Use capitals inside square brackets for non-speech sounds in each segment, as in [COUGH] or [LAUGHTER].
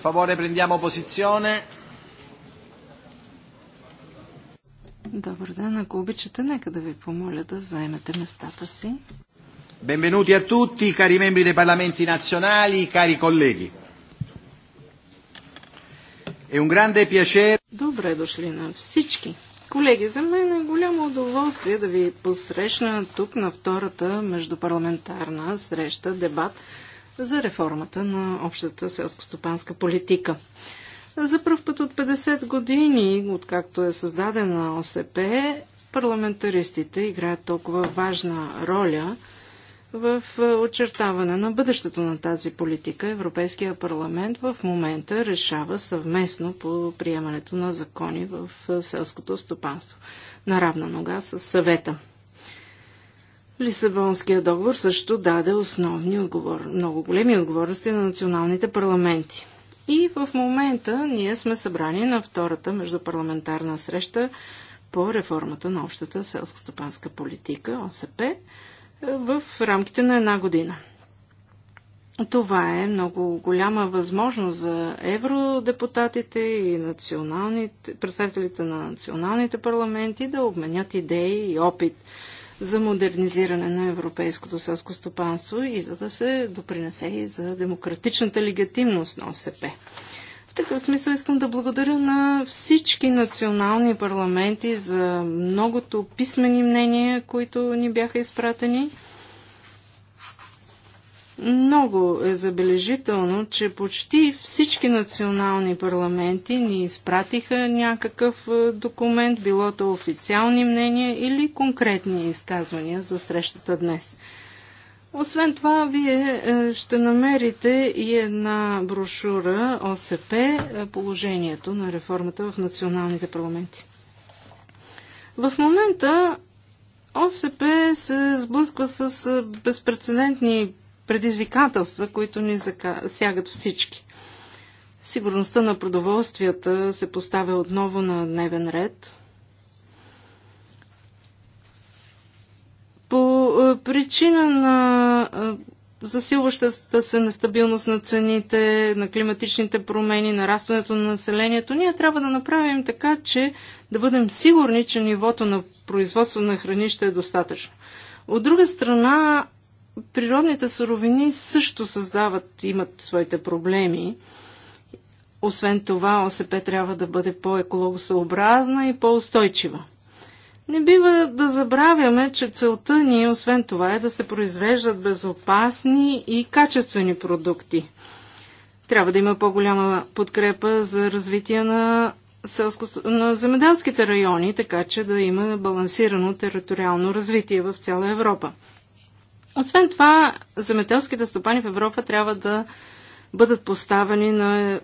Per favore prendiamo posizione. Benvenuti a tutti, cari membri dei parlamenti nazionali, cari colleghi. È un grande piacere. Добре дошли на всички. Колеги, за мен е голямо удоволствие да ви посрещна тук на втората междупарламентарна среща, дебат за реформата на общата селскостопанска политика. За първ път от 50 години, откакто е създадена ОСП, парламентаристите играят толкова важна роля в е, очертаване на бъдещето на тази политика. Европейския парламент в момента решава съвместно по приемането на закони в е, селското стопанство на равна нога с съвета. Лисабонския договор също даде основни отговор, много големи отговорности на националните парламенти. И в момента ние сме събрани на втората междупарламентарна среща по реформата на общата селско-стопанска политика, ОСП, е, в рамките на една година. Това е много голяма възможност за евродепутатите и националните, представителите на националните парламенти да обменят идеи и опит – за модернизиране на европейското селско стопанство и за да се допринесе и за демократичната легитимност на ОСП. В такъв смисъл искам да благодаря на всички национални парламенти за многото писмени мнения, които ни бяха изпратени. Много е забележително, че почти всички национални парламенти ни изпратиха някакъв е, документ, било то официални мнения или конкретни изказвания за срещата днес. Освен това, вие е, ще намерите и една брошура ОСП е, положението на реформата в националните парламенти. В момента ОСП се сблъсква с безпредседентни предизвикателства, които ни засягат всички. Сигурността на продоволствията се поставя отново на дневен ред. По е, причина на е, засилващата се нестабилност на цените, на климатичните промени, нарастването на населението, ние трябва да направим така, че да бъдем сигурни, че нивото на производство на храни ще е достатъчно. От друга страна, природните суровини също създават, имат своите проблеми. Освен това, ОСП трябва да бъде по-екологосъобразна и по-устойчива. Не бива да забравяме, че целта ни, освен това, е да се произвеждат безопасни и качествени продукти. Трябва да има по-голяма подкрепа за развитие на, селско... на земеделските райони, така че да има балансирано териториално развитие в цяла Европа. Освен това, земеделските стопани в Европа трябва да бъдат поставени на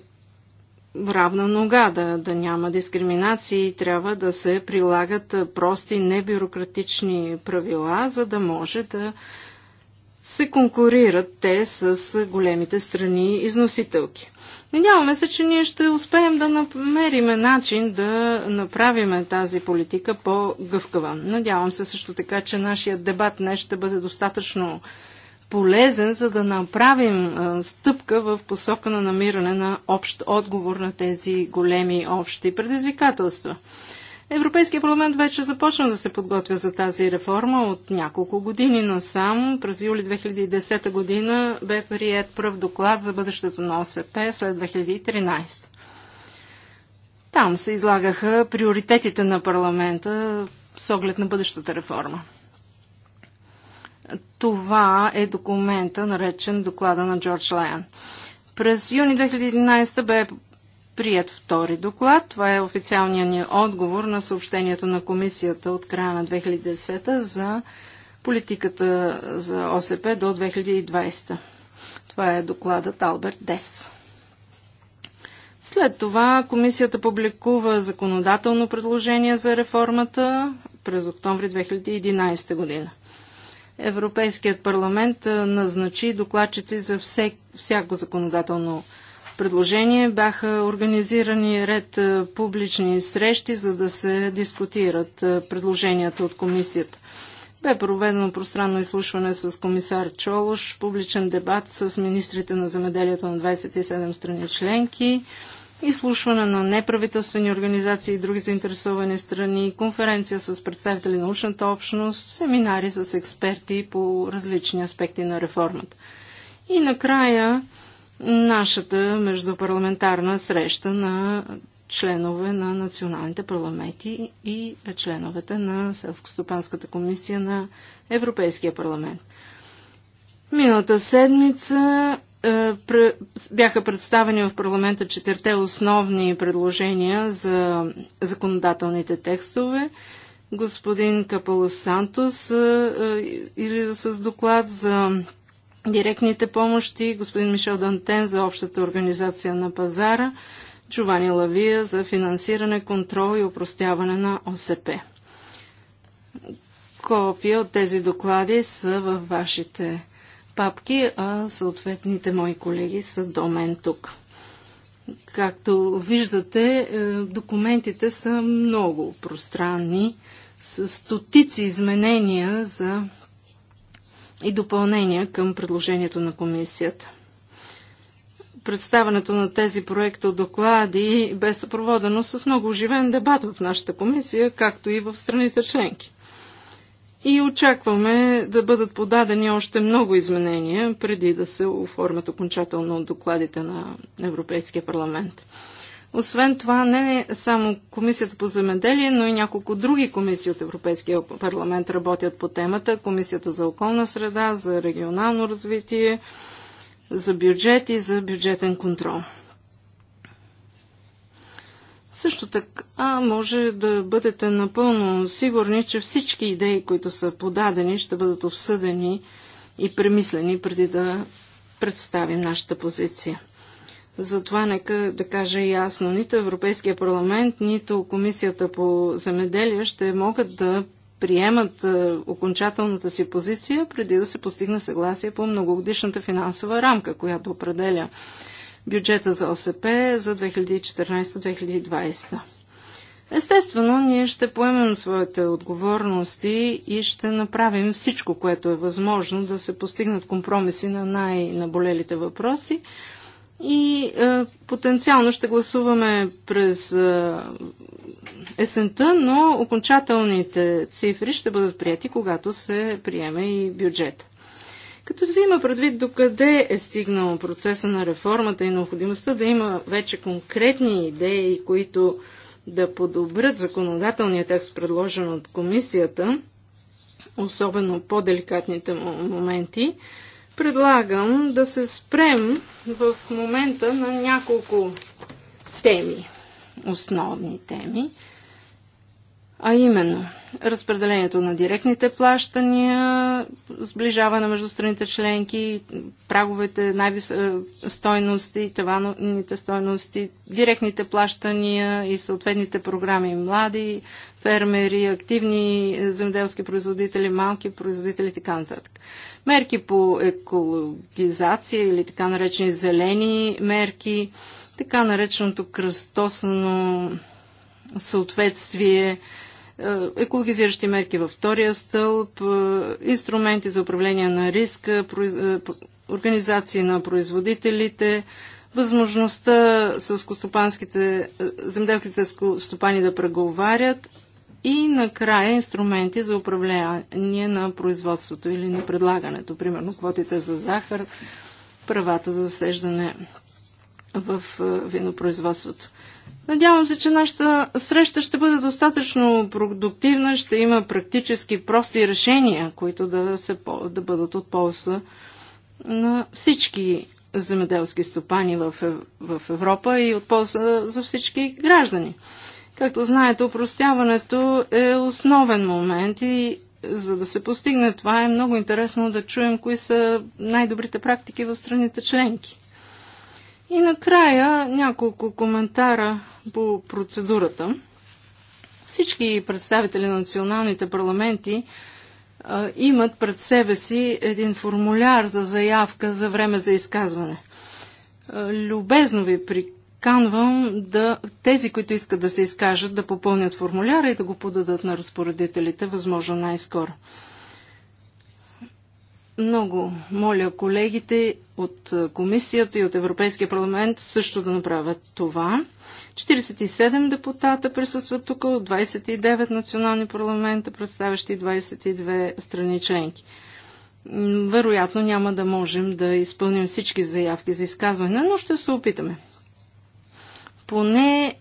равна нога, да, да няма дискриминации, трябва да се прилагат прости, небюрократични правила, за да може да се конкурират те с големите страни износителки. Надяваме се, че ние ще успеем да намерим начин да направим тази политика по-гъвкава. Надявам се също така, че нашия дебат днес ще бъде достатъчно полезен, за да направим стъпка в посока на намиране на общ отговор на тези големи общи предизвикателства. Европейския парламент вече започна да се подготвя за тази реформа от няколко години насам. През юли 2010 година бе прият пръв доклад за бъдещето на ОСП след 2013. Там се излагаха приоритетите на парламента с оглед на бъдещата реформа. Това е документа, наречен доклада на Джордж Лайан. През юни 2011 бе прият втори доклад. Това е официалният ни отговор на съобщението на комисията от края на 2010 за политиката за ОСП до 2020. Това е докладът Алберт Дес. След това комисията публикува законодателно предложение за реформата през октомври 2011 година. Европейският парламент назначи докладчици за всяко законодателно предложение предложение. Бяха организирани ред е, публични срещи, за да се дискутират е, предложенията от комисията. Бе проведено пространно изслушване с комисар Чолош, публичен дебат с министрите на земеделието на 27 страни членки, изслушване на неправителствени организации и други заинтересовани страни, конференция с представители на научната общност, семинари с експерти по различни аспекти на реформата. И накрая нашата междупарламентарна среща на членове на националните парламенти и членовете на Селскостопанската комисия на Европейския парламент. Миналата седмица е, бяха представени в парламента четирте основни предложения за законодателните текстове. Господин Капало Сантос е, е, излиза с доклад за директните помощи, господин Мишел Дантен за общата организация на пазара, Чувани Лавия за финансиране, контрол и упростяване на ОСП. Копия от тези доклади са във вашите папки, а съответните мои колеги са до мен тук. Както виждате, е, документите са много пространни, с стотици изменения за и допълнения към предложението на комисията. Представането на тези проекта доклади бе съпроводено с много оживен дебат в нашата комисия, както и в страните членки. И очакваме да бъдат подадени още много изменения преди да се оформят окончателно от докладите на Европейския парламент. Освен това, не само Комисията по земеделие, но и няколко други комисии от Европейския парламент работят по темата. Комисията за околна среда, за регионално развитие, за бюджет и за бюджетен контрол. Също така може да бъдете напълно сигурни, че всички идеи, които са подадени, ще бъдат обсъдени и премислени преди да представим нашата позиция. Затова нека да кажа ясно, нито Европейския парламент, нито Комисията по земеделие ще могат да приемат е, окончателната си позиция преди да се постигне съгласие по многогодишната финансова рамка, която определя бюджета за ОСП за 2014-2020. Естествено, ние ще поемем своите отговорности и ще направим всичко, което е възможно да се постигнат компромиси на най-наболелите въпроси – и е, потенциално ще гласуваме през е, есента, но окончателните цифри ще бъдат прияти, когато се приеме и бюджет. Като се има предвид докъде е стигнал процеса на реформата и необходимостта да има вече конкретни идеи, които да подобрят законодателния текст, предложен от комисията, особено по-деликатните моменти, предлагам да се спрем в момента на няколко теми, основни теми, а именно – разпределението на директните плащания, сближаване между страните членки, праговете, най-стойности, е, таваните стойности, директните плащания и съответните програми млади, фермери, активни е, земеделски производители, малки производители и така нататък. Мерки по екологизация или така наречени зелени мерки, така нареченото кръстосно съответствие – е, екологизиращи мерки във втория стълб, е, инструменти за управление на риска, е, организации на производителите, възможността земеделските стопани да преговарят и накрая инструменти за управление на производството или на предлагането, примерно квотите за захар, правата за засеждане в винопроизводството. Надявам се, че нашата среща ще бъде достатъчно продуктивна, ще има практически прости решения, които да, се, да бъдат от полза на всички земеделски стопани в, в Европа и от полза за всички граждани. Както знаете, упростяването е основен момент и за да се постигне това е много интересно да чуем кои са най-добрите практики в страните членки. И накрая няколко коментара по процедурата. Всички представители на националните парламенти а, имат пред себе си един формуляр за заявка за време за изказване. А, любезно ви приканвам да тези, които искат да се изкажат, да попълнят формуляра и да го подадат на разпоредителите, възможно най-скоро. Много моля колегите от комисията и от Европейския парламент също да направят това. 47 депутата присъстват тук от 29 национални парламента, представящи 22 страни членки. Вероятно няма да можем да изпълним всички заявки за изказване, но ще се опитаме. Поне,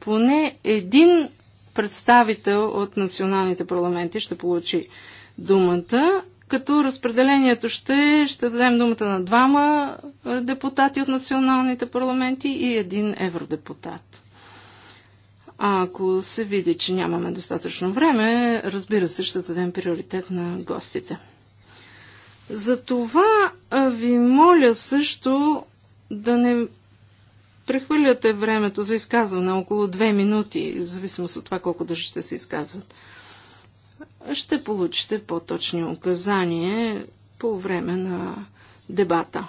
поне един представител от националните парламенти ще получи думата като разпределението ще, ще дадем думата на двама е, депутати от националните парламенти и един евродепутат. А ако се види, че нямаме достатъчно време, разбира се, ще дадем приоритет на гостите. Затова ви моля също да не прехвърляте времето за изказване около две минути, в зависимост от това колко държите се изказват ще получите по-точни указания по време на дебата.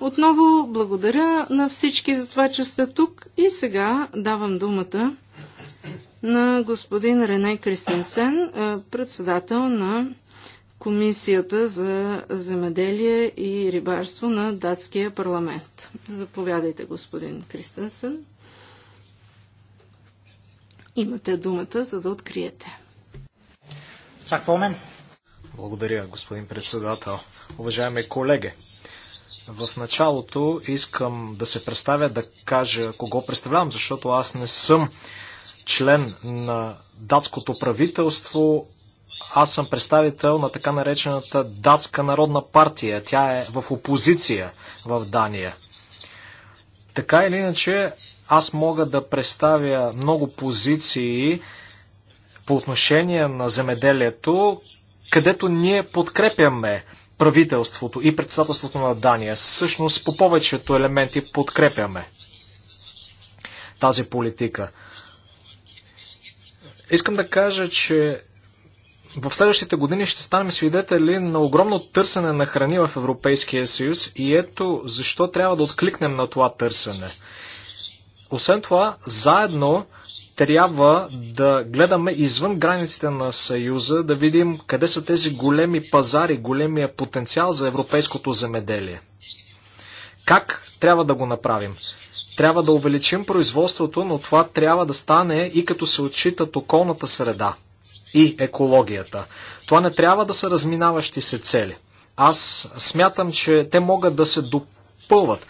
Отново благодаря на всички за това, че сте тук и сега давам думата на господин Рене Кристенсен, е, председател на Комисията за земеделие и рибарство на датския парламент. Заповядайте, господин Кристенсен. Имате думата, за да откриете. Благодаря, господин председател. Уважаеми колеги, в началото искам да се представя, да кажа кого представлявам, защото аз не съм член на датското правителство. Аз съм представител на така наречената Датска народна партия. Тя е в опозиция в Дания. Така или иначе, аз мога да представя много позиции, по отношение на земеделието, където ние подкрепяме правителството и председателството на Дания. Всъщност по повечето елементи подкрепяме тази политика. Искам да кажа, че в следващите години ще станем свидетели на огромно търсене на храни в Европейския съюз и ето защо трябва да откликнем на това търсене. Освен това, заедно трябва да гледаме извън границите на Съюза, да видим къде са тези големи пазари, големия потенциал за европейското земеделие. Как трябва да го направим? Трябва да увеличим производството, но това трябва да стане и като се отчитат околната среда и екологията. Това не трябва да са разминаващи се цели. Аз смятам, че те могат да се допълват.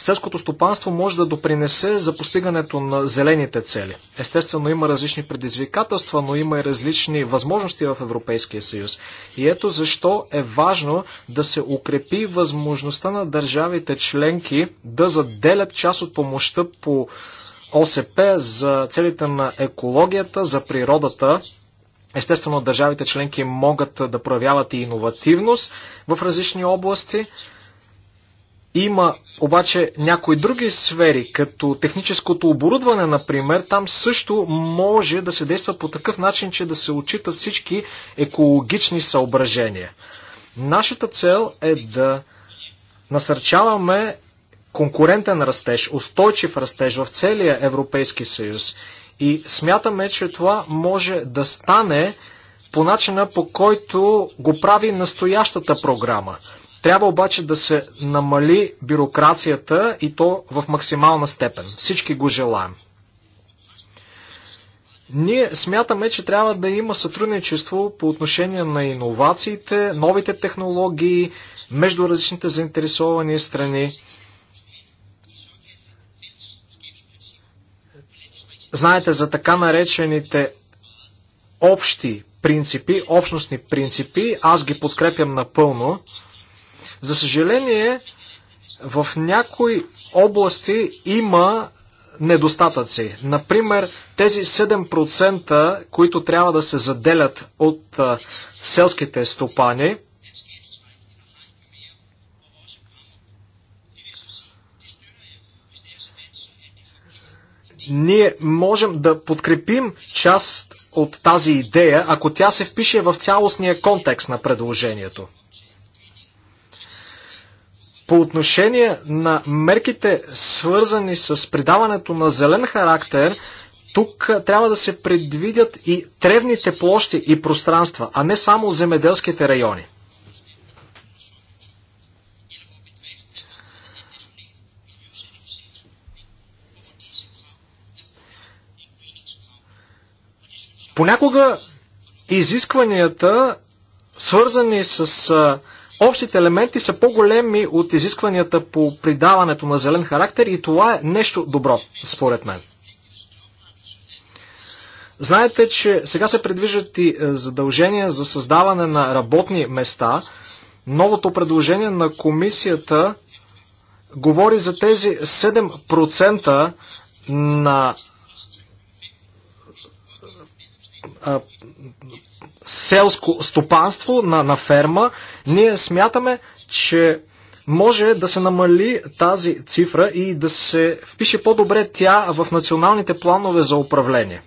Селското стопанство може да допринесе за постигането на зелените цели. Естествено има различни предизвикателства, но има и различни възможности в Европейския съюз. И ето защо е важно да се укрепи възможността на държавите членки да заделят част от помощта по ОСП за целите на екологията, за природата, Естествено, държавите членки могат да проявяват и иновативност в различни области. Има обаче някои други сфери, като техническото оборудване, например, там също може да се действа по такъв начин, че да се отчитат всички екологични съображения. Нашата цел е да насърчаваме конкурентен растеж, устойчив растеж в целия Европейски съюз. И смятаме, че това може да стане по начина по който го прави настоящата програма. Трябва обаче да се намали бюрокрацията и то в максимална степен. Всички го желаем. Ние смятаме, че трябва да има сътрудничество по отношение на иновациите, новите технологии, между различните заинтересовани страни. Знаете за така наречените общи принципи, общностни принципи, аз ги подкрепям напълно. За съжаление, в някои области има недостатъци. Например, тези 7%, които трябва да се заделят от а, селските стопани, ние можем да подкрепим част от тази идея, ако тя се впише в цялостния контекст на предложението. По отношение на мерките, свързани с придаването на зелен характер, тук трябва да се предвидят и тревните площи и пространства, а не само земеделските райони. Понякога изискванията, свързани с Общите елементи са по-големи от изискванията по придаването на зелен характер и това е нещо добро, според мен. Знаете, че сега се предвиждат и е, задължения за създаване на работни места. Новото предложение на комисията говори за тези 7% на е, селско стопанство, на, на ферма, ние смятаме, че може да се намали тази цифра и да се впише по-добре тя в националните планове за управление.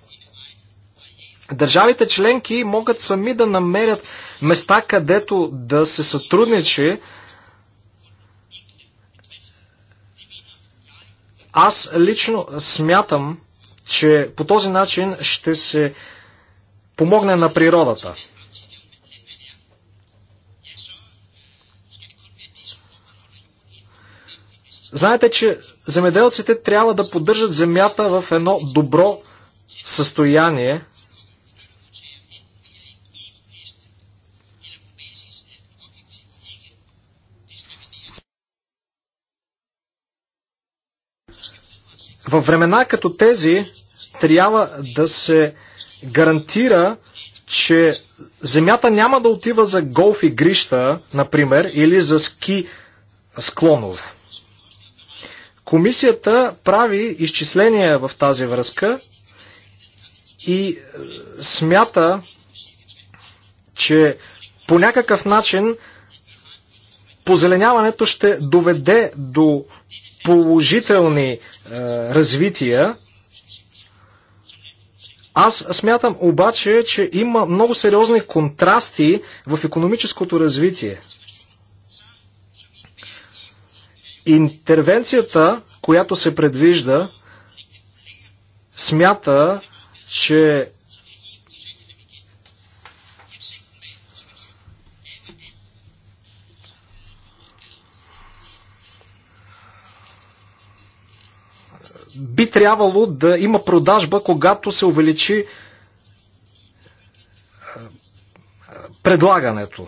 Държавите членки могат сами да намерят места, където да се сътрудничи. Аз лично смятам, че по този начин ще се помогне на природата. Знаете, че земеделците трябва да поддържат земята в едно добро състояние. Във времена като тези трябва да се гарантира, че земята няма да отива за голф игрища, например, или за ски склонове. Комисията прави изчисления в тази връзка и е, смята, че по някакъв начин позеленяването ще доведе до положителни е, развития аз смятам обаче, че има много сериозни контрасти в економическото развитие. Интервенцията, която се предвижда, смята, че трябвало да има продажба, когато се увеличи е, предлагането.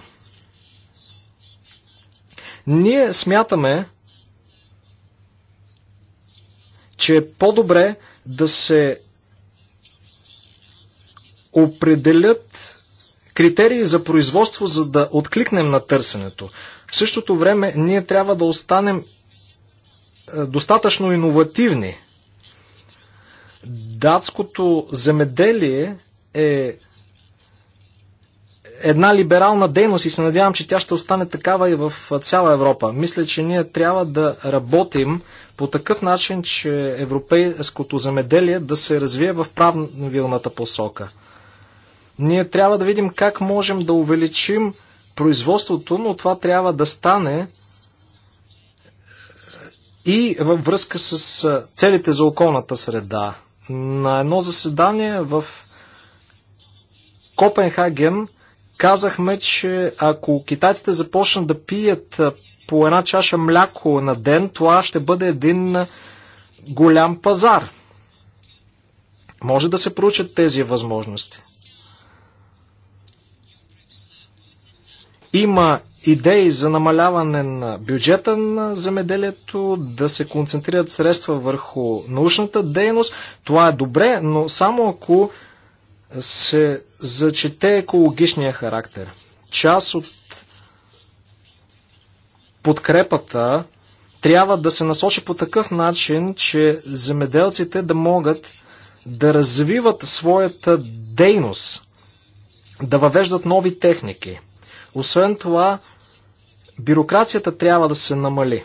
Ние смятаме, че е по-добре да се определят критерии за производство, за да откликнем на търсенето. В същото време ние трябва да останем е, достатъчно иновативни. Датското земеделие е една либерална дейност и се надявам, че тя ще остане такава и в цяла Европа. Мисля, че ние трябва да работим по такъв начин, че европейското земеделие да се развие в правилната посока. Ние трябва да видим как можем да увеличим производството, но това трябва да стане и във връзка с целите за околната среда. На едно заседание в Копенхаген казахме, че ако китайците започнат да пият по една чаша мляко на ден, това ще бъде един голям пазар. Може да се проучат тези възможности. Има идеи за намаляване на бюджета на земеделието, да се концентрират средства върху научната дейност. Това е добре, но само ако се зачете екологичния характер. Част от подкрепата трябва да се насочи по такъв начин, че земеделците да могат да развиват своята дейност, да въвеждат нови техники. Освен това, бюрокрацията трябва да се намали.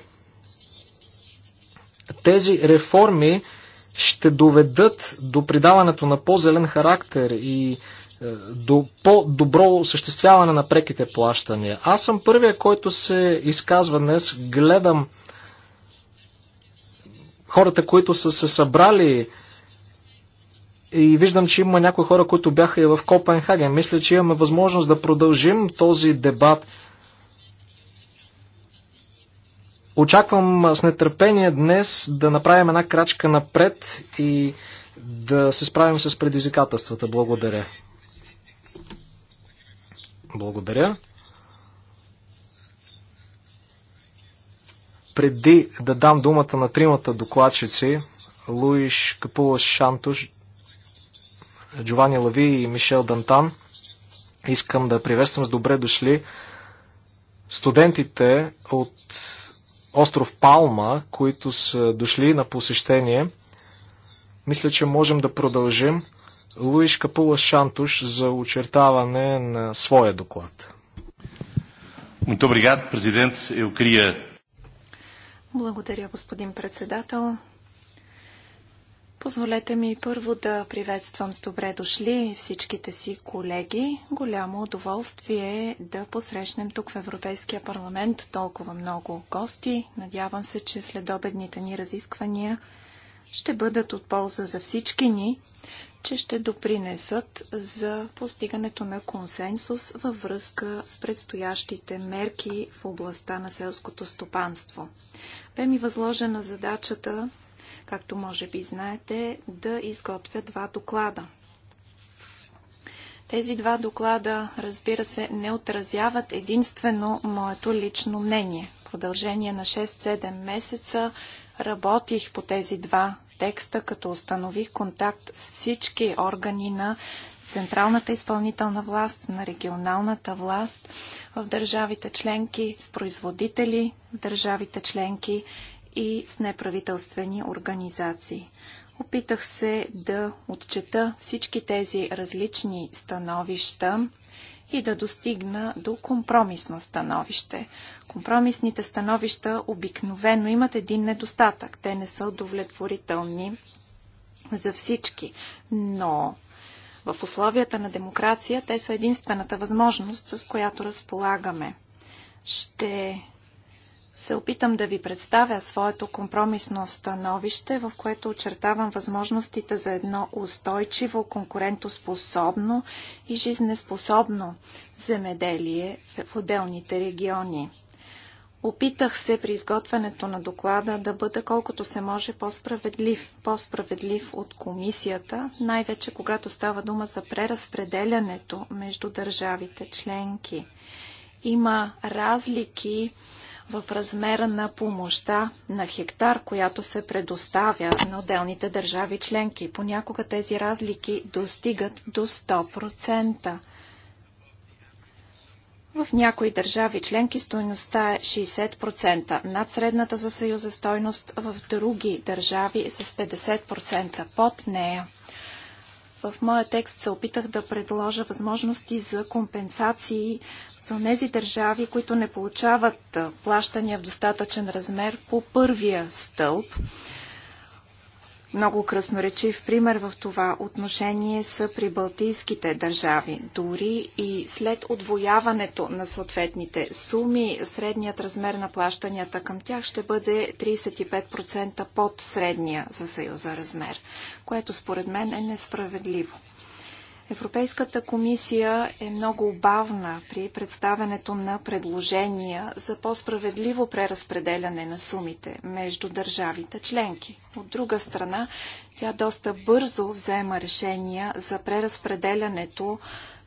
Тези реформи ще доведат до придаването на по-зелен характер и е, до по-добро осъществяване на преките плащания. Аз съм първия, който се изказва днес. Гледам хората, които са се събрали и виждам, че има някои хора, които бяха и в Копенхаген. Мисля, че имаме възможност да продължим този дебат. Очаквам с нетърпение днес да направим една крачка напред и да се справим с предизвикателствата. Благодаря. Благодаря. Преди да дам думата на тримата докладчици, Луиш Капулаш Шантуш, Джовани Лави и Мишел Дантан. Искам да приветствам с добре дошли студентите от остров Палма, които са дошли на посещение. Мисля, че можем да продължим. Луиш Капула Шантуш за очертаване на своя доклад. Благодаря, господин председател. Позволете ми първо да приветствам с добре дошли всичките си колеги. Голямо удоволствие е да посрещнем тук в Европейския парламент толкова много гости. Надявам се, че след обедните ни разисквания ще бъдат от полза за всички ни, че ще допринесат за постигането на консенсус във връзка с предстоящите мерки в областта на селското стопанство. Бе ми възложена задачата както може би знаете, да изготвя два доклада. Тези два доклада, разбира се, не отразяват единствено моето лично мнение. В продължение на 6-7 месеца работих по тези два текста, като установих контакт с всички органи на централната изпълнителна власт, на регионалната власт в държавите членки, с производители в държавите членки и с неправителствени организации. Опитах се да отчета всички тези различни становища и да достигна до компромисно становище. Компромисните становища обикновено имат един недостатък. Те не са удовлетворителни за всички, но в условията на демокрация те са единствената възможност, с която разполагаме. Ще се опитам да ви представя своето компромисно становище, в което очертавам възможностите за едно устойчиво, конкурентоспособно и жизнеспособно земеделие в отделните региони. Опитах се при изготвянето на доклада да бъда колкото се може по-справедлив, по-справедлив от комисията, най-вече когато става дума за преразпределянето между държавите членки. Има разлики в размера на помощта на хектар, която се предоставя на отделните държави членки. Понякога тези разлики достигат до 100%. В някои държави членки стойността е 60%, над средната за Съюза стойност в други държави с 50%, под нея. В моя текст се опитах да предложа възможности за компенсации за тези държави, които не получават плащания в достатъчен размер по първия стълб. Много красноречив пример в това отношение са при балтийските държави. Дори и след отвояването на съответните суми, средният размер на плащанията към тях ще бъде 35% под средния за Съюза размер, което според мен е несправедливо. Европейската комисия е много бавна при представянето на предложения за по-справедливо преразпределяне на сумите между държавите членки. От друга страна, тя доста бързо взема решения за преразпределянето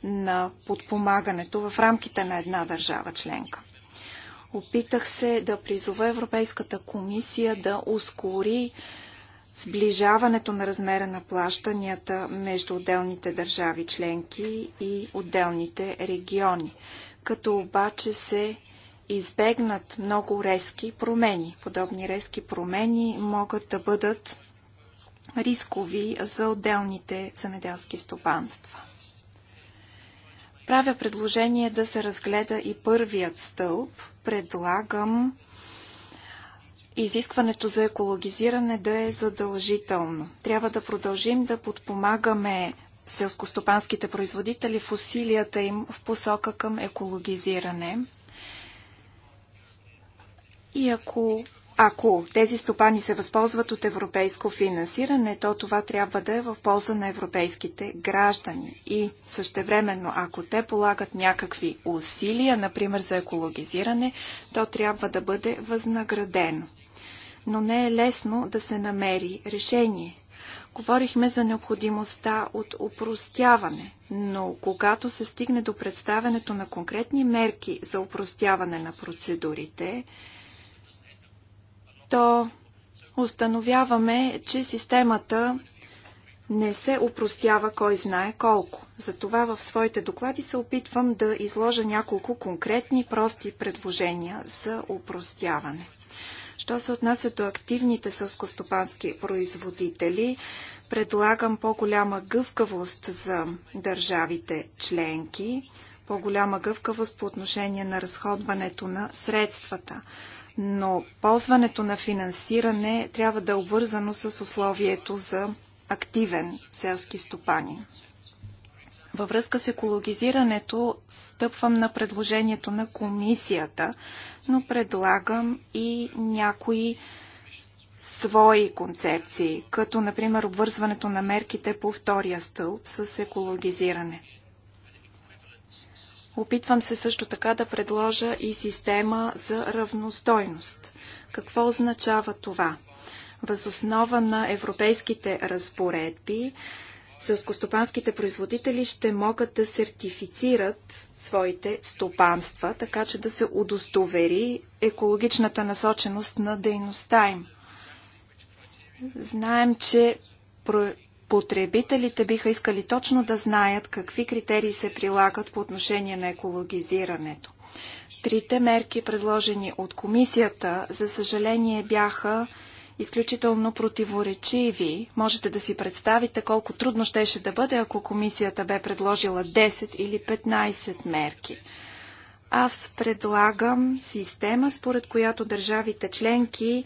на подпомагането в рамките на една държава членка. Опитах се да призова Европейската комисия да ускори сближаването на размера на плащанията между отделните държави членки и отделните региони, като обаче се избегнат много резки промени. Подобни резки промени могат да бъдат рискови за отделните земеделски стопанства. Правя предложение да се разгледа и първият стълб. Предлагам изискването за екологизиране да е задължително. Трябва да продължим да подпомагаме селскостопанските производители в усилията им в посока към екологизиране. И ако, ако тези стопани се възползват от европейско финансиране, то това трябва да е в полза на европейските граждани. И същевременно, ако те полагат някакви усилия, например за екологизиране, то трябва да бъде възнаградено но не е лесно да се намери решение. Говорихме за необходимостта от упростяване, но когато се стигне до представянето на конкретни мерки за упростяване на процедурите, то установяваме, че системата не се упростява кой знае колко. Затова в своите доклади се опитвам да изложа няколко конкретни прости предложения за упростяване. Що се отнася до активните сълскостопански производители, предлагам по-голяма гъвкавост за държавите членки, по-голяма гъвкавост по отношение на разходването на средствата. Но ползването на финансиране трябва да е обвързано с условието за активен селски стопанин. Във връзка с екологизирането стъпвам на предложението на комисията, но предлагам и някои свои концепции, като например обвързването на мерките по втория стълб с екологизиране. Опитвам се също така да предложа и система за равностойност. Какво означава това? Възоснова на европейските разпоредби селскостопанските производители ще могат да сертифицират своите стопанства, така че да се удостовери екологичната насоченост на дейността им. Знаем, че потребителите биха искали точно да знаят какви критерии се прилагат по отношение на екологизирането. Трите мерки, предложени от комисията, за съжаление бяха изключително противоречиви. Можете да си представите колко трудно щеше да бъде, ако комисията бе предложила 10 или 15 мерки. Аз предлагам система, според която държавите членки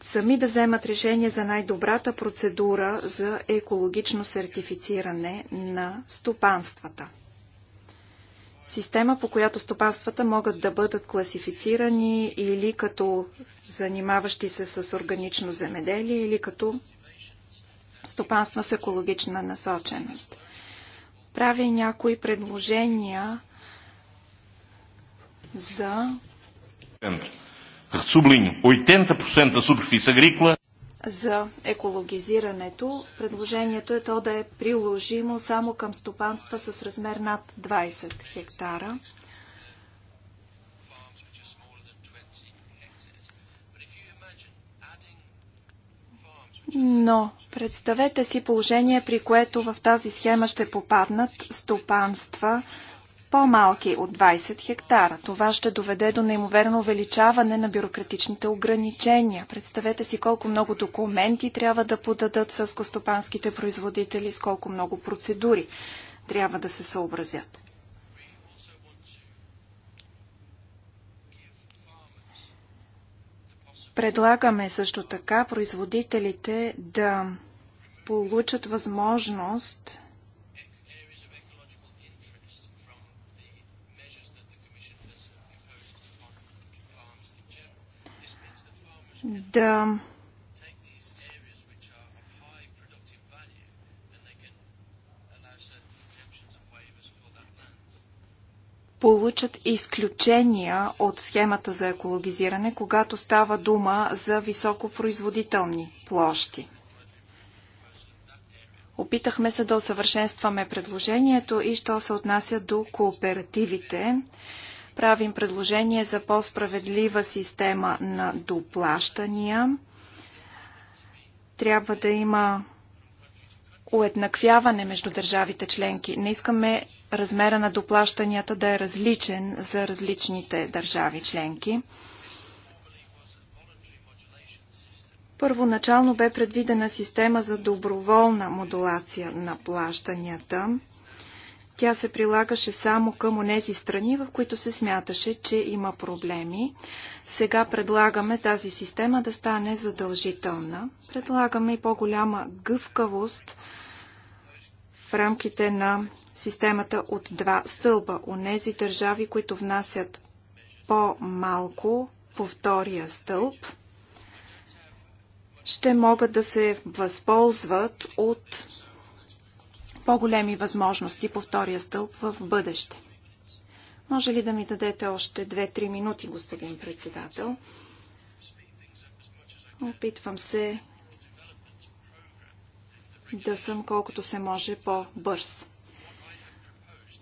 сами да вземат решение за най-добрата процедура за екологично сертифициране на стопанствата. Система, по която стопанствата могат да бъдат класифицирани или като занимаващи се с органично земеделие, или като стопанства с екологична насоченост. Правя някои предложения за. 80% da superfície за екологизирането. Предложението е то да е приложимо само към стопанства с размер над 20 хектара. Но представете си положение, при което в тази схема ще попаднат стопанства по-малки от 20 хектара. Това ще доведе до неимоверно увеличаване на бюрократичните ограничения. Представете си колко много документи трябва да подадат костопанските производители, с колко много процедури трябва да се съобразят. Предлагаме също така производителите да получат възможност да получат изключения от схемата за екологизиране, когато става дума за високопроизводителни площи. Опитахме се да усъвършенстваме предложението и що се отнася до кооперативите. Правим предложение за по-справедлива система на доплащания. Трябва да има уеднаквяване между държавите членки. Не искаме размера на доплащанията да е различен за различните държави членки. Първоначално бе предвидена система за доброволна модулация на плащанията. Тя се прилагаше само към онези страни, в които се смяташе, че има проблеми. Сега предлагаме тази система да стане задължителна. Предлагаме и по-голяма гъвкавост в рамките на системата от два стълба. Онези държави, които внасят по-малко по втория стълб, ще могат да се възползват от по-големи възможности по втория стълб в бъдеще. Може ли да ми дадете още 2-3 минути, господин председател? Опитвам се да съм колкото се може по-бърз.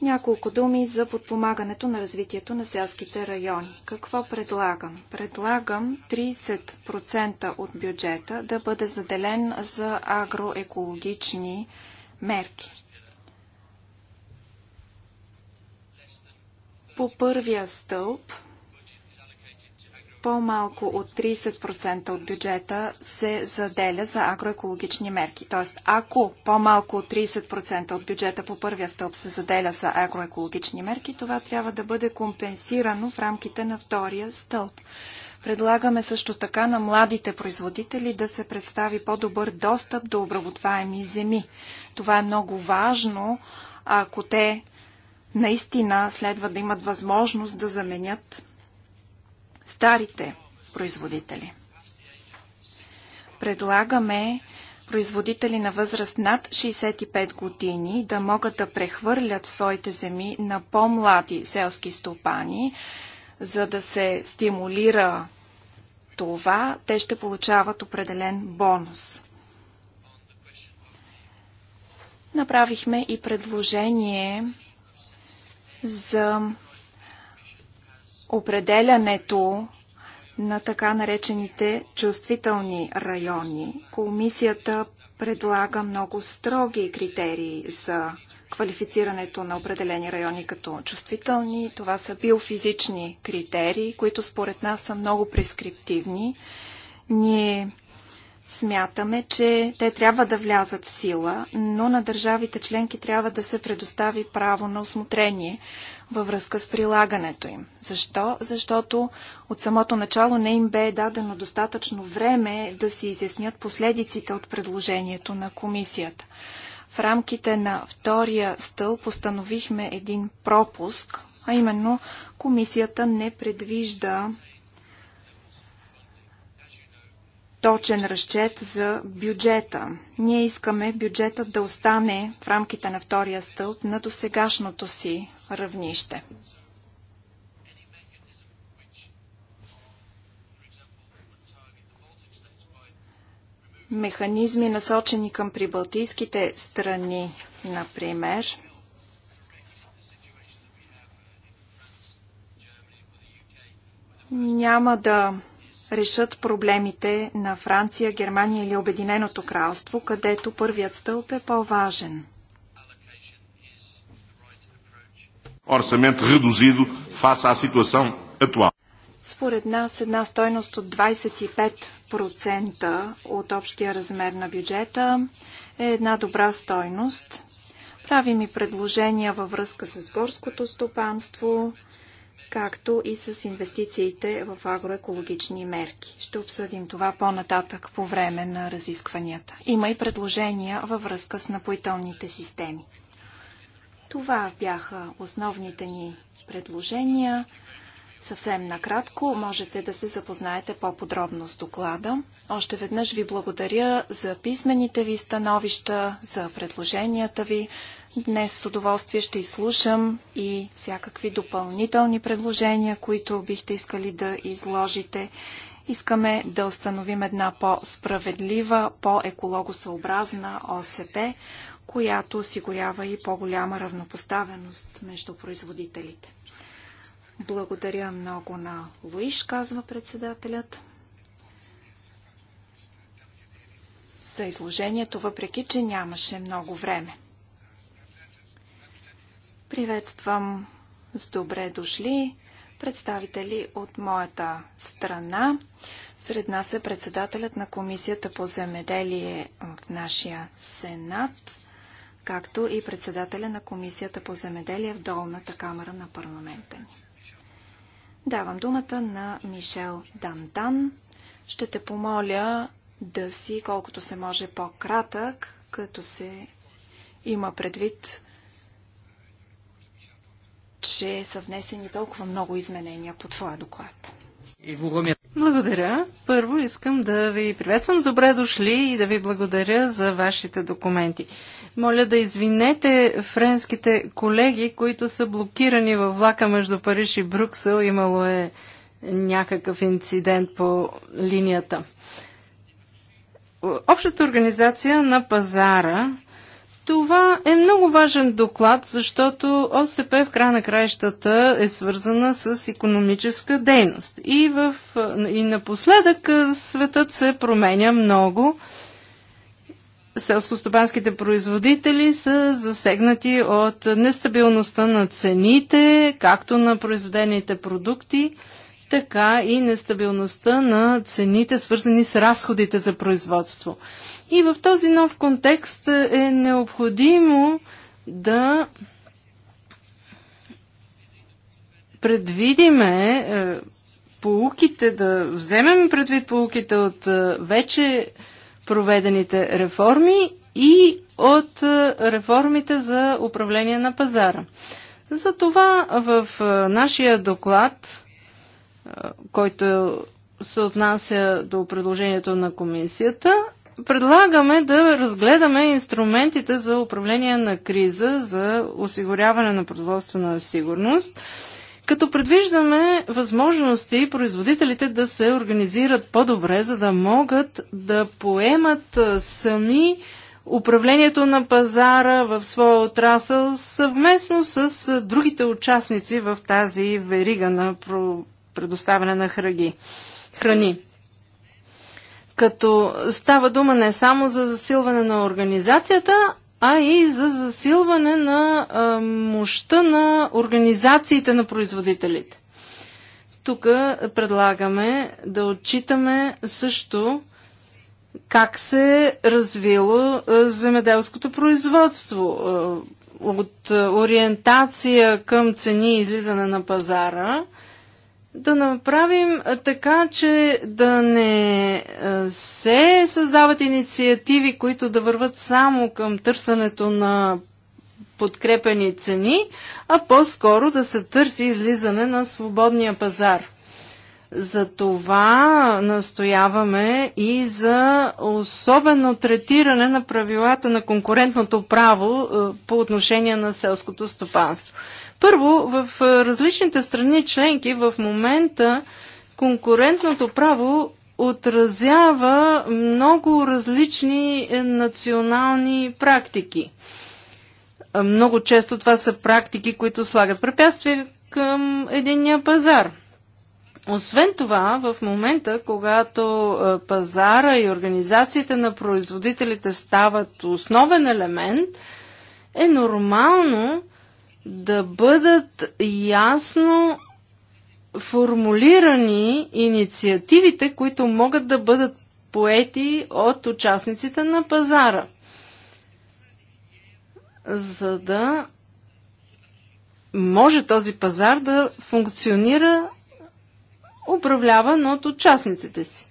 Няколко думи за подпомагането на развитието на селските райони. Какво предлагам? Предлагам 30% от бюджета да бъде заделен за агроекологични проекти мерки. По първия стълб по-малко от 30% от бюджета се заделя за агроекологични мерки. Тоест, ако по-малко от 30% от бюджета по първия стълб се заделя за агроекологични мерки, това трябва да бъде компенсирано в рамките на втория стълб. Предлагаме също така на младите производители да се представи по-добър достъп до обработваеми земи. Това е много важно, ако те наистина следва да имат възможност да заменят старите производители. Предлагаме производители на възраст над 65 години да могат да прехвърлят своите земи на по-млади селски стопани, за да се стимулира това, те ще получават определен бонус. Направихме и предложение за определянето на така наречените чувствителни райони. Комисията предлага много строги критерии за квалифицирането на определени райони като чувствителни. Това са биофизични критерии, които според нас са много прескриптивни. Ние смятаме, че те трябва да влязат в сила, но на държавите членки трябва да се предостави право на осмотрение във връзка с прилагането им. Защо? Защото от самото начало не им бе дадено достатъчно време да си изяснят последиците от предложението на комисията. В рамките на втория стълб установихме един пропуск, а именно комисията не предвижда точен разчет за бюджета. Ние искаме бюджетът да остане в рамките на втория стълб на досегашното си равнище. механизми, насочени към прибалтийските страни, например. Няма да решат проблемите на Франция, Германия или Обединеното кралство, където първият стълб е по-важен. Орсамент редузидо фаса à situação atual. Според нас една стойност от 25% от общия размер на бюджета е една добра стойност. Правим и предложения във връзка с горското стопанство, както и с инвестициите в агроекологични мерки. Ще обсъдим това по-нататък по време на разискванията. Има и предложения във връзка с напоителните системи. Това бяха основните ни предложения. Съвсем накратко можете да се запознаете по-подробно с доклада. Още веднъж ви благодаря за писмените ви становища, за предложенията ви. Днес с удоволствие ще изслушам и всякакви допълнителни предложения, които бихте искали да изложите. Искаме да установим една по-справедлива, по-екологосъобразна ОСП, която осигурява и по-голяма равнопоставеност между производителите. Благодаря много на Луиш, казва председателят. За изложението, въпреки че нямаше много време. Приветствам с добре дошли представители от моята страна. Сред нас е председателят на Комисията по земеделие в нашия Сенат, както и председателя на Комисията по земеделие в долната камера на парламента ни. Давам думата на Мишел Дантан. Ще те помоля да си колкото се може по-кратък, като се има предвид, че са внесени толкова много изменения по твоя доклад. Благодаря. Първо искам да ви приветствам. Добре дошли и да ви благодаря за вашите документи. Моля да извинете френските колеги, които са блокирани във влака между Париж и Брюксел. Имало е някакъв инцидент по линията. Общата организация на пазара това е много важен доклад, защото ОСП в края на краищата е свързана с економическа дейност. И, в, и напоследък светът се променя много. Селскостопанските производители са засегнати от нестабилността на цените, както на произведените продукти, така и нестабилността на цените, свързани с разходите за производство. И в този нов контекст е необходимо да предвидиме е, полуките, да вземем предвид полуките от е, вече проведените реформи и от е, реформите за управление на пазара. Затова в нашия доклад, който се отнася до предложението на комисията, предлагаме да разгледаме инструментите за управление на криза, за осигуряване на продоволствена сигурност, като предвиждаме възможности производителите да се организират по-добре, за да могат да поемат сами управлението на пазара в своя отрасъл съвместно с другите участници в тази верига на предоставяне на храни. Като става дума не само за засилване на организацията, а и за засилване на а, мощта на организациите на производителите. Тук предлагаме да отчитаме също как се е развило земеделското производство от ориентация към цени и излизане на пазара – да направим така, че да не е, се създават инициативи, които да върват само към търсенето на подкрепени цени, а по-скоро да се търси излизане на свободния пазар. За това настояваме и за особено третиране на правилата на конкурентното право е, по отношение на селското стопанство. Първо, в различните страни членки в момента конкурентното право отразява много различни е, национални практики. Много често това са практики, които слагат препятствия към единния пазар. Освен това, в момента, когато пазара и организациите на производителите стават основен елемент, е нормално да бъдат ясно формулирани инициативите, които могат да бъдат поети от участниците на пазара, за да може този пазар да функционира управляван от участниците си.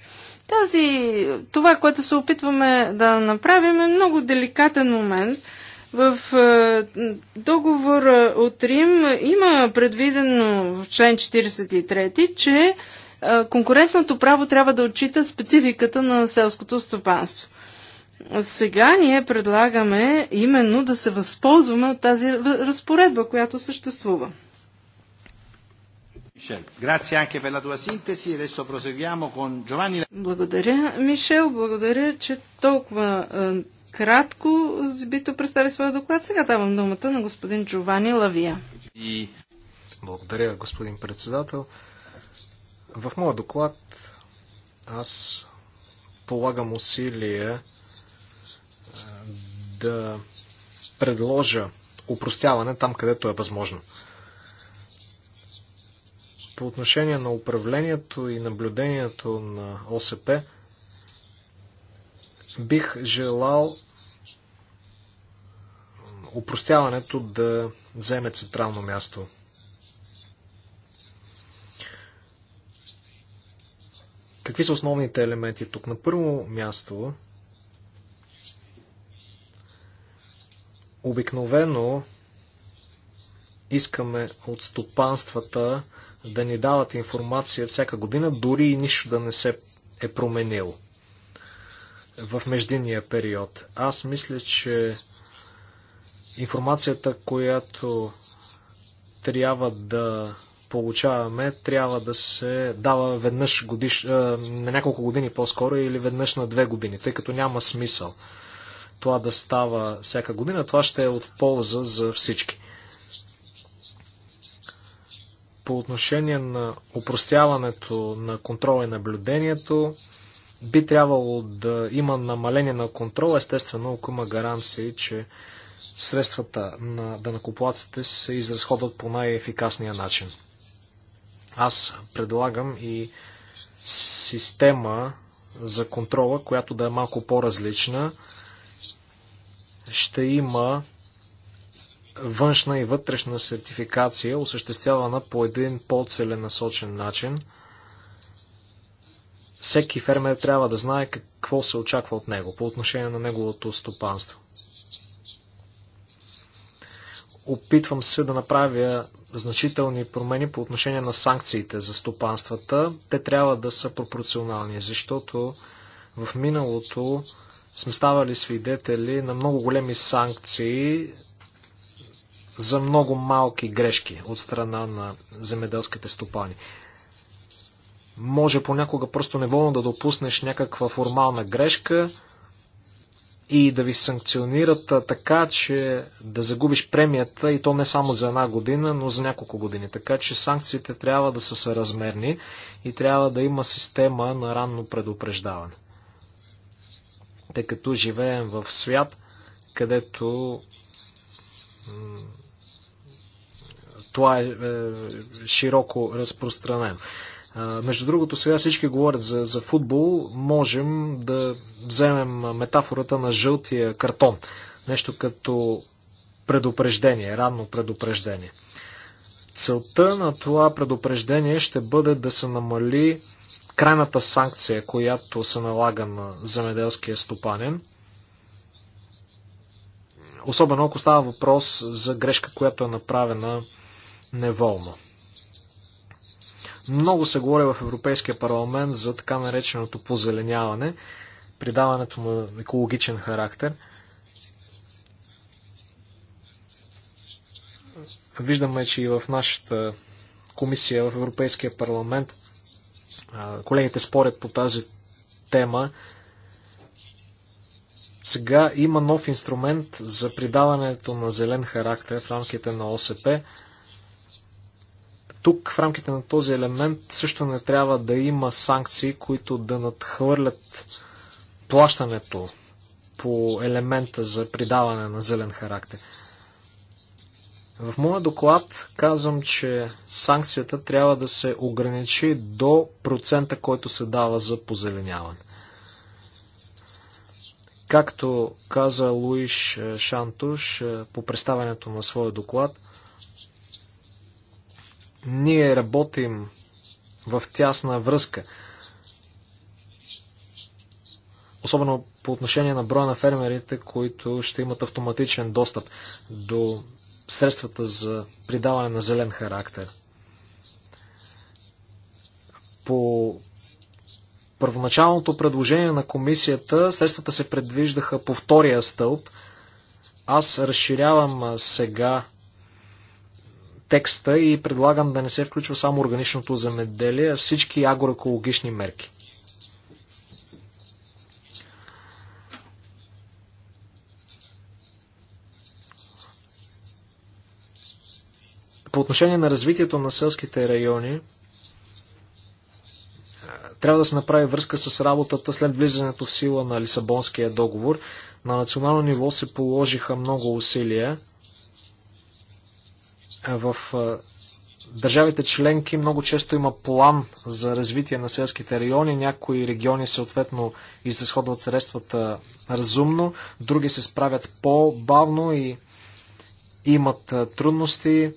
Тази, това, което се опитваме да направим е много деликатен момент – в е, договора от Рим има предвидено в член 43, че е, конкурентното право трябва да отчита спецификата на селското стопанство. Сега ние предлагаме именно да се възползваме от тази разпоредба, която съществува. Благодаря, Мишел. Благодаря, че толкова е, кратко бито представи своя доклад. Сега давам думата на господин Джовани Лавия. И благодаря, господин председател. В моя доклад аз полагам усилия да предложа упростяване там, където е възможно. По отношение на управлението и наблюдението на ОСП, бих желал упростяването да вземе централно място. Какви са основните елементи тук? На първо място, обикновено искаме от стопанствата да ни дават информация всяка година, дори и нищо да не се е променило в междинния период. Аз мисля, че информацията, която трябва да получаваме, трябва да се дава веднъж годиш, на няколко години по-скоро или веднъж на две години, тъй като няма смисъл това да става всяка година. Това ще е от полза за всички. По отношение на упростяването на контрол и наблюдението, би трябвало да има намаление на контрол, естествено, ако има гаранции, че средствата на данакоплаците се изразходват по най-ефикасния начин. Аз предлагам и система за контрола, която да е малко по-различна. Ще има външна и вътрешна сертификация, осъществявана по един по-целенасочен начин – всеки фермер трябва да знае какво се очаква от него по отношение на неговото стопанство. Опитвам се да направя значителни промени по отношение на санкциите за стопанствата. Те трябва да са пропорционални, защото в миналото сме ставали свидетели на много големи санкции за много малки грешки от страна на земеделските стопани. Може понякога просто неволно да допуснеш някаква формална грешка и да ви санкционират така, че да загубиш премията и то не само за една година, но за няколко години. Така че санкциите трябва да са съразмерни и трябва да има система на ранно предупреждаване. Тъй като живеем в свят, където това е, е широко разпространено. Между другото, сега всички говорят за, за футбол. Можем да вземем метафората на жълтия картон. Нещо като предупреждение, ранно предупреждение. Целта на това предупреждение ще бъде да се намали крайната санкция, която се налага на земеделския стопанен. Особено ако става въпрос за грешка, която е направена неволно. Много се говори в Европейския парламент за така нареченото позеленяване, придаването на екологичен характер. Виждаме, че и в нашата комисия в Европейския парламент колегите спорят по тази тема. Сега има нов инструмент за придаването на зелен характер в рамките на ОСП тук в рамките на този елемент също не трябва да има санкции, които да надхвърлят плащането по елемента за придаване на зелен характер. В моя доклад казвам, че санкцията трябва да се ограничи до процента, който се дава за позеленяване. Както каза Луиш е, Шантуш е, по представянето на своя доклад – ние работим в тясна връзка. Особено по отношение на броя на фермерите, които ще имат автоматичен достъп до средствата за придаване на зелен характер. По първоначалното предложение на комисията, средствата се предвиждаха по втория стълб. Аз разширявам сега текста и предлагам да не се включва само органичното замеделие, а всички агроекологични мерки. По отношение на развитието на селските райони, е, трябва да се направи връзка с работата след влизането в сила на Лисабонския договор. На национално ниво се положиха много усилия. Е, в е, държавите членки много често има план за развитие на селските райони. Някои региони съответно изразходват средствата разумно, други се справят по-бавно и имат е, трудности.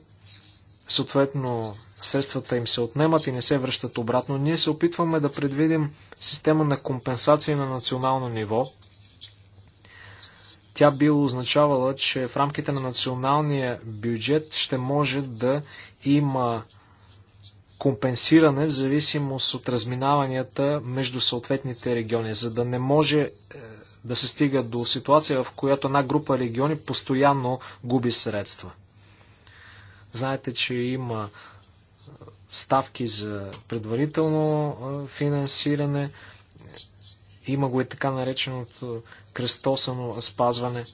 Съответно, средствата им се отнемат и не се връщат обратно. Ние се опитваме да предвидим система на компенсации на национално ниво тя би означавала, че в рамките на националния бюджет ще може да има компенсиране в зависимост от разминаванията между съответните региони, за да не може е, да се стига до ситуация, в която една група региони постоянно губи средства. Знаете, че има е, ставки за предварително е, финансиране. Има го и така нареченото кръстосано спазване.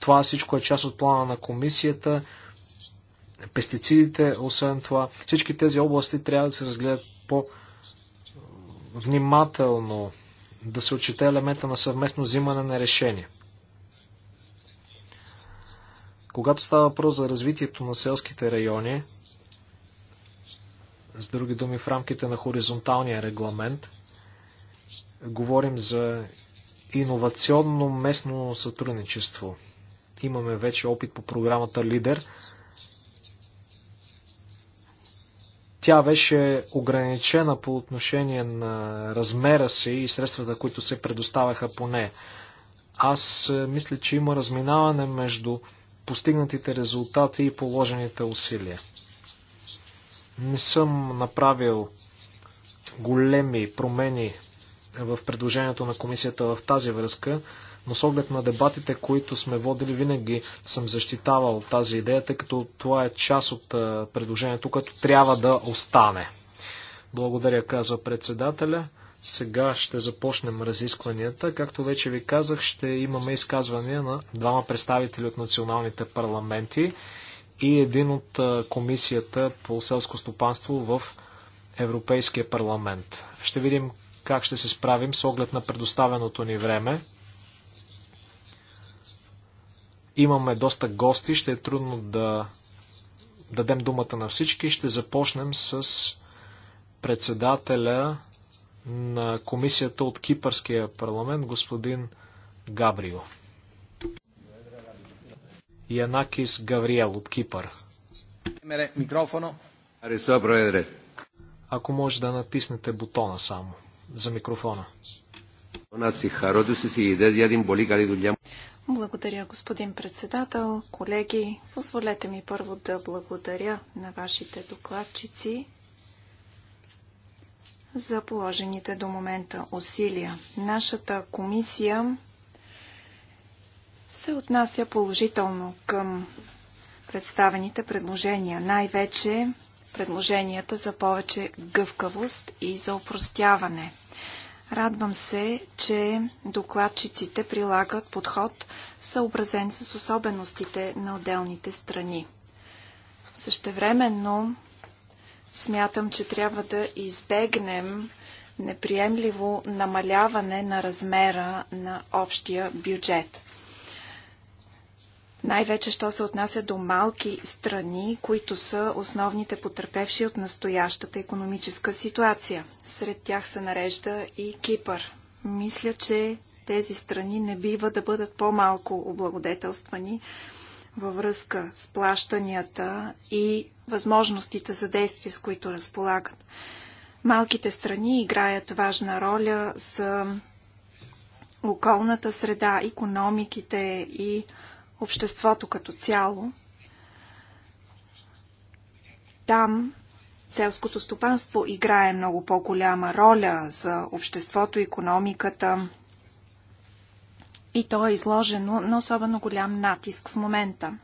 Това всичко е част от плана на комисията. Пестицидите, освен това, всички тези области трябва да се разгледат по-внимателно, да се отчете елемента на съвместно взимане на решения. Когато става въпрос за развитието на селските райони, с други думи в рамките на хоризонталния регламент, Говорим за иновационно местно сътрудничество. Имаме вече опит по програмата Лидер. Тя беше ограничена по отношение на размера си и средствата, които се предоставяха по нея. Аз е, мисля, че има разминаване между постигнатите резултати и положените усилия. Не съм направил големи промени в предложението на комисията в тази връзка, но с оглед на дебатите, които сме водили, винаги съм защитавал тази идея, тъй като това е част от предложението, което трябва да остане. Благодаря, казва председателя. Сега ще започнем разискванията. Както вече ви казах, ще имаме изказвания на двама представители от националните парламенти и един от Комисията по селско стопанство в Европейския парламент. Ще видим как ще се справим с оглед на предоставеното ни време. Имаме доста гости, ще е трудно да дадем думата на всички. Ще започнем с председателя на комисията от Кипърския парламент, господин Габрио. Янакис Гавриел от Кипър. Микрофоно. Ако може да натиснете бутона само за микрофона. Благодаря, господин председател. Колеги, позволете ми първо да благодаря на вашите докладчици за положените до момента усилия. Нашата комисия се отнася положително към представените предложения, най-вече предложенията за повече гъвкавост и за упростяване. Радвам се, че докладчиците прилагат подход съобразен с особеностите на отделните страни. Същевременно смятам, че трябва да избегнем неприемливо намаляване на размера на общия бюджет най-вече що се отнася до малки страни, които са основните потерпевши от настоящата економическа ситуация. Сред тях се нарежда и Кипър. Мисля, че тези страни не бива да бъдат по-малко облагодетелствани във връзка с плащанията и възможностите за действие, с които разполагат. Малките страни играят важна роля за околната среда, економиките и обществото като цяло. Там селското стопанство играе много по-голяма роля за обществото, економиката и то е изложено на особено голям натиск в момента.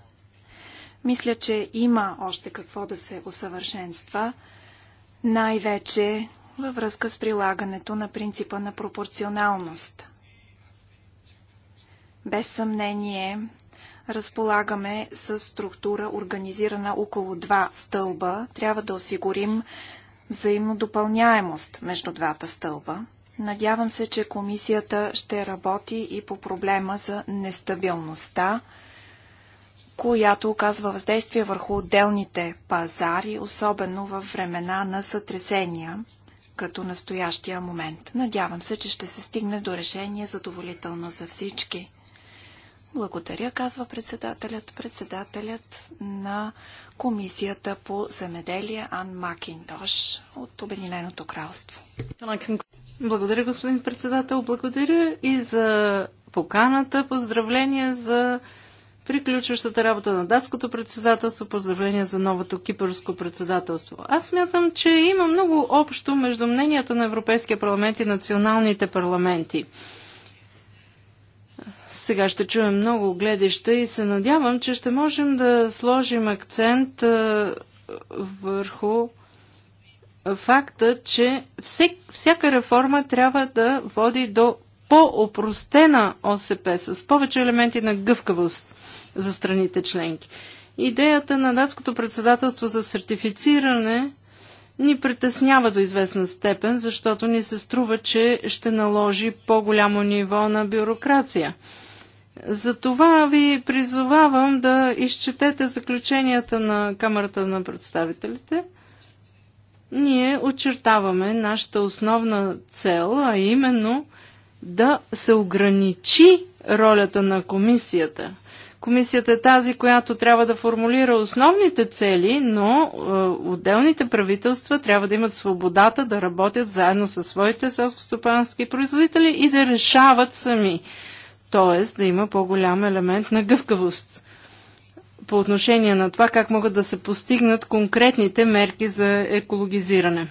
Мисля, че има още какво да се усъвършенства, най-вече във връзка с прилагането на принципа на пропорционалност. Без съмнение, разполагаме с структура, организирана около два стълба. Трябва да осигурим взаимно допълняемост между двата стълба. Надявам се, че комисията ще работи и по проблема за нестабилността, която оказва въздействие върху отделните пазари, особено в времена на сътресения, като настоящия момент. Надявам се, че ще се стигне до решение задоволително за всички. Благодаря, казва председателят, председателят на Комисията по земеделие Ан Макиндош от Обединеното кралство. Благодаря, господин председател. Благодаря и за поканата. Поздравления за приключващата работа на датското председателство. Поздравления за новото кипърско председателство. Аз смятам, че има много общо между мненията на Европейския парламент и националните парламенти. Сега ще чуем много гледища и се надявам, че ще можем да сложим акцент върху факта, че всек, всяка реформа трябва да води до по-опростена ОСП с повече елементи на гъвкавост за страните членки. Идеята на датското председателство за сертифициране ни притеснява до известна степен, защото ни се струва, че ще наложи по-голямо ниво на бюрокрация. Затова ви призовавам да изчетете заключенията на Камерата на представителите. Ние очертаваме нашата основна цел, а именно да се ограничи ролята на комисията. Комисията е тази, която трябва да формулира основните цели, но е, отделните правителства трябва да имат свободата да работят заедно със своите селскостопански производители и да решават сами т.е. да има по-голям елемент на гъвкавост по отношение на това как могат да се постигнат конкретните мерки за екологизиране.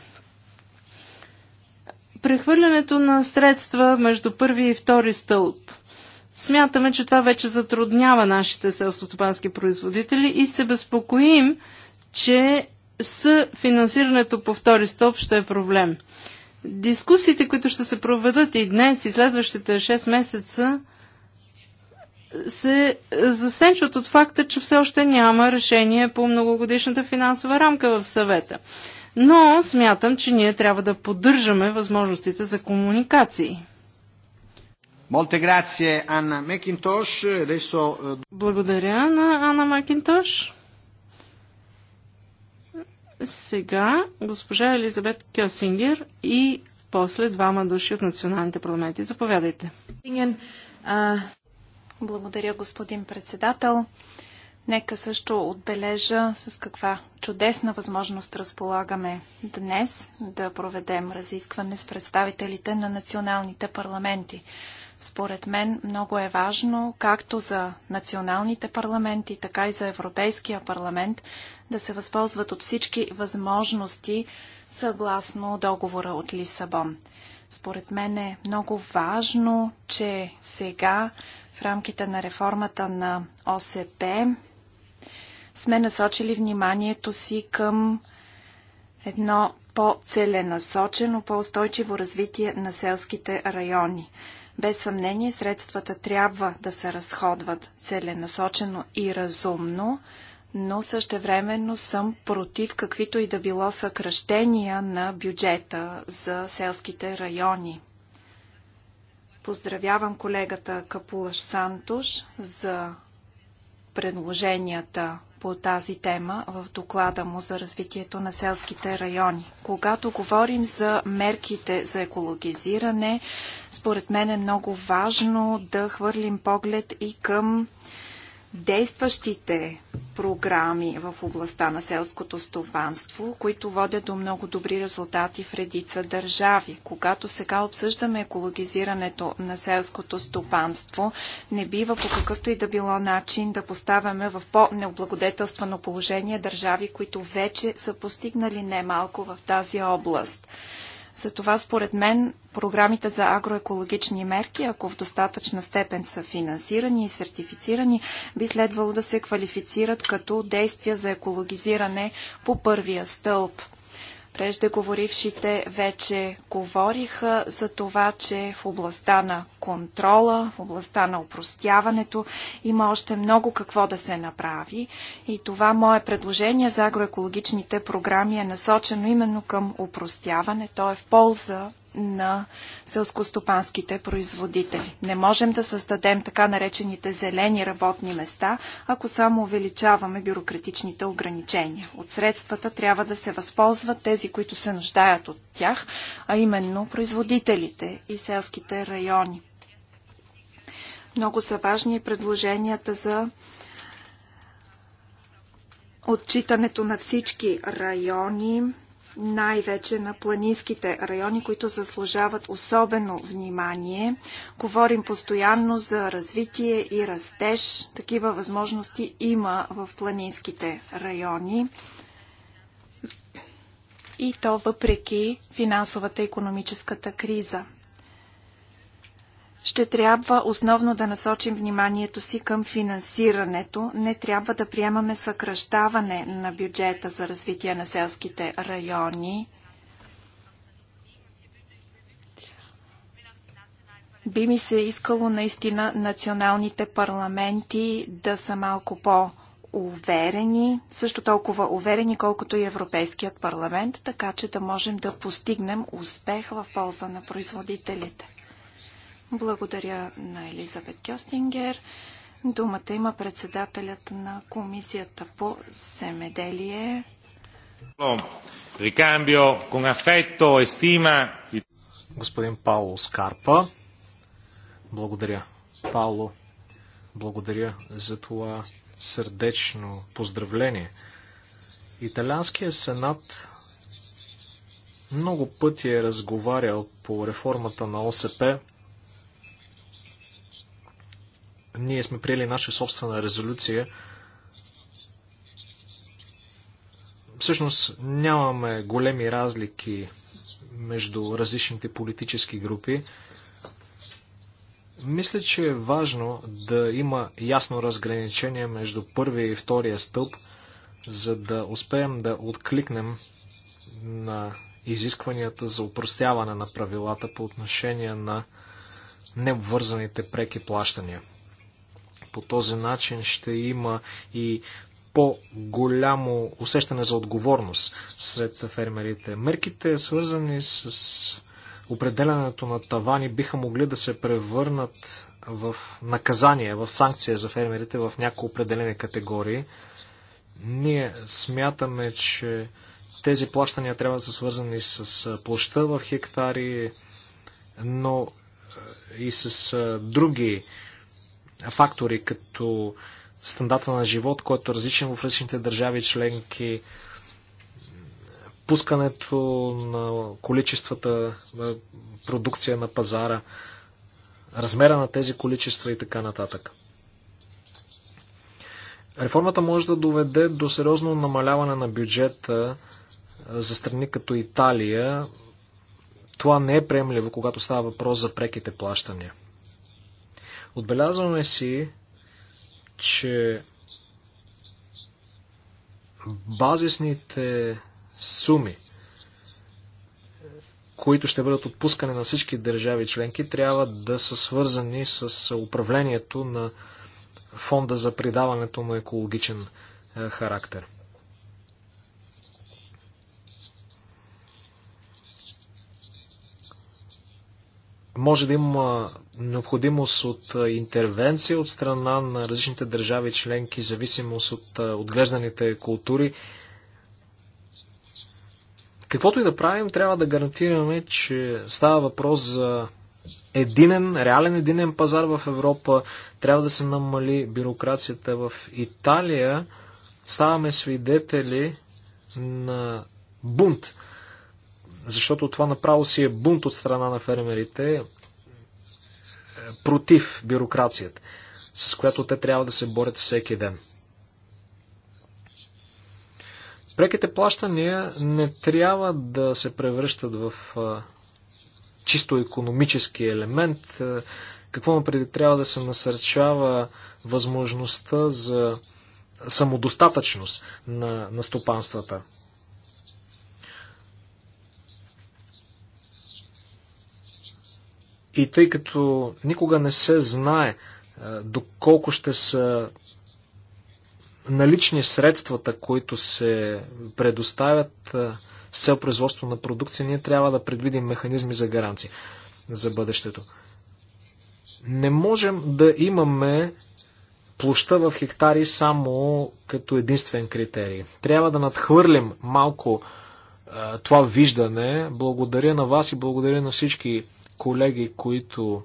Прехвърлянето на средства между първи и втори стълб. Смятаме, че това вече затруднява нашите селстотопански производители и се безпокоим, че с финансирането по втори стълб ще е проблем. Дискусиите, които ще се проведат и днес и следващите 6 месеца, се засенчват от факта, че все още няма решение по многогодишната финансова рамка в съвета. Но смятам, че ние трябва да поддържаме възможностите за комуникации. Eh, Благодаря на Анна Макинтош. Сега госпожа Елизабет Кьосингер и после двама души от националните парламенти. Заповядайте. Благодаря, господин председател. Нека също отбележа с каква чудесна възможност разполагаме днес да проведем разискване с представителите на националните парламенти. Според мен много е важно, както за националните парламенти, така и за Европейския парламент, да се възползват от всички възможности съгласно договора от Лисабон. Според мен е много важно, че сега в рамките на реформата на ОСП сме насочили вниманието си към едно по-целенасочено, по-устойчиво развитие на селските райони. Без съмнение, средствата трябва да се разходват целенасочено и разумно, но същевременно съм против каквито и да било съкръщения на бюджета за селските райони. Поздравявам колегата Капулаш Сантош за предложенията по тази тема в доклада му за развитието на селските райони. Когато говорим за мерките за екологизиране, според мен е много важно да хвърлим поглед и към действащите програми в областта на селското стопанство, които водят до много добри резултати в редица държави. Когато сега обсъждаме екологизирането на селското стопанство, не бива по какъвто и да било начин да поставяме в по-необлагодетелствано положение държави, които вече са постигнали немалко в тази област. Затова според мен програмите за агроекологични мерки, ако в достатъчна степен са финансирани и сертифицирани, би следвало да се квалифицират като действия за екологизиране по първия стълб. Преждеговорившите вече говориха за това, че в областта на контрола, в областта на упростяването има още много какво да се направи. И това мое предложение за агроекологичните програми е насочено именно към упростяване. То е в полза на селскостопанските производители. Не можем да създадем така наречените зелени работни места, ако само увеличаваме бюрократичните ограничения. От средствата трябва да се възползват тези, които се нуждаят от тях, а именно производителите и селските райони. Много са важни предложенията за отчитането на всички райони, най-вече на планинските райони, които заслужават особено внимание. Говорим постоянно за развитие и растеж. Такива възможности има в планинските райони. И то въпреки финансовата и економическата криза ще трябва основно да насочим вниманието си към финансирането. Не трябва да приемаме съкръщаване на бюджета за развитие на селските райони. Би ми се искало наистина националните парламенти да са малко по- уверени, също толкова уверени, колкото и Европейският парламент, така че да можем да постигнем успех в полза на производителите. Благодаря на Елизабет Кьостингер. Думата има председателят на Комисията по земеделие. Господин Пауло Скарпа. Благодаря. Пауло, благодаря за това сърдечно поздравление. Италианският сенат много пъти е разговарял по реформата на ОСП. Ние сме приели наша собствена резолюция. Всъщност нямаме големи разлики между различните политически групи. Мисля, че е важно да има ясно разграничение между първия и втория стълб, за да успеем да откликнем на изискванията за упростяване на правилата по отношение на необвързаните преки плащания. По този начин ще има и по-голямо усещане за отговорност сред фермерите. Мерките, свързани с определянето на тавани, биха могли да се превърнат в наказание, в санкция за фермерите в някои определени категории. Ние смятаме, че тези плащания трябва да са свързани с площа в хектари, но и с други фактори, като стандарта на живот, който е различен в различните държави членки, пускането на количествата продукция на пазара, размера на тези количества и така нататък. Реформата може да доведе до сериозно намаляване на бюджета за страни като Италия. Това не е приемливо, когато става въпрос за преките плащания. Отбелязваме си, че базисните суми, които ще бъдат отпускани на всички държави членки, трябва да са свързани с управлението на фонда за придаването на екологичен характер. може да има необходимост от интервенция от страна на различните държави членки, зависимост от отглежданите култури. Каквото и да правим, трябва да гарантираме, че става въпрос за единен, реален единен пазар в Европа. Трябва да се намали бюрокрацията в Италия. Ставаме свидетели на бунт защото това направо си е бунт от страна на фермерите е, против бюрокрацията, с която те трябва да се борят всеки ден. Преките плащания не трябва да се превръщат в чисто економически елемент. Какво напреди трябва да се насърчава възможността за самодостатъчност на, на стопанствата? И тъй като никога не се знае е, доколко ще са налични средствата, които се предоставят е, с цел производство на продукция, ние трябва да предвидим механизми за гаранции за бъдещето. Не можем да имаме площа в хектари само като единствен критерий. Трябва да надхвърлим малко е, това виждане. Благодаря на вас и благодаря на всички колеги, които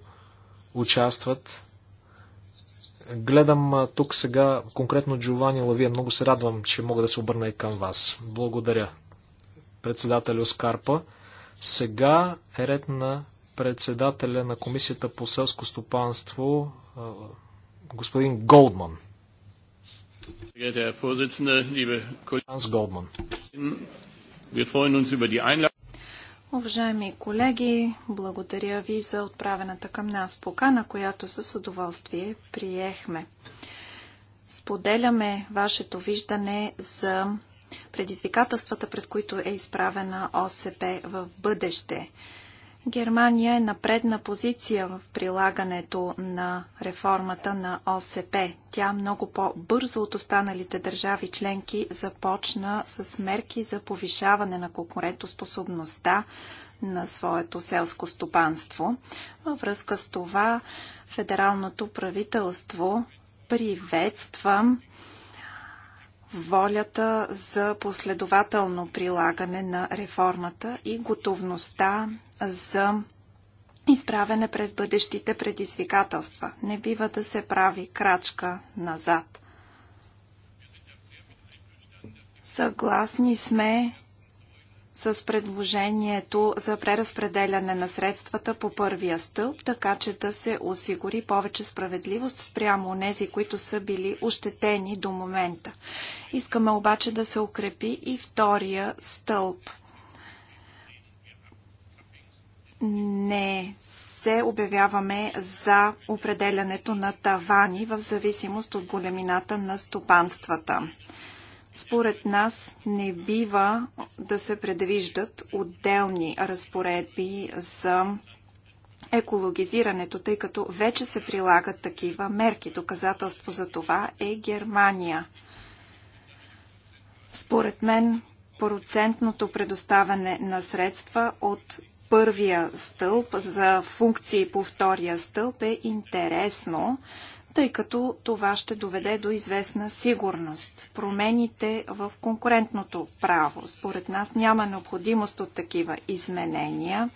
участват. Гледам тук сега конкретно Джовани Лавия. Много се радвам, че мога да се обърна и към вас. Благодаря, председателю Скарпа. Сега е ред на председателя на Комисията по селско стопанство, господин Голдман. Hans Голдман. Уважаеми колеги, благодаря ви за отправената към нас покана, която с удоволствие приехме. Споделяме вашето виждане за предизвикателствата, пред които е изправена ОСП в бъдеще. Германия е на предна позиция в прилагането на реформата на ОСП. Тя много по-бързо от останалите държави членки започна с мерки за повишаване на конкурентоспособността на своето селско стопанство. Във връзка с това федералното правителство приветствам волята за последователно прилагане на реформата и готовността за изправене пред бъдещите предизвикателства. Не бива да се прави крачка назад. Съгласни сме с предложението за преразпределяне на средствата по първия стълб, така че да се осигури повече справедливост спрямо нези, които са били ощетени до момента. Искаме обаче да се укрепи и втория стълб. Не се обявяваме за определянето на тавани в зависимост от големината на стопанствата. Според нас не бива да се предвиждат отделни разпоредби за екологизирането, тъй като вече се прилагат такива мерки. Доказателство за това е Германия. Според мен процентното предоставяне на средства от първия стълб за функции по втория стълб е интересно, тъй като това ще доведе до известна сигурност. Промените в конкурентното право. Според нас няма необходимост от такива изменения.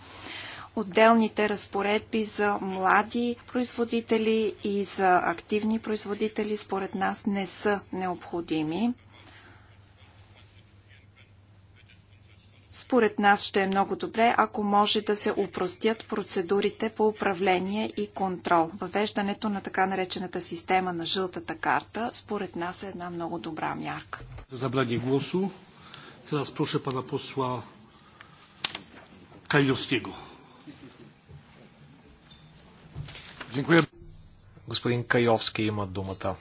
Отделните разпоредби за млади производители и за активни производители според нас не са необходими. Според нас ще е много добре, ако може да се упростят процедурите по управление и контрол. Въвеждането на така наречената система на жълтата карта, според нас е една много добра мярка. За забрание гласу, teraz спроша пана посла Kajowskiego. Dziękuję. Господин Кайовски има думата.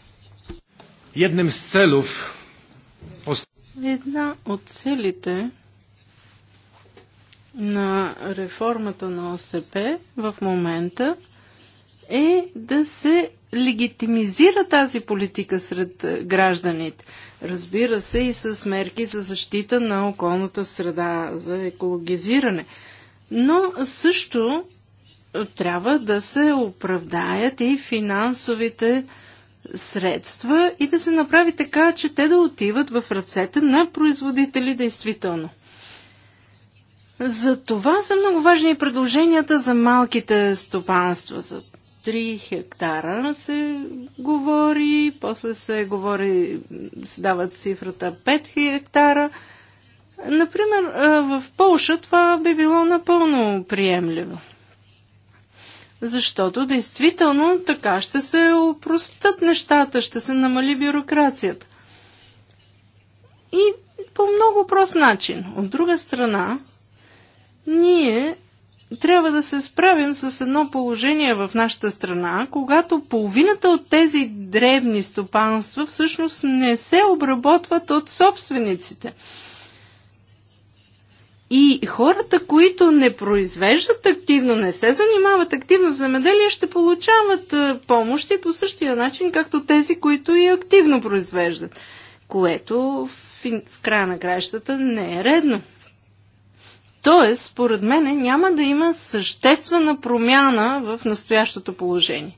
Една от целите на реформата на ОСП в момента е да се легитимизира тази политика сред гражданите. Разбира се и с мерки за защита на околната среда, за екологизиране. Но също трябва да се оправдаят и финансовите средства и да се направи така, че те да отиват в ръцете на производители действително. За това са много важни предложенията за малките стопанства. За 3 хектара се говори, после се говори, се дава цифрата 5 хектара. Например, в Полша това би било напълно приемливо. Защото действително така ще се опростат нещата, ще се намали бюрокрацията. И по много прост начин. От друга страна, ние трябва да се справим с едно положение в нашата страна, когато половината от тези древни стопанства всъщност не се обработват от собствениците. И хората, които не произвеждат активно, не се занимават активно с земеделие, ще получават помощи по същия начин, както тези, които и активно произвеждат. Което в, в края на краищата не е редно. Тоест, според мен няма да има съществена промяна в настоящото положение.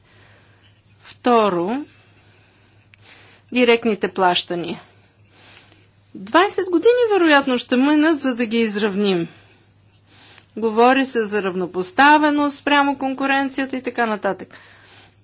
Второ, директните плащания. 20 години вероятно ще минат, за да ги изравним. Говори се за равнопоставеност прямо конкуренцията и така нататък.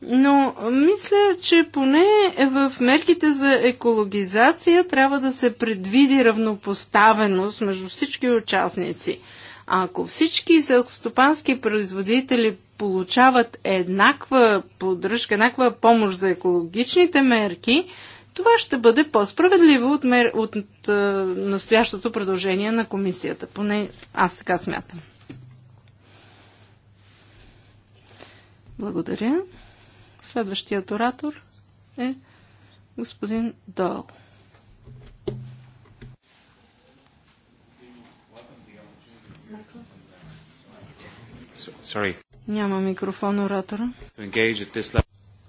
Но мисля, че поне в мерките за екологизация трябва да се предвиди равнопоставеност между всички участници. Ако всички селскостопански производители получават еднаква поддръжка, еднаква помощ за екологичните мерки, това ще бъде по-справедливо от, мер... от е, настоящото предложение на комисията. Поне аз така смятам. Благодаря. Следващият оратор е господин Дойл. Sorry. Няма микрофон оратора.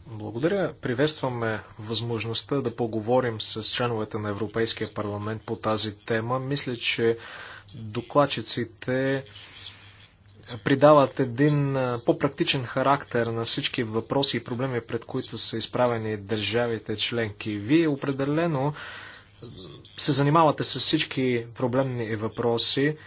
Благодаря. Приветстваме възможността да поговорим с членовете на Европейския парламент по тази тема. Мисля, че докладчиците придават един по-практичен характер на всички въпроси и проблеми, пред които са изправени държавите членки. Вие определено се занимавате с всички проблемни въпроси.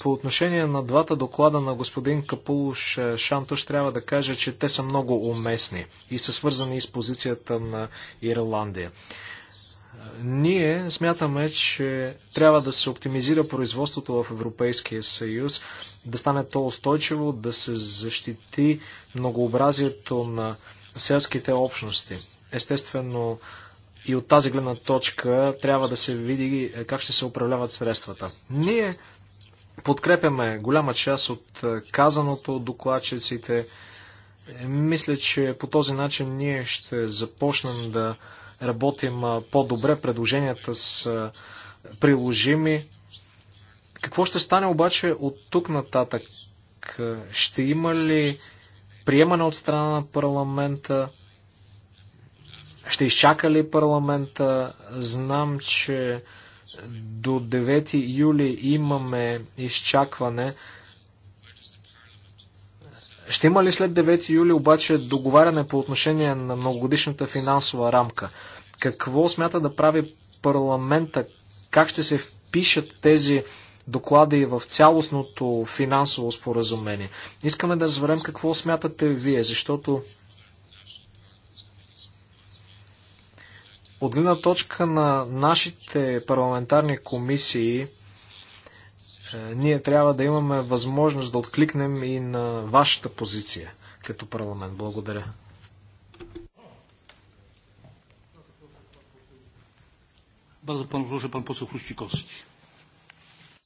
По отношение на двата доклада на господин Капулуш Шантош трябва да кажа, че те са много уместни и са свързани с позицията на Ирландия. Ние смятаме, че трябва да се оптимизира производството в Европейския съюз, да стане то устойчиво, да се защити многообразието на селските общности. Естествено, и от тази гледна точка трябва да се види е, как ще се управляват средствата. Ние подкрепяме голяма част от е, казаното от докладчиците. Мисля, че по този начин ние ще започнем да работим по-добре, предложенията са приложими. Какво ще стане обаче от тук нататък? Ще има ли приемане от страна на парламента? Ще изчака ли парламента? Знам, че до 9 юли имаме изчакване. Ще има ли след 9 юли обаче договаряне по отношение на многогодишната финансова рамка? Какво смята да прави парламента? Как ще се впишат тези доклади в цялостното финансово споразумение? Искаме да разберем какво смятате вие, защото от гледна точка на нашите парламентарни комисии, е, ние трябва да имаме възможност да откликнем и на вашата позиция като парламент. Благодаря.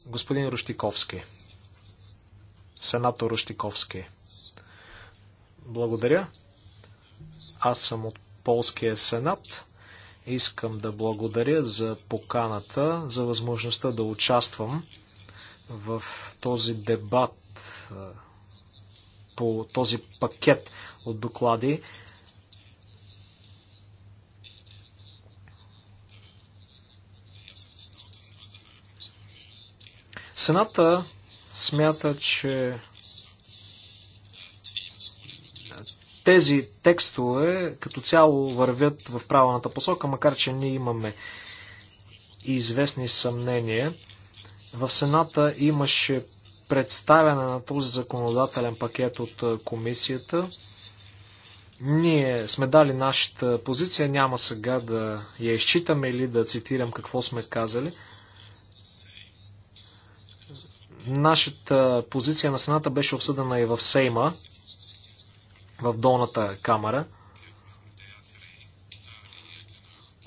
Господин Рущиковски. Сенатор Рущиковски. Благодаря. Аз съм от Полския сенат. Искам да благодаря за поканата, за възможността да участвам в този дебат по този пакет от доклади. Сената смята, че тези текстове като цяло вървят в правилната посока, макар че ние имаме известни съмнения. В Сената имаше представяне на този законодателен пакет от комисията. Ние сме дали нашата позиция, няма сега да я изчитаме или да цитирам какво сме казали. Нашата позиция на Сената беше обсъдена и в Сейма, в долната камера –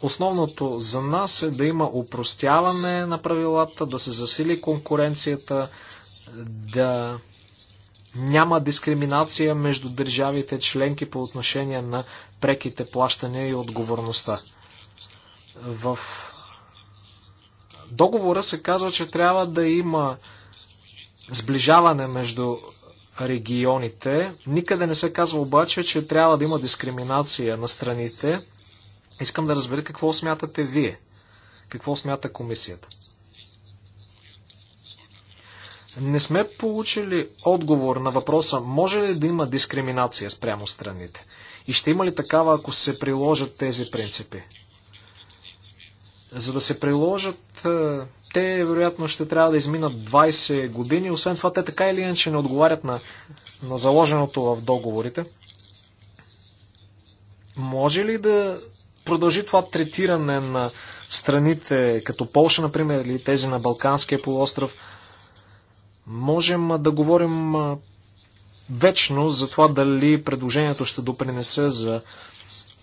Основното за нас е да има упростяване на правилата, да се засили конкуренцията, да няма дискриминация между държавите членки по отношение на преките плащания и отговорността. В договора се казва, че трябва да има сближаване между регионите. Никъде не се казва обаче, че трябва да има дискриминация на страните. Искам да разбера какво смятате вие. Какво смята комисията. Не сме получили отговор на въпроса може ли да има дискриминация спрямо страните и ще има ли такава, ако се приложат тези принципи. За да се приложат, е, те вероятно ще трябва да изминат 20 години. Освен това, те така или иначе не отговарят на, на заложеното в договорите. Може ли да продължи това третиране на страните, като Полша, например, или тези на Балканския полуостров, можем да говорим вечно за това дали предложението ще допринесе за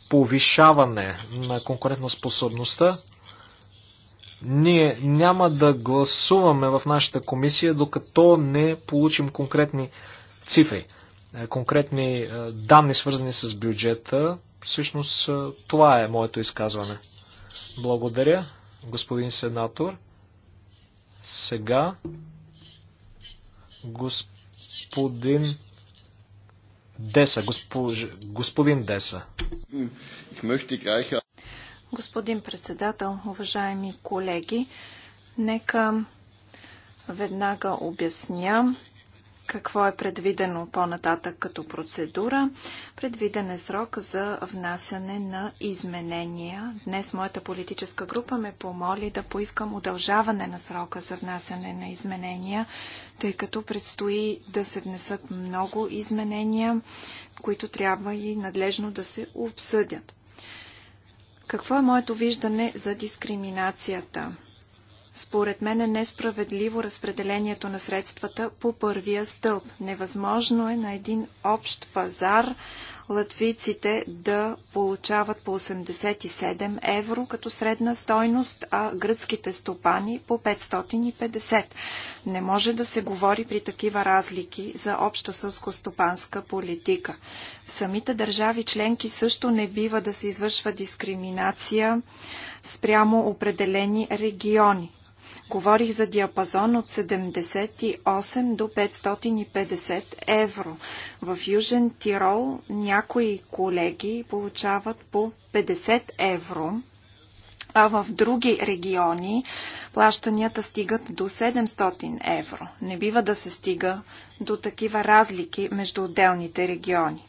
повишаване на конкурентоспособността. Ние няма да гласуваме в нашата комисия, докато не получим конкретни цифри, е, конкретни е, данни, свързани с бюджета, Всъщност това е моето изказване. Благодаря, господин сенатор. Сега господин Деса, госпож... господин Деса. Господин председател, уважаеми колеги, нека веднага обясня какво е предвидено по-нататък като процедура? Предвиден е срок за внасяне на изменения. Днес моята политическа група ме помоли да поискам удължаване на срока за внасяне на изменения, тъй като предстои да се внесат много изменения, които трябва и надлежно да се обсъдят. Какво е моето виждане за дискриминацията? Според мен е несправедливо разпределението на средствата по първия стълб. Невъзможно е на един общ пазар латвийците да получават по 87 евро като средна стойност, а гръцките стопани по 550. Не може да се говори при такива разлики за обща сълскостопанска политика. В самите държави членки също не бива да се извършва дискриминация спрямо определени региони. Говорих за диапазон от 78 до 550 евро. В Южен Тирол някои колеги получават по 50 евро, а в други региони плащанията стигат до 700 евро. Не бива да се стига до такива разлики между отделните региони.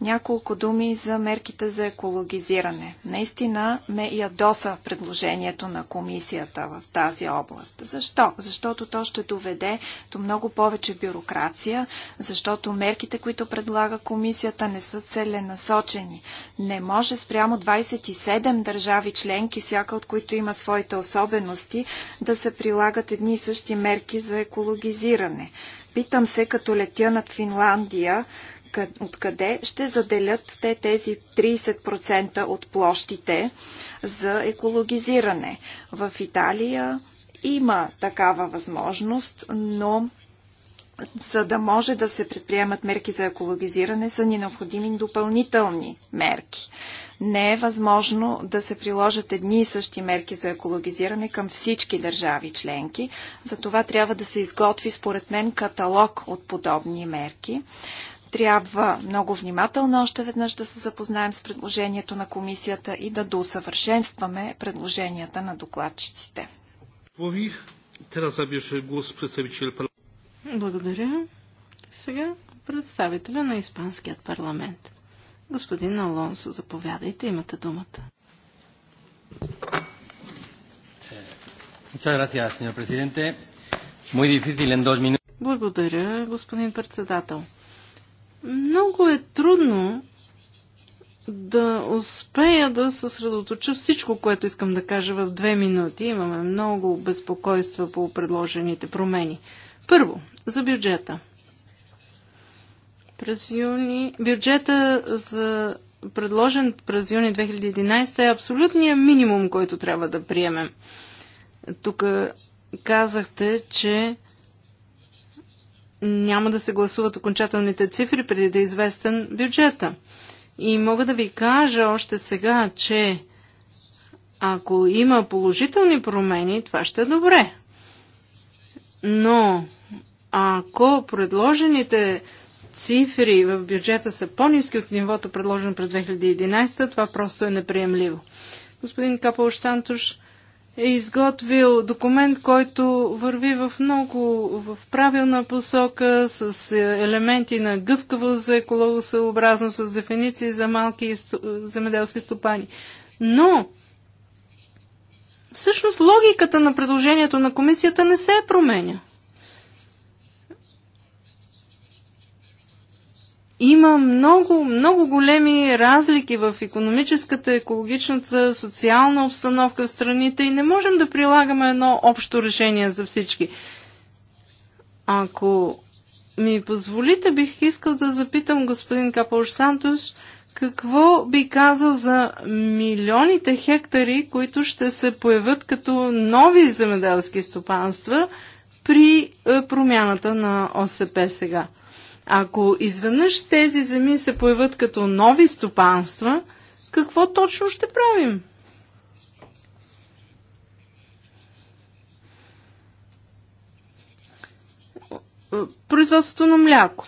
Няколко думи за мерките за екологизиране. Наистина ме ядоса предложението на комисията в тази област. Защо? Защото то ще доведе до много повече бюрокрация, защото мерките, които предлага комисията, не са целенасочени. Не може спрямо 27 държави членки, всяка от които има своите особености, да се прилагат едни и същи мерки за екологизиране. Питам се, като летя над Финландия, откъде ще заделят те тези 30% от площите за екологизиране. В Италия има такава възможност, но за да може да се предприемат мерки за екологизиране, са ни необходими допълнителни мерки. Не е възможно да се приложат едни и същи мерки за екологизиране към всички държави членки. Затова трябва да се изготви, според мен, каталог от подобни мерки трябва много внимателно още веднъж да се запознаем с предложението на комисията и да доусъвършенстваме предложенията на докладчиците. Благодаря. Сега представителя на Испанският парламент. Господин Алонсо, заповядайте, имате думата. Благодаря, господин председател. Много е трудно да успея да съсредоточа всичко, което искам да кажа в две минути. Имаме много безпокойства по предложените промени. Първо, за бюджета. През юни... Бюджета за предложен през юни 2011 е абсолютният минимум, който трябва да приемем. Тук казахте, че няма да се гласуват окончателните цифри преди да е известен бюджета. И мога да ви кажа още сега, че ако има положителни промени, това ще е добре. Но ако предложените цифри в бюджета са по-низки от нивото предложено през 2011, това просто е неприемливо. Господин Капалш Сантуш е изготвил документ, който върви в много в правилна посока, с елементи на гъвкавост за екологосъобразно, с дефиниции за малки земеделски стопани. Но Всъщност логиката на предложението на комисията не се променя. Има много, много големи разлики в економическата, екологичната, социална обстановка в страните и не можем да прилагаме едно общо решение за всички. Ако ми позволите, бих искал да запитам господин Капош Сантос, какво би казал за милионите хектари, които ще се появят като нови земеделски стопанства при е, промяната на ОСП сега? Ако изведнъж тези земи се появят като нови стопанства, какво точно ще правим? производството на мляко,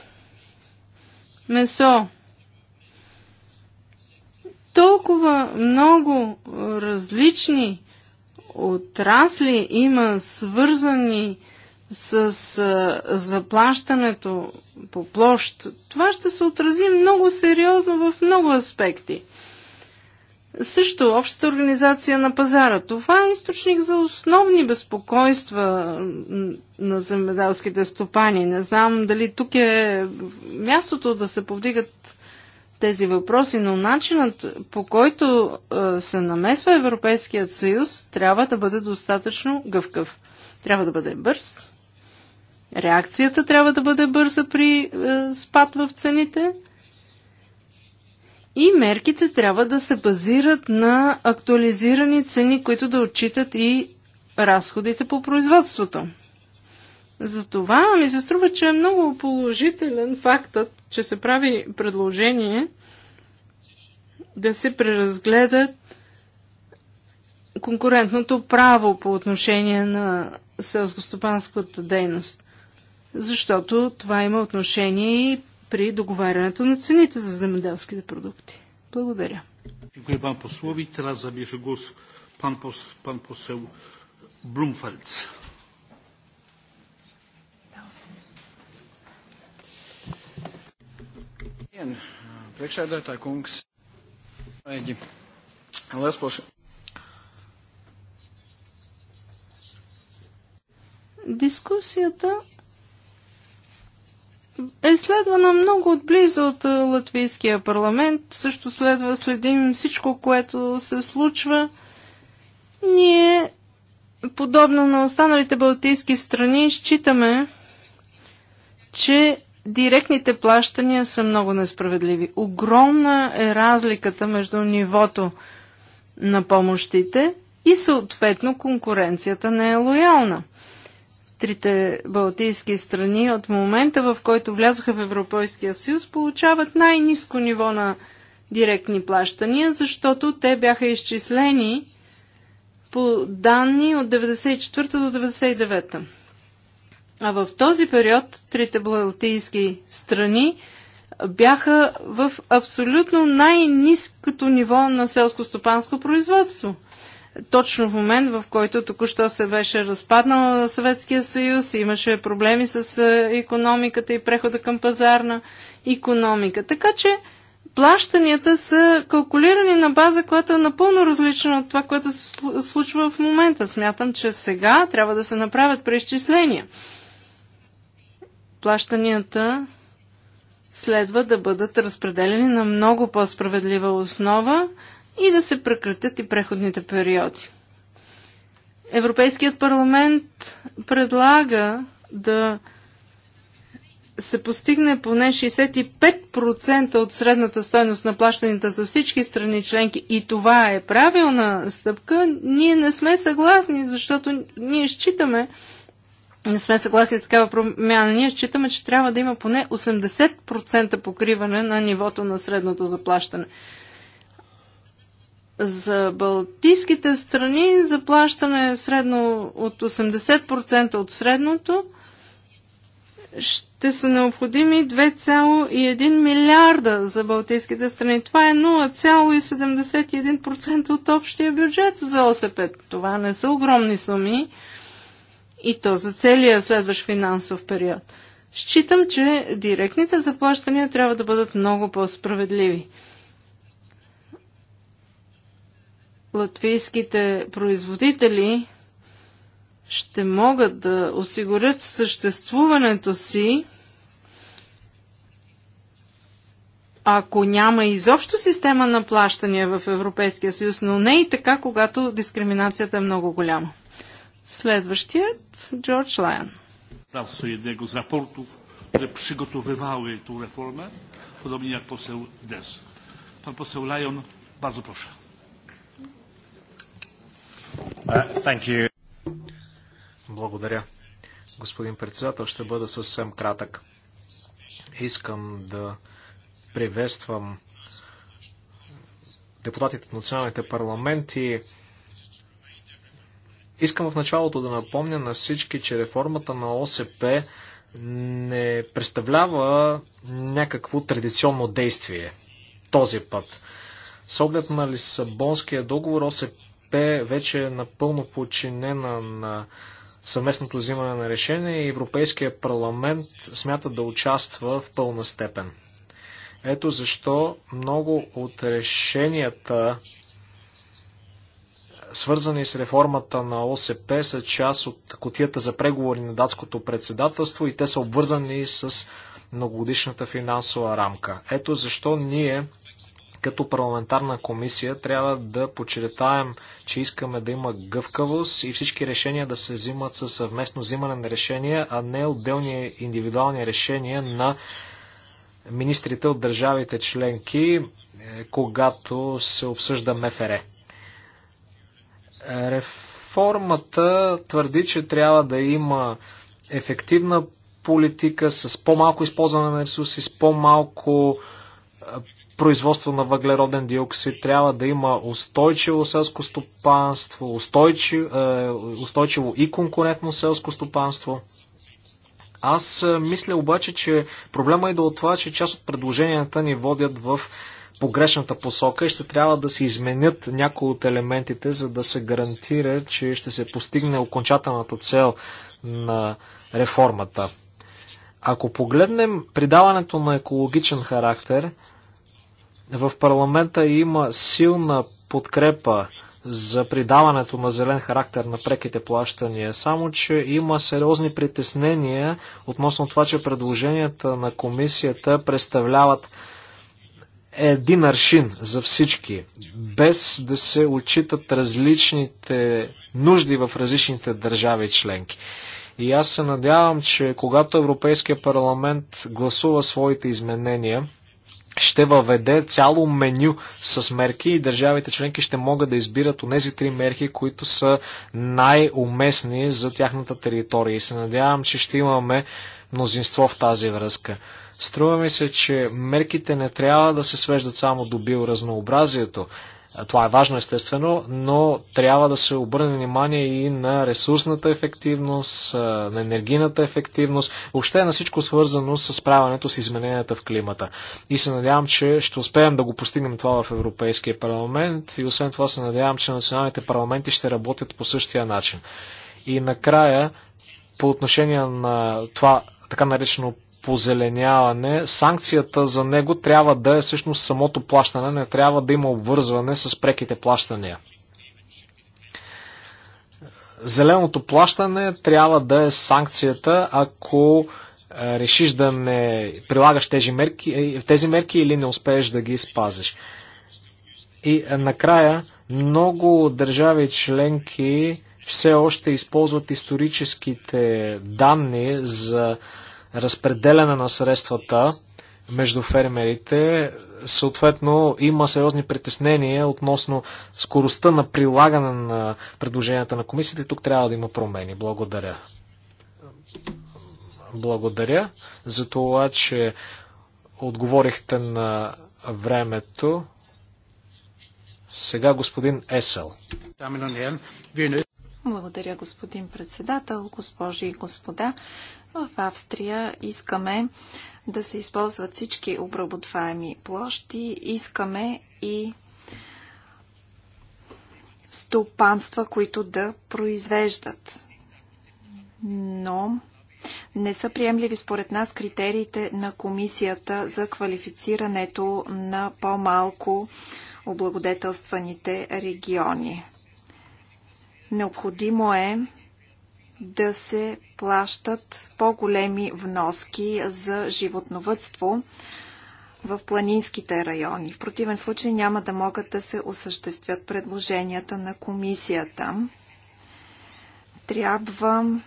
месо. Толкова много различни отрасли има свързани с заплащането по площ. Това ще се отрази много сериозно в много аспекти. Също общата организация на пазара. Това е източник за основни безпокойства на земеделските стопани. Не знам дали тук е мястото да се повдигат тези въпроси, но начинът по който се намесва Европейският съюз трябва да бъде достатъчно гъвкав. Трябва да бъде бърз, Реакцията трябва да бъде бърза при е, спад в цените. И мерките трябва да се базират на актуализирани цени, които да отчитат и разходите по производството. Затова ми се струва, че е много положителен фактът, че се прави предложение да се преразгледат конкурентното право по отношение на селскостопанската дейност защото това има отношение и при договарянето на цените за земеделските продукти. Благодаря. Дякую, пан послови. Тераз забеже гос пан, пос, пан посел Блумфальц. Дискусията е следвана много отблизо от е, Латвийския парламент. Също следва следим всичко, което се случва. Ние, подобно на останалите балтийски страни, считаме, че директните плащания са много несправедливи. Огромна е разликата между нивото на помощите и съответно конкуренцията не е лоялна трите балтийски страни от момента, в който влязоха в Европейския съюз, получават най-низко ниво на директни плащания, защото те бяха изчислени по данни от 1994 до 1999. А в този период трите балтийски страни бяха в абсолютно най-низкото ниво на селско-стопанско производство – точно в момент, в който току-що се беше разпаднал Съветския съюз, имаше проблеми с економиката и прехода към пазарна економика. Така че плащанията са калкулирани на база, която е напълно различна от това, което се случва в момента. Смятам, че сега трябва да се направят преизчисления. Плащанията следва да бъдат разпределени на много по-справедлива основа, и да се прекратят и преходните периоди. Европейският парламент предлага да се постигне поне 65% от средната стойност на плащанията за всички страни членки и това е правилна стъпка, ние не сме съгласни, защото ние считаме, не сме съгласни с такава промяна. Ние считаме, че трябва да има поне 80% покриване на нивото на средното заплащане. За балтийските страни заплащане средно от 80% от средното. Ще са необходими 2,1 милиарда за балтийските страни. Това е 0,71% от общия бюджет за ОСП. Това не са огромни суми и то за целия следващ финансов период. Считам, че директните заплащания трябва да бъдат много по-справедливи. латвийските производители ще могат да осигурят съществуването си, ако няма изобщо система на плащания в Европейския съюз, но не и така, когато дискриминацията е много голяма. Следващият Джордж Лайан. jednego z raportów, które przygotowywały Pan poseł Lajon, bardzo proszę. Uh, Благодаря. Господин председател, ще бъда съвсем кратък. Искам да приветствам депутатите от националните парламенти. Искам в началото да напомня на всички, че реформата на ОСП не представлява някакво традиционно действие този път. С оглед на Лисабонския договор ОСП ОСП вече е напълно подчинена на съвместното взимане на решение и Европейския парламент смята да участва в пълна степен. Ето защо много от решенията, свързани с реформата на ОСП, са част от котията за преговори на датското председателство и те са обвързани с многогодишната финансова рамка. Ето защо ние като парламентарна комисия трябва да подчертаем, че искаме да има гъвкавост и всички решения да се взимат със съвместно взимане на решения, а не отделни индивидуални решения на министрите от държавите членки, е, когато се обсъжда МФР. Е, реформата твърди, че трябва да има ефективна политика с по-малко използване на ресурси, с по-малко е, производство на въглероден диоксид, трябва да има устойчиво селско стопанство, устойчиво, е, устойчиво и конкурентно селско стопанство. Аз е, мисля обаче, че проблема е от това, че част от предложенията ни водят в погрешната посока и ще трябва да се изменят някои от елементите, за да се гарантира, че ще се постигне окончателната цел на реформата. Ако погледнем придаването на екологичен характер, в парламента има силна подкрепа за придаването на зелен характер на преките плащания. Само, че има сериозни притеснения относно това, че предложенията на комисията представляват един аршин за всички, без да се отчитат различните нужди в различните държави членки. И аз се надявам, че когато Европейския парламент гласува своите изменения, ще въведе цяло меню с мерки и държавите членки ще могат да избират тези три мерки, които са най-уместни за тяхната територия. И се надявам, че ще имаме мнозинство в тази връзка. Струва ми се, че мерките не трябва да се свеждат само до биоразнообразието. Това е важно, естествено, но трябва да се обърне внимание и на ресурсната ефективност, на енергийната ефективност, въобще на всичко свързано с справянето с измененията в климата. И се надявам, че ще успеем да го постигнем това в Европейския парламент и освен това се надявам, че националните парламенти ще работят по същия начин. И накрая, по отношение на това така наречено позеленяване, санкцията за него трябва да е всъщност самото плащане, не трябва да има обвързване с преките плащания. Зеленото плащане трябва да е санкцията, ако е, решиш да не прилагаш тези мерки, е, тези мерки или не успееш да ги спазиш. И е, накрая, много държави членки все още използват историческите данни за разпределяне на средствата между фермерите, съответно има сериозни притеснения относно скоростта на прилагане на предложенията на комисията. Тук трябва да има промени. Благодаря. Благодаря за това, че отговорихте на времето. Сега господин Есел. Благодаря, господин председател, госпожи и господа. В Австрия искаме да се използват всички обработваеми площи. Искаме и стопанства, които да произвеждат. Но не са приемливи според нас критериите на комисията за квалифицирането на по-малко облагодетелстваните региони. Необходимо е да се плащат по-големи вноски за животновътство в планинските райони. В противен случай няма да могат да се осъществят предложенията на комисията. Трябва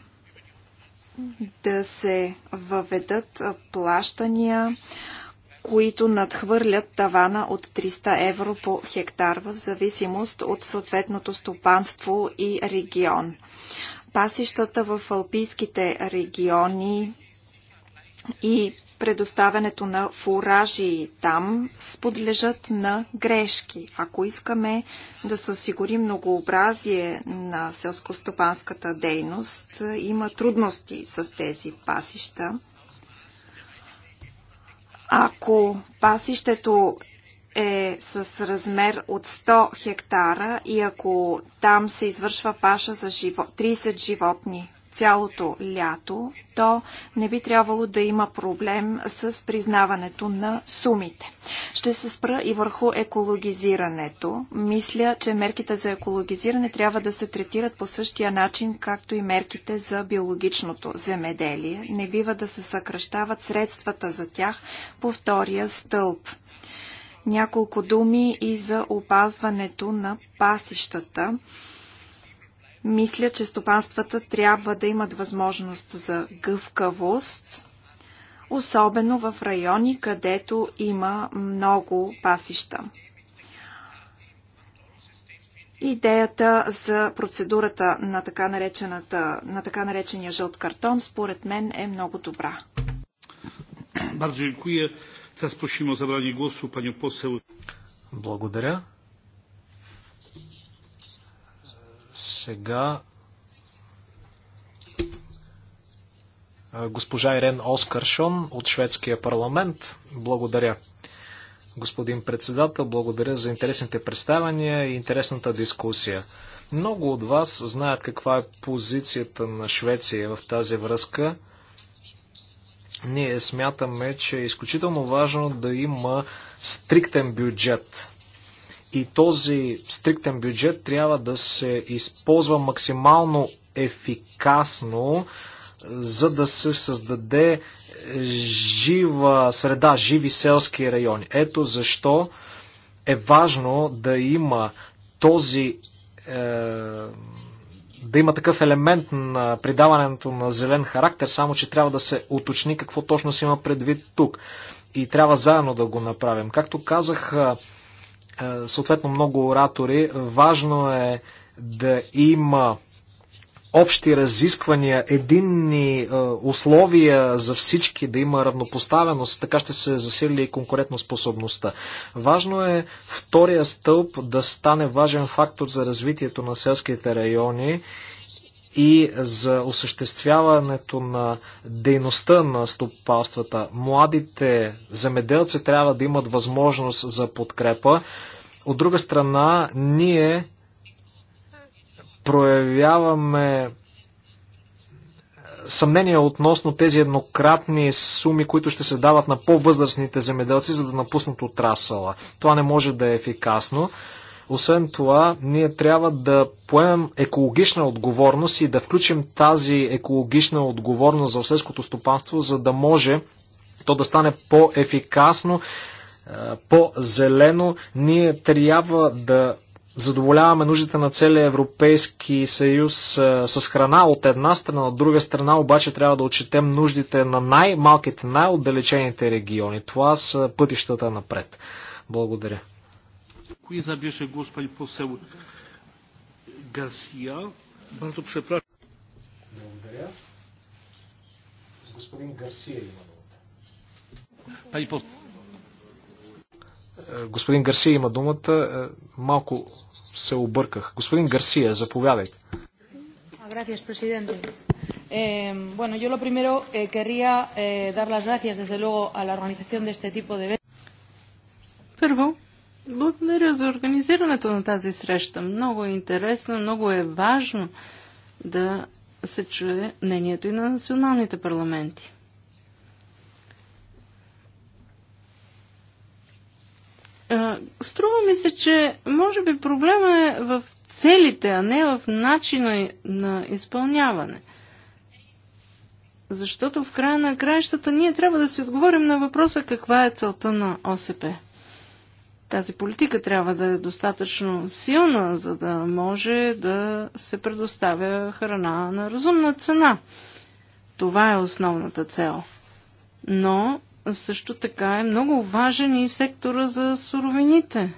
да се въведат плащания, които надхвърлят тавана от 300 евро по хектар в зависимост от съответното стопанство и регион пасищата в алпийските региони и предоставянето на фуражи там сподлежат на грешки. Ако искаме да се осигури многообразие на селскостопанската дейност, има трудности с тези пасища. Ако пасището е с размер от 100 хектара и ако там се извършва паша за 30 животни цялото лято, то не би трябвало да има проблем с признаването на сумите. Ще се спра и върху екологизирането. Мисля, че мерките за екологизиране трябва да се третират по същия начин, както и мерките за биологичното земеделие. Не бива да се съкръщават средствата за тях по втория стълб. Няколко думи и за опазването на пасищата. Мисля, че стопанствата трябва да имат възможност за гъвкавост, особено в райони, където има много пасища. Идеята за процедурата на така, наречената, на така наречения жълт картон, според мен, е много добра. Bardzo Teraz prosimy o zabranie głosu panią посел. Благодаря. Сега госпожа Ирен Оскаршон от шведския парламент. Благодаря. Господин председател, благодаря за интересните представяния и интересната дискусия. Много от вас знаят каква е позицията на Швеция в тази връзка – ние смятаме, че е изключително важно да има стриктен бюджет. И този стриктен бюджет трябва да се използва максимално ефикасно, за да се създаде жива среда, живи селски райони. Ето защо е важно да има този е, да има такъв елемент на придаването на зелен характер, само че трябва да се уточни какво точно се има предвид тук. И трябва заедно да го направим. Както казах, съответно много оратори, важно е да има общи разисквания, единни условия за всички, да има равнопоставеност, така ще се засили и конкурентоспособността. Важно е втория стълб да стане важен фактор за развитието на селските райони и за осъществяването на дейността на стопалствата. Младите земеделци трябва да имат възможност за подкрепа. От друга страна, ние проявяваме съмнение относно тези еднократни суми, които ще се дават на по-възрастните земеделци, за да напуснат отрасъла. Това не може да е ефикасно. Освен това, ние трябва да поемем екологична отговорност и да включим тази екологична отговорност за селското стопанство, за да може то да стане по-ефикасно, е, по-зелено. Ние трябва да задоволяваме нуждите на целия Европейски съюз а, с храна от една страна, от друга страна обаче трябва да отчетем нуждите на най-малките, най-отдалечените региони. Това са пътищата напред. Благодаря. Кои забеше господин посел Гарсия? Бързо Благодаря. Господин Гарсия има думата. Пани е, господин Гарсия има думата. Е, малко се обърках. Господин Гарсия, заповядайте. Gracias, presidente. Eh, bueno, yo lo primero eh, querría eh, dar las gracias, desde luego, a la organización de este tipo de eventos. Първо, благодаря за организирането на тази среща. Много е интересно, много е важно да се чуе мнението и на националните парламенти. Струва ми се, че може би проблема е в целите, а не в начина на изпълняване. Защото в края на краищата ние трябва да си отговорим на въпроса каква е целта на ОСП. Тази политика трябва да е достатъчно силна, за да може да се предоставя храна на разумна цена. Това е основната цел. Но също така е много важен и сектора за суровините.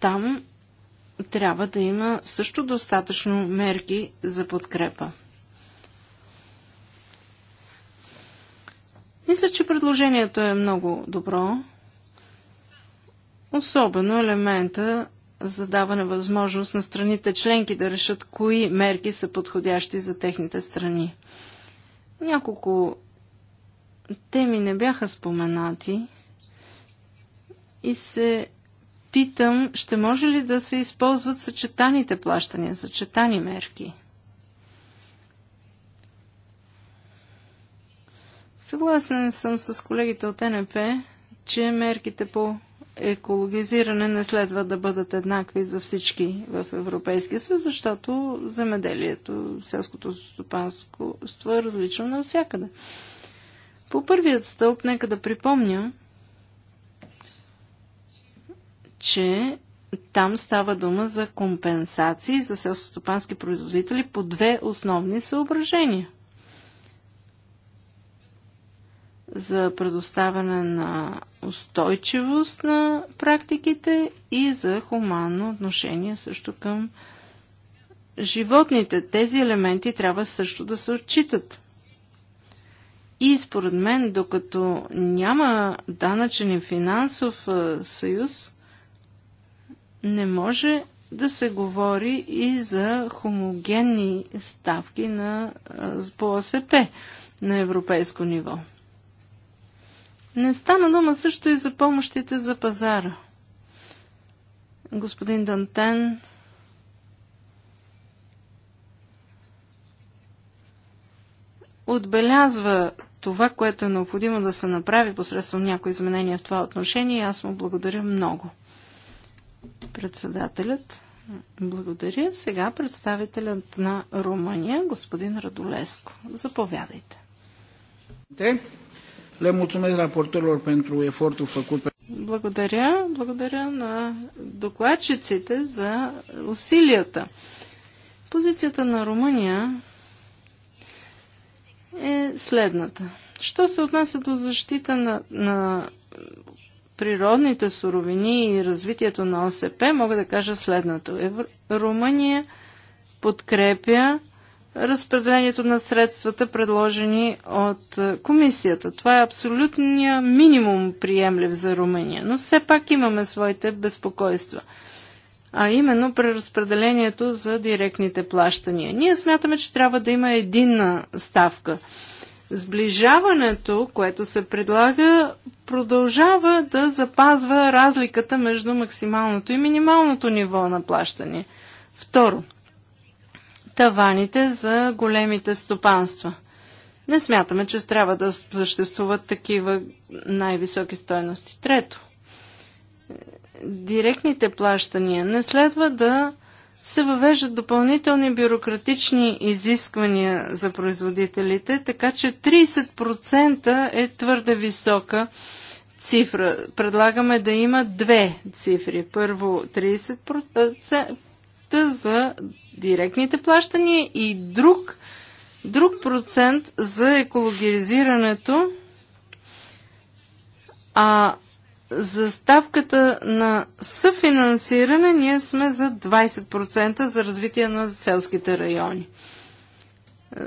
Там трябва да има също достатъчно мерки за подкрепа. Мисля, че предложението е много добро. Особено елемента за даване възможност на страните членки да решат кои мерки са подходящи за техните страни. Няколко те ми не бяха споменати и се питам, ще може ли да се използват съчетаните плащания, съчетани мерки? Съгласен съм с колегите от НП, че мерките по екологизиране не следва да бъдат еднакви за всички в Европейския съюз, защото земеделието, селското стопанство е различно навсякъде. По първият стълб, нека да припомня, че там става дума за компенсации за селскостопански производители по две основни съображения. За предоставяне на устойчивост на практиките и за хуманно отношение също към животните. Тези елементи трябва също да се отчитат. И според мен, докато няма данъчен и финансов съюз, не може да се говори и за хомогенни ставки на, по ОСП на европейско ниво. Не стана дума също и за помощите за пазара. Господин Дантен отбелязва това, което е необходимо да се направи посредством някои изменения в това отношение. Аз му благодаря много. Председателят. Благодаря. Сега представителят на Румъния, господин Радолеско. Заповядайте. Благодаря. Благодаря на докладчиците за усилията. Позицията на Румъния е следната. Що се отнася до защита на, на природните суровини и развитието на ОСП, мога да кажа следното. Румъния подкрепя разпределението на средствата, предложени от е, комисията. Това е абсолютния минимум приемлив за Румъния, но все пак имаме своите безпокойства а именно преразпределението за директните плащания. Ние смятаме, че трябва да има единна ставка. Сближаването, което се предлага, продължава да запазва разликата между максималното и минималното ниво на плащане. Второ, таваните за големите стопанства. Не смятаме, че трябва да съществуват такива най-високи стойности. Трето, директните плащания не следва да се въвеждат допълнителни бюрократични изисквания за производителите, така че 30% е твърде висока цифра. Предлагаме да има две цифри. Първо 30% за директните плащания и друг, друг процент за екологизирането, а за ставката на съфинансиране ние сме за 20% за развитие на селските райони. Е,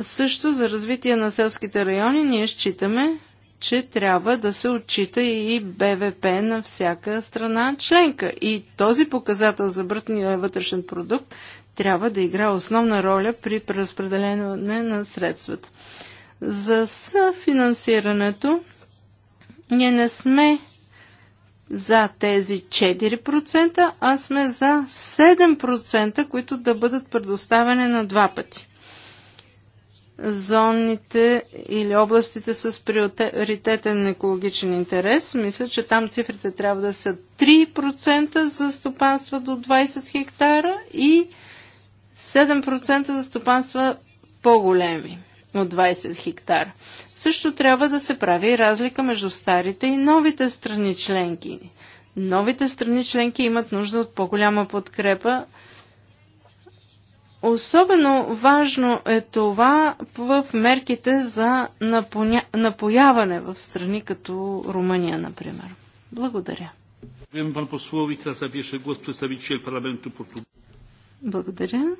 също за развитие на селските райони ние считаме, че трябва да се отчита и БВП на всяка страна членка. И този показател за брутния вътрешен продукт трябва да играе основна роля при преразпределение на средствата. За съфинансирането ние не сме за тези 4%, а сме за 7%, които да бъдат предоставени на два пъти. Зоните или областите с приоритетен екологичен интерес, мисля, че там цифрите трябва да са 3% за стопанства до 20 хектара и 7% за стопанства по-големи от 20 хектар. Също трябва да се прави разлика между старите и новите страни членки. Новите страни членки имат нужда от по-голяма подкрепа. Особено важно е това в мерките за напоня... напояване в страни като Румъния, например. Благодаря. Благодаря.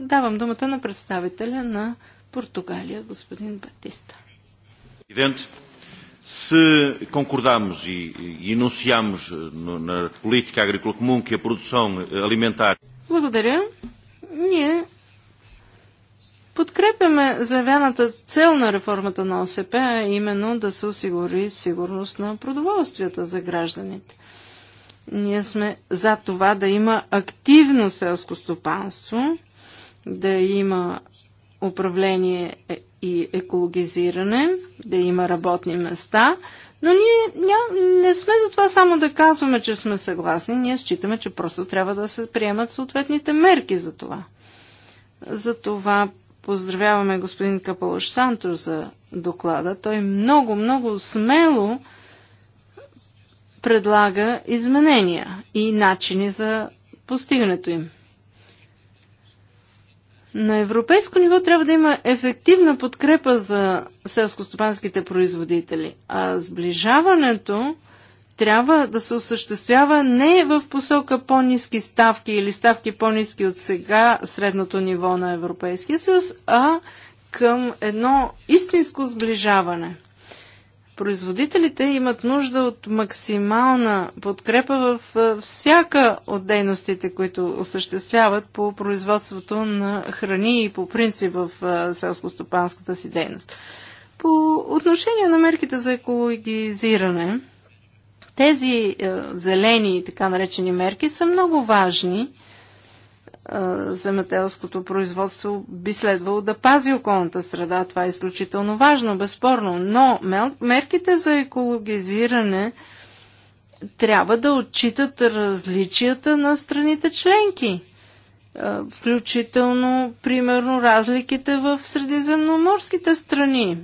Давам думата на представителя на Португалия, господин Батиста. Presidente, se concordamos e enunciamos na política agrícola comum que a produção alimentar. Благодаря. Ние подкрепяме заявената цел на реформата на ОСП, а именно да се осигури сигурност на продоволствията за гражданите. Ние сме за това да има активно селско стопанство, да има управление и екологизиране, да има работни места, но ние ням, не сме за това само да казваме, че сме съгласни, ние считаме, че просто трябва да се приемат съответните мерки за това. За това поздравяваме господин Капалош Санто за доклада. Той много, много смело предлага изменения и начини за постигането им. На европейско ниво трябва да има ефективна подкрепа за селскостопанските производители, а сближаването трябва да се осъществява не в посока по-низки ставки или ставки по-низки от сега средното ниво на Европейския съюз, а към едно истинско сближаване – Производителите имат нужда от максимална подкрепа в е, всяка от дейностите, които осъществяват по производството на храни и по принцип в е, селско-стопанската си дейност. По отношение на мерките за екологизиране, тези е, зелени, така наречени мерки, са много важни – земеделското производство би следвало да пази околната среда. Това е изключително важно, безспорно. Но мерките за екологизиране трябва да отчитат различията на страните членки. Включително, примерно, разликите в средиземноморските страни.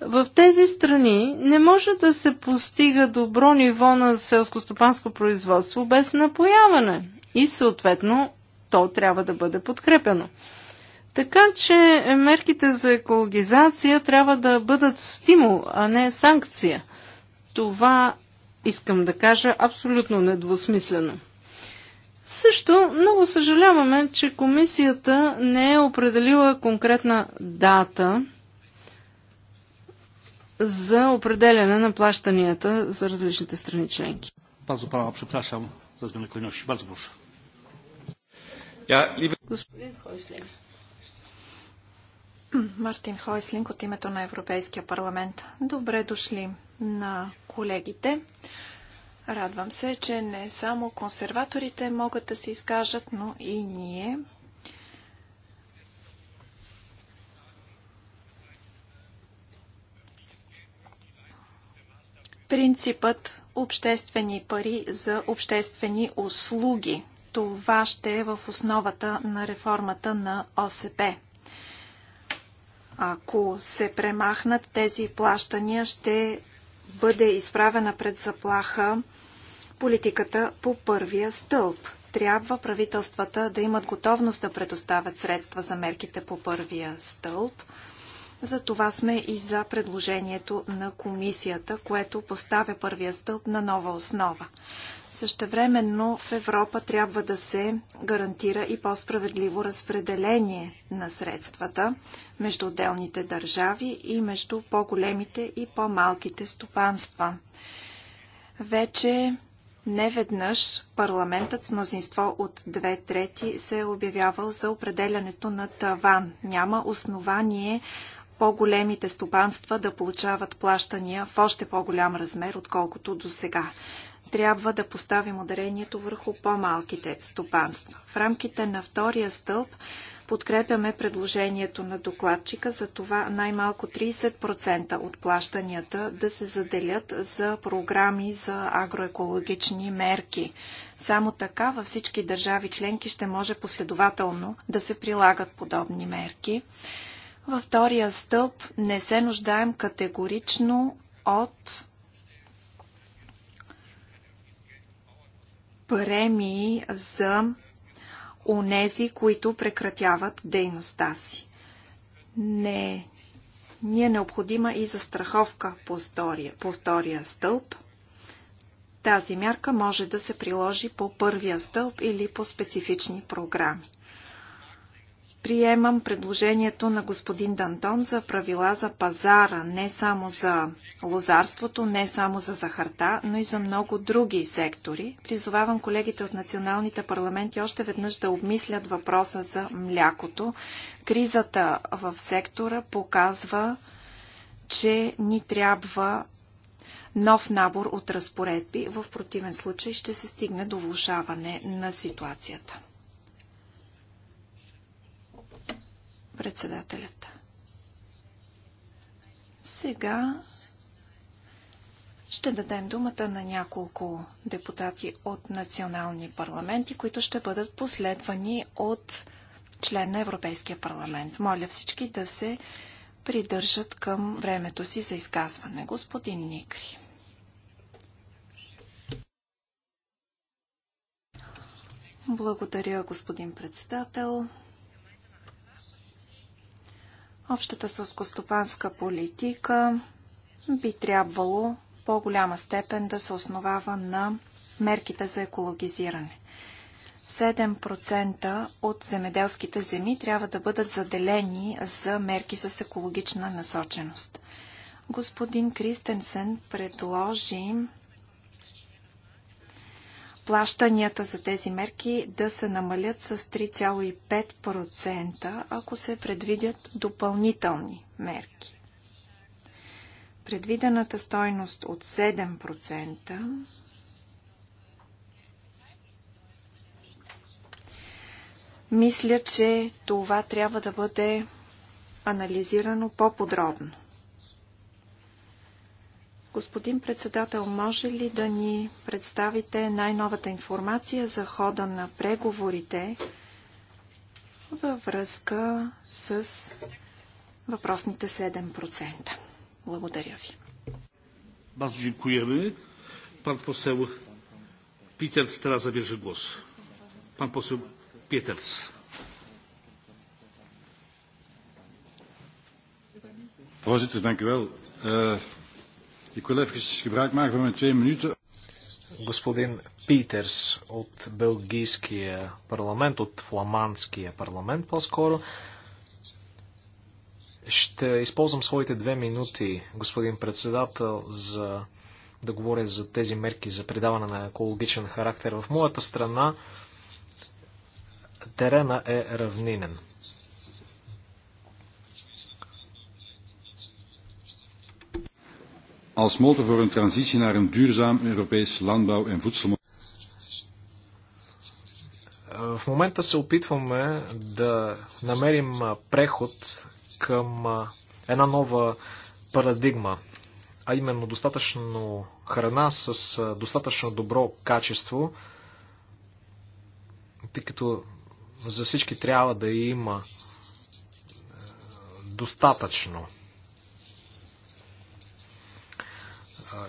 В тези страни не може да се постига добро ниво на селскостопанско производство без напояване и съответно то трябва да бъде подкрепено. Така че мерките за екологизация трябва да бъдат стимул, а не санкция. Това искам да кажа абсолютно недвусмислено. Също много съжаляваме, че комисията не е определила конкретна дата за определяне на плащанията за различните страни членки. Пазо право, przepraszam liebe Господин Хойслинг. Мартин Хойслинг от името на Европейския парламент. Добре дошли на колегите. Радвам се, че не само консерваторите могат да се изкажат, но и ние. Принципът обществени пари за обществени услуги това ще е в основата на реформата на ОСП. Ако се премахнат тези плащания, ще бъде изправена пред заплаха политиката по първия стълб. Трябва правителствата да имат готовност да предоставят средства за мерките по първия стълб – за това сме и за предложението на комисията, което поставя първия стълб на нова основа. Същевременно в Европа трябва да се гарантира и по-справедливо разпределение на средствата между отделните държави и между по-големите и по-малките стопанства. Вече неведнъж парламентът с мнозинство от две трети се е обявявал за определянето на таван. Няма основание по-големите стопанства да получават плащания в още по-голям размер, отколкото до сега. Трябва да поставим ударението върху по-малките стопанства. В рамките на втория стълб подкрепяме предложението на докладчика за това най-малко 30% от плащанията да се заделят за програми за агроекологични мерки. Само така във всички държави членки ще може последователно да се прилагат подобни мерки. Във втория стълб не се нуждаем категорично от премии за унези, които прекратяват дейността си. Не, ни е необходима и застраховка по втория, по втория стълб. Тази мярка може да се приложи по първия стълб или по специфични програми. Приемам предложението на господин Дантон за правила за пазара, не само за лозарството, не само за захарта, но и за много други сектори. Призовавам колегите от националните парламенти още веднъж да обмислят въпроса за млякото. Кризата в сектора показва, че ни трябва нов набор от разпоредби. В противен случай ще се стигне до влушаване на ситуацията. Председателят. Сега ще дадем думата на няколко депутати от национални парламенти, които ще бъдат последвани от член на Европейския парламент. Моля всички да се придържат към времето си за изказване. Господин Никри. Благодаря, господин председател. Общата сълскостопанска политика би трябвало по-голяма степен да се основава на мерките за екологизиране. 7% от земеделските земи трябва да бъдат заделени за мерки с екологична насоченост. Господин Кристенсен предложи плащанията за тези мерки да се намалят с 3,5%, ако се предвидят допълнителни мерки. Предвидената стойност от 7% мисля, че това трябва да бъде анализирано по-подробно. Господин председател, може ли да ни представите най-новата информация за хода на преговорите във връзка с въпросните 7%? Благодаря ви. Bardzo dziękujemy. Pan poseł Peters teraz zabierze głos. Pan poseł Peters. Voorzitter, dank u wel. Uh, Ik wil even gebruik maken van mijn twee minuten. Господин Питерс от Белгийския парламент, от Фламандския парламент по-скоро. Ще използвам своите две минути, господин председател, за да говоря за тези мерки за придаване на екологичен характер. В моята страна терена е равнинен. als motor voor een transitie naar een duurzaam Europees landbouw- en voedselmodel. Е, в момента се опитваме да намерим преход към една нова парадигма, а именно достатъчно храна с достатъчно добро качество, тъй като за всички трябва да има е, достатъчно.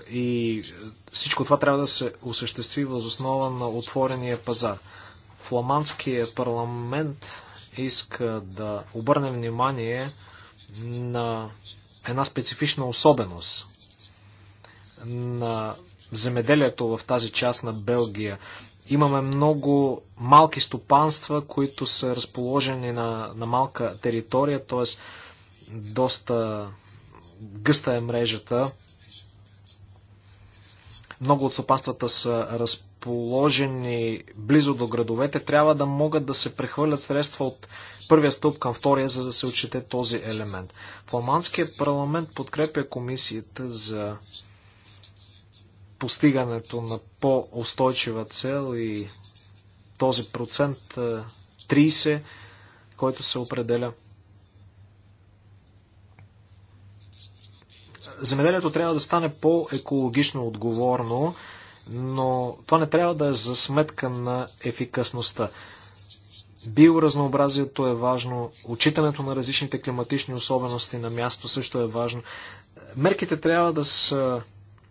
И е, всичко това трябва да се осъществи въз основа на отворения пазар. Фламандският парламент иска да обърне внимание на една специфична особеност на земеделието в тази част на Белгия. Имаме много малки стопанства, които са разположени на, на малка територия, т.е. доста гъста е мрежата много от стопанствата са разположени близо до градовете. Трябва да могат да се прехвърлят средства от първия стълб към втория, за да се отчете този елемент. Фламандският парламент подкрепя комисията за постигането на по-устойчива цел и този процент 30, е, който се определя. Земеделието трябва да стане по-екологично отговорно, но това не трябва да е за сметка на ефикасността. Биоразнообразието е важно, отчитането на различните климатични особености на място също е важно. Мерките трябва да са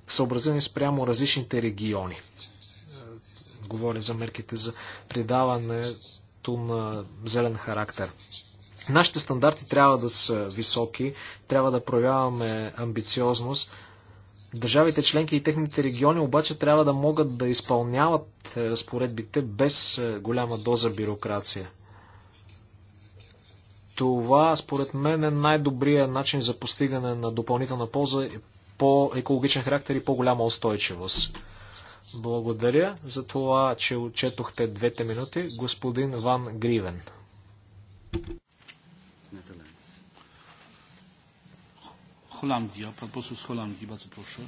съобразени спрямо различните региони. Говоря за мерките за придаването на зелен характер. Нашите стандарти трябва да са високи, трябва да проявяваме амбициозност. Държавите членки и техните региони обаче трябва да могат да изпълняват е, разпоредбите без е, голяма доза бюрокрация. Това, според мен, е най-добрият начин за постигане на допълнителна полза по-екологичен характер и по-голяма устойчивост. Благодаря за това, че отчетохте двете минути. Господин Ван Гривен. Холандия, Холандия, прошу.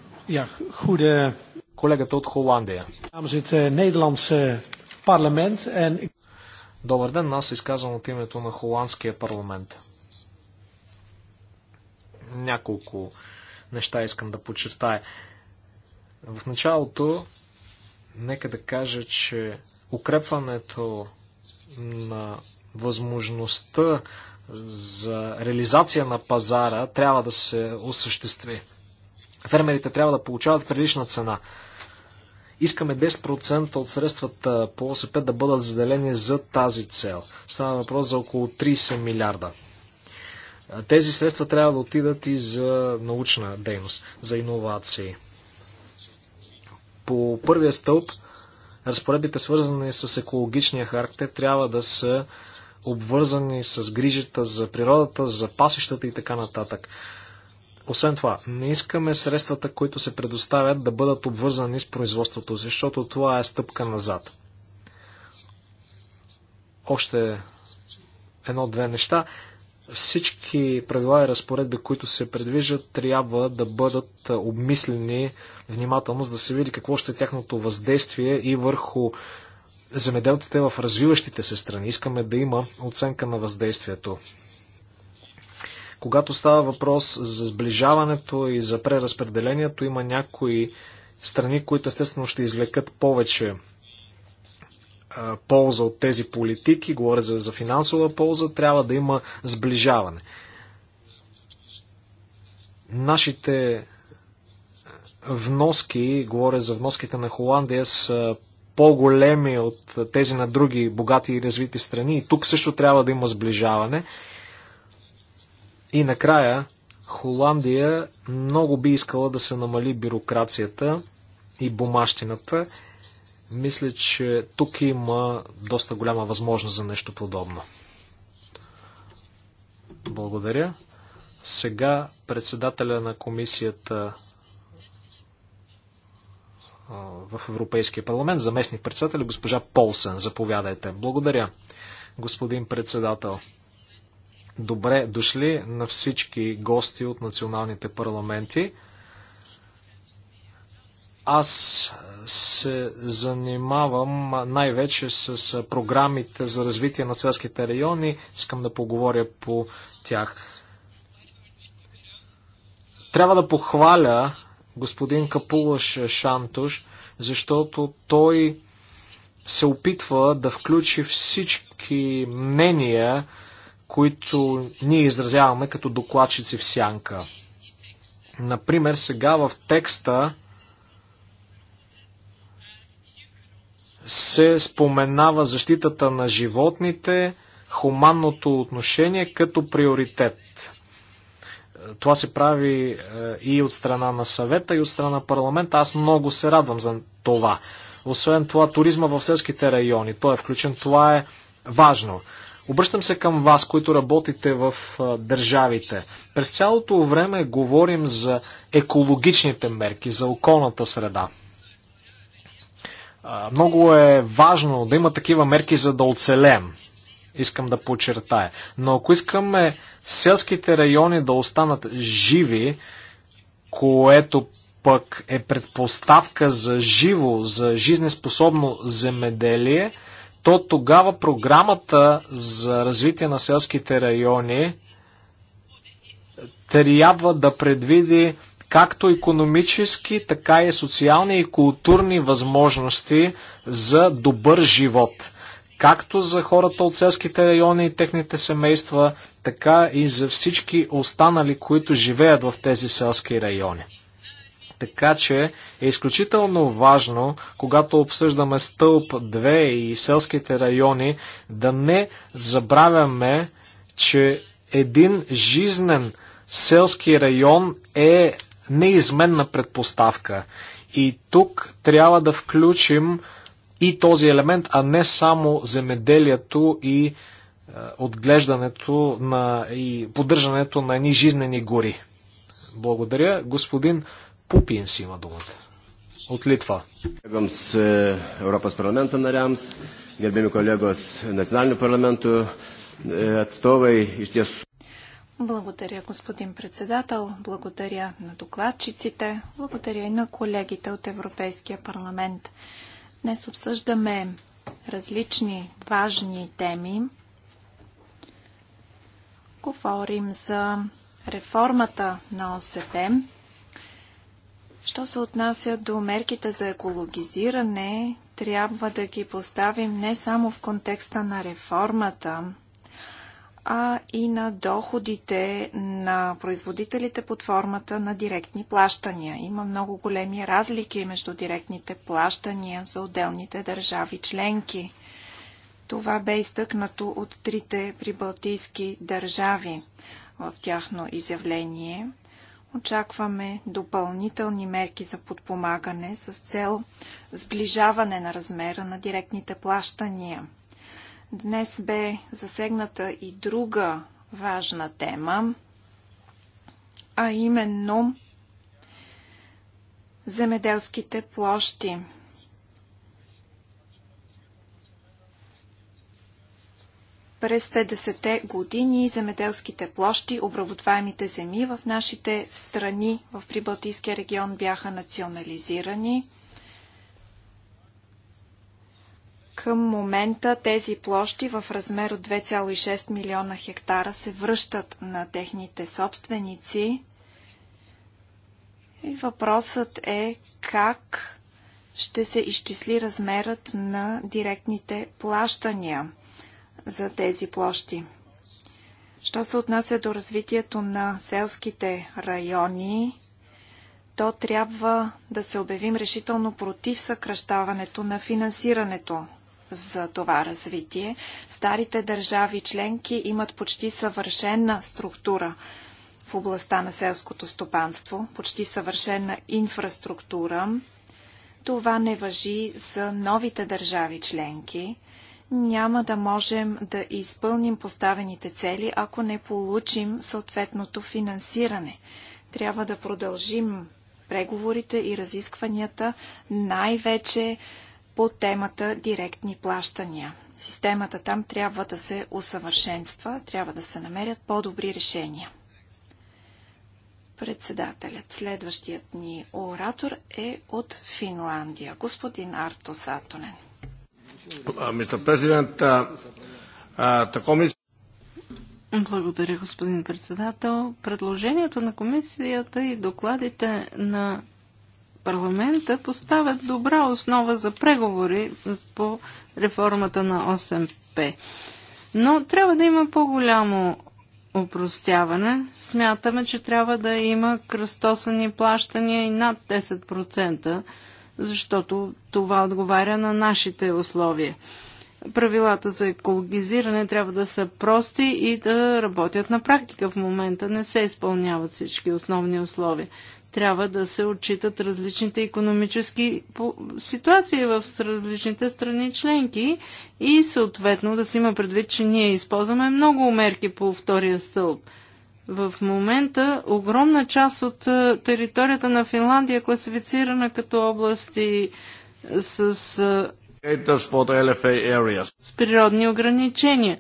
Колегата от Холандия. Eh, Добър ден, аз изказвам от името на Холандския парламент. Няколко неща искам да подчертая. В началото, нека да кажа, че укрепването на възможността за реализация на пазара трябва да се осъществи. Фермерите трябва да получават прилична цена. Искаме 10% от средствата по ОСП да бъдат заделени за тази цел. Става въпрос за около 30 милиарда. Тези средства трябва да отидат и за научна дейност, за иновации. По първия стълб, разпоредбите свързани с екологичния характер трябва да са обвързани с грижата за природата, за пасищата и така нататък. Освен това, не искаме средствата, които се предоставят, да бъдат обвързани с производството, защото това е стъпка назад. Още едно-две неща. Всички правила и разпоредби, които се предвижат, трябва да бъдат обмислени внимателно, за да се види какво ще е тяхното въздействие и върху земеделците в развиващите се страни. Искаме да има оценка на въздействието. Когато става въпрос за сближаването и за преразпределението, има някои страни, които естествено ще извлекат повече полза от тези политики, говоря за, за финансова полза, трябва да има сближаване. Нашите вноски, говоря за вноските на Холандия, са по-големи от тези на други богати и развити страни. И тук също трябва да има сближаване. И накрая, Холандия много би искала да се намали бюрокрацията и бумащината. Мисля, че тук има доста голяма възможност за нещо подобно. Благодаря. Сега председателя на комисията в Европейския парламент, заместник председател госпожа Полсен. Заповядайте. Благодаря, господин председател. Добре дошли на всички гости от националните парламенти. Аз се занимавам най-вече с програмите за развитие на селските райони. Искам да поговоря по тях. Трябва да похваля господин Капулаш Шантуш, защото той се опитва да включи всички мнения, които ние изразяваме като докладчици в сянка. Например, сега в текста се споменава защитата на животните, хуманното отношение като приоритет това се прави е, и от страна на съвета, и от страна на парламента. Аз много се радвам за това. Освен това, туризма в селските райони, той е включен, това е важно. Обръщам се към вас, които работите в е, държавите. През цялото време говорим за екологичните мерки, за околната среда. Е, много е важно да има такива мерки, за да оцелем искам да подчертая. Но ако искаме селските райони да останат живи, което пък е предпоставка за живо, за жизнеспособно земеделие, то тогава програмата за развитие на селските райони трябва да предвиди както економически, така и социални и културни възможности за добър живот както за хората от селските райони и техните семейства, така и за всички останали, които живеят в тези селски райони. Така че е изключително важно, когато обсъждаме стълб 2 и селските райони, да не забравяме, че един жизнен селски район е неизменна предпоставка. И тук трябва да включим и този елемент, а не само земеделието и е, отглеждането на, и поддържането на едни жизнени гори. Благодаря. Господин Пупин си има думата. От Литва. Gerbiams Europos parlamento nariams, gerbiami kolegos национални парламенту, atstovai е, iš tiesų. Благодаря, господин председател. Благодаря на докладчиците. Благодаря и на колегите от Европейския парламент. Днес обсъждаме различни важни теми. Говорим за реформата на ОСП. Що се отнася до мерките за екологизиране, трябва да ги поставим не само в контекста на реформата, а и на доходите на производителите под формата на директни плащания. Има много големи разлики между директните плащания за отделните държави членки. Това бе изтъкнато от трите прибалтийски държави в тяхно изявление. Очакваме допълнителни мерки за подпомагане с цел сближаване на размера на директните плащания – Днес бе засегната и друга важна тема, а именно земеделските площи. През 50-те години земеделските площи, обработваемите земи в нашите страни в Прибалтийския регион бяха национализирани – Към момента тези площи в размер от 2,6 милиона хектара се връщат на техните собственици. И въпросът е как ще се изчисли размерът на директните плащания за тези площи. Що се отнася до развитието на селските райони, то трябва да се обявим решително против съкръщаването на финансирането за това развитие. Старите държави членки имат почти съвършена структура в областта на селското стопанство, почти съвършена инфраструктура. Това не въжи за новите държави членки. Няма да можем да изпълним поставените цели, ако не получим съответното финансиране. Трябва да продължим преговорите и разискванията най-вече по темата директни плащания. Системата там трябва да се усъвършенства, трябва да се намерят по-добри решения. Председателят, следващият ни оратор е от Финландия, господин Арто Сатонен. Благодаря, господин председател. Предложението на комисията и докладите на парламента поставят добра основа за преговори по реформата на 8П. Но трябва да има по-голямо упростяване. Смятаме, че трябва да има кръстосани плащания и над 10%, защото това отговаря на нашите условия. Правилата за екологизиране трябва да са прости и да работят на практика. В момента не се изпълняват всички основни условия трябва да се отчитат различните економически ситуации в различните страни членки и съответно да се има предвид, че ние използваме много мерки по втория стълб. В момента огромна част от е, територията на Финландия е класифицирана като области е, с, е, с природни ограничения.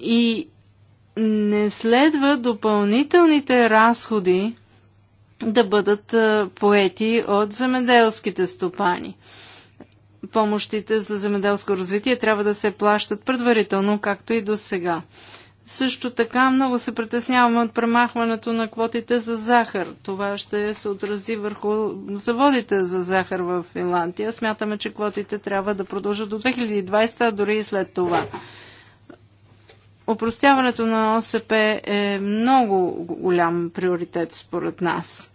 И не следва допълнителните разходи да бъдат поети от земеделските стопани. Помощите за земеделско развитие трябва да се плащат предварително, както и до сега. Също така много се притесняваме от премахването на квотите за захар. Това ще се отрази върху заводите за захар в Финландия. Смятаме, че квотите трябва да продължат до 2020, а дори и след това. Опростяването на ОСП е много голям приоритет според нас.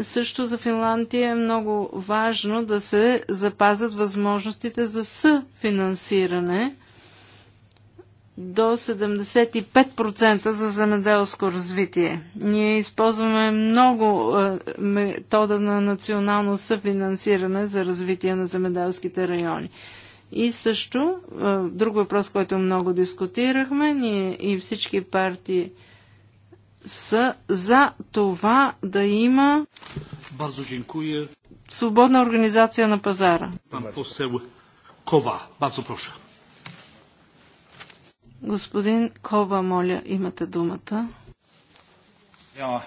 Също за Финландия е много важно да се запазят възможностите за съфинансиране до 75% за земеделско развитие. Ние използваме много е, метода на национално съфинансиране за развитие на земеделските райони. И също, друг въпрос, който много дискутирахме, ние и всички партии са за това да има Bardzo dziękuję. свободна организация на пазара. Пан посел Кова, bardzo проша. Господин Кова, моля, имате думата. Yeah.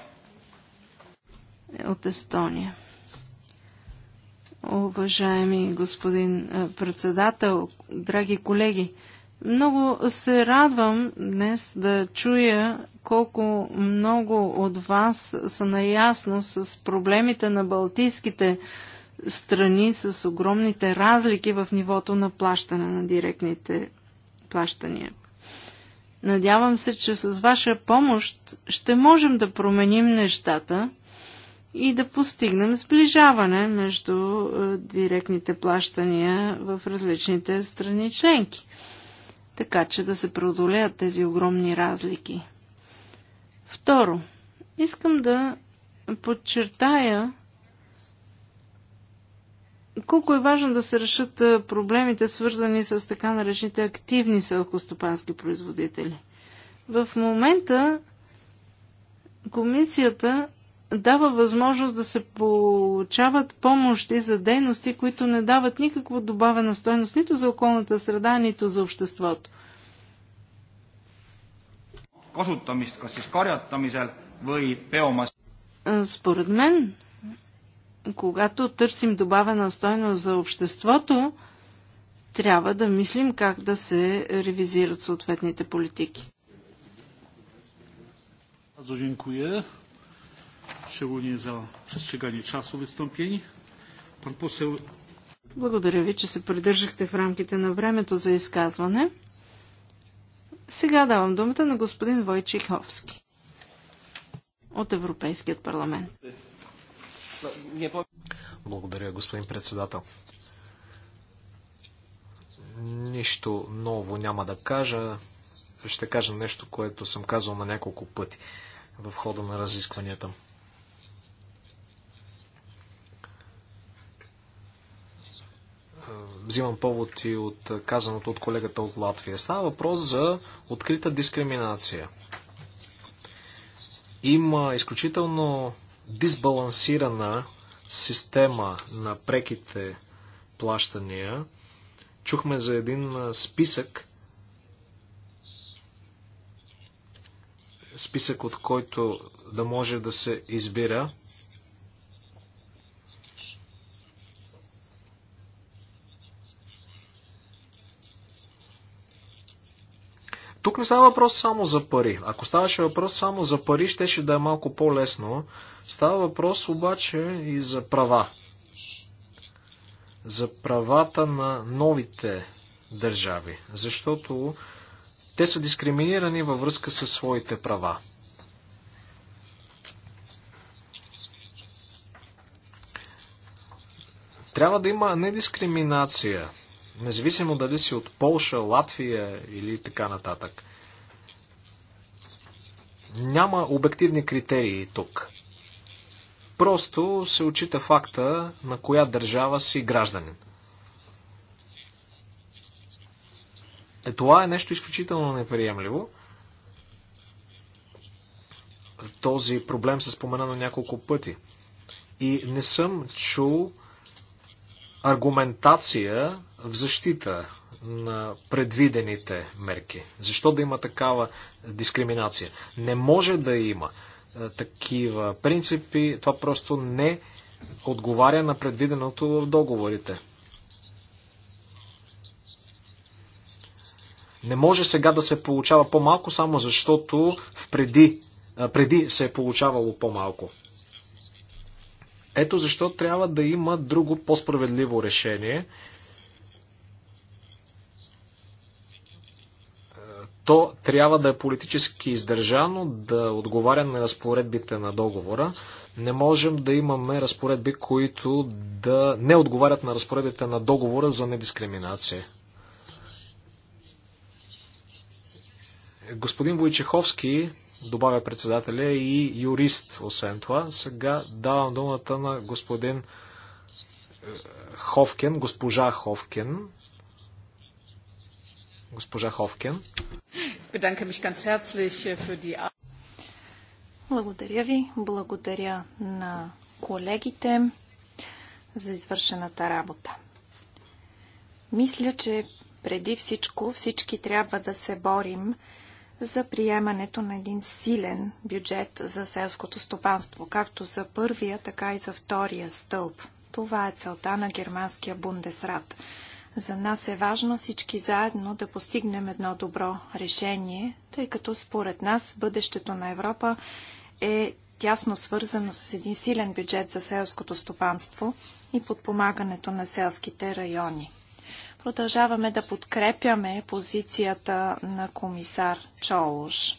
Е от Естония. Уважаеми господин е, председател, драги колеги, много се радвам днес да чуя колко много от вас са наясно с проблемите на балтийските страни с огромните разлики в нивото на плащане на директните плащания. Надявам се, че с ваша помощ ще можем да променим нещата и да постигнем сближаване между е, директните плащания в различните страни членки, така че да се преодолеят тези огромни разлики. Второ, искам да подчертая колко е важно да се решат е, проблемите, свързани с така наречените активни селкостопански производители. В момента комисията дава възможност да се получават помощи за дейности, които не дават никаква добавена стойност нито за околната среда, нито за обществото. Според мен, когато търсим добавена стойност за обществото, трябва да мислим как да се ревизират съответните политики. Bardzo dziękuję szczególnie za przestrzeganie czasu wystąpień. Pan poseł... Благодаря ви, че се придържахте в рамките на времето за изказване. Сега давам думата на господин Войчиховски от Европейският парламент. Благодаря, господин председател. Нищо ново няма да кажа. Ще кажа нещо, което съм казал на няколко пъти в хода на разискванията. взимам повод и от казаното от колегата от Латвия. Става въпрос за открита дискриминация. Има изключително дисбалансирана система на преките плащания. Чухме за един списък, списък от който да може да се избира. Тук не става въпрос само за пари. Ако ставаше въпрос само за пари, щеше да е малко по-лесно. Става въпрос обаче и за права. За правата на новите държави. Защото те са дискриминирани във връзка със своите права. Трябва да има недискриминация Независимо дали си от Полша, Латвия или така нататък. Няма обективни критерии тук. Просто се очита факта на коя държава си гражданин. Е, това е нещо изключително неприемливо. Този проблем се спомена на няколко пъти. И не съм чул аргументация в защита на предвидените мерки. Защо да има такава дискриминация? Не може да има е, такива принципи. Това просто не отговаря на предвиденото в договорите. Не може сега да се получава по-малко, само защото в преди, е, преди се е получавало по-малко. Ето защо трябва да има друго по-справедливо решение. То трябва да е политически издържано, да отговаря на разпоредбите на договора. Не можем да имаме разпоредби, които да не отговарят на разпоредбите на договора за недискриминация. Господин Войчеховски добавя председателя и юрист, освен това. Сега давам думата на господин е, Ховкен, госпожа Ховкен. Госпожа Ховкен. Äh, Благодаря ви. Благодаря на колегите за извършената работа. Мисля, че преди всичко всички трябва да се борим за приемането на един силен бюджет за селското стопанство, както за първия, така и за втория стълб. Това е целта на германския бундесрат. За нас е важно всички заедно да постигнем едно добро решение, тъй като според нас бъдещето на Европа е тясно свързано с един силен бюджет за селското стопанство и подпомагането на селските райони. Продължаваме да подкрепяме позицията на комисар Чолуш.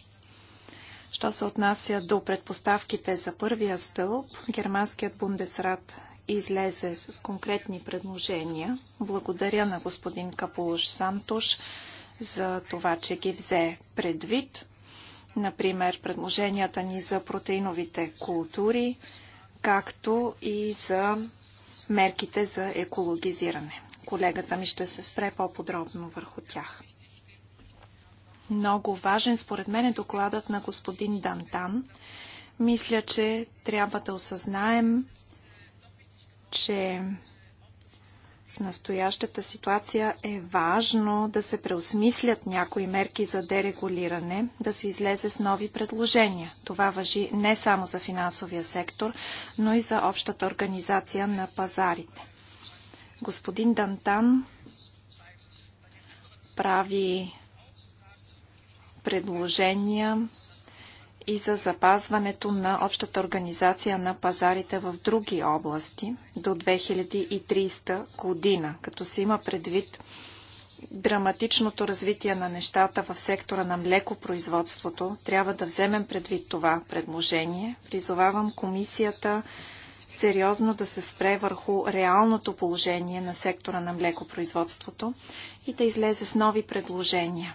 Що се отнася до предпоставките за първия стълб, германският бундесрат излезе с конкретни предложения. Благодаря на господин Капулуш Сантуш за това, че ги взе предвид. Например, предложенията ни за протеиновите култури, както и за мерките за екологизиране. Колегата ми ще се спре по-подробно върху тях. Много важен според мен е докладът на господин Дантан. Мисля, че трябва да осъзнаем, че в настоящата ситуация е важно да се преосмислят някои мерки за дерегулиране, да се излезе с нови предложения. Това въжи не само за финансовия сектор, но и за общата организация на пазарите. Господин Дантан прави предложения и за запазването на общата организация на пазарите в други области до 2030 година, като се има предвид драматичното развитие на нещата в сектора на млекопроизводството, трябва да вземем предвид това предложение. Призовавам комисията сериозно да се спре върху реалното положение на сектора на млекопроизводството и да излезе с нови предложения.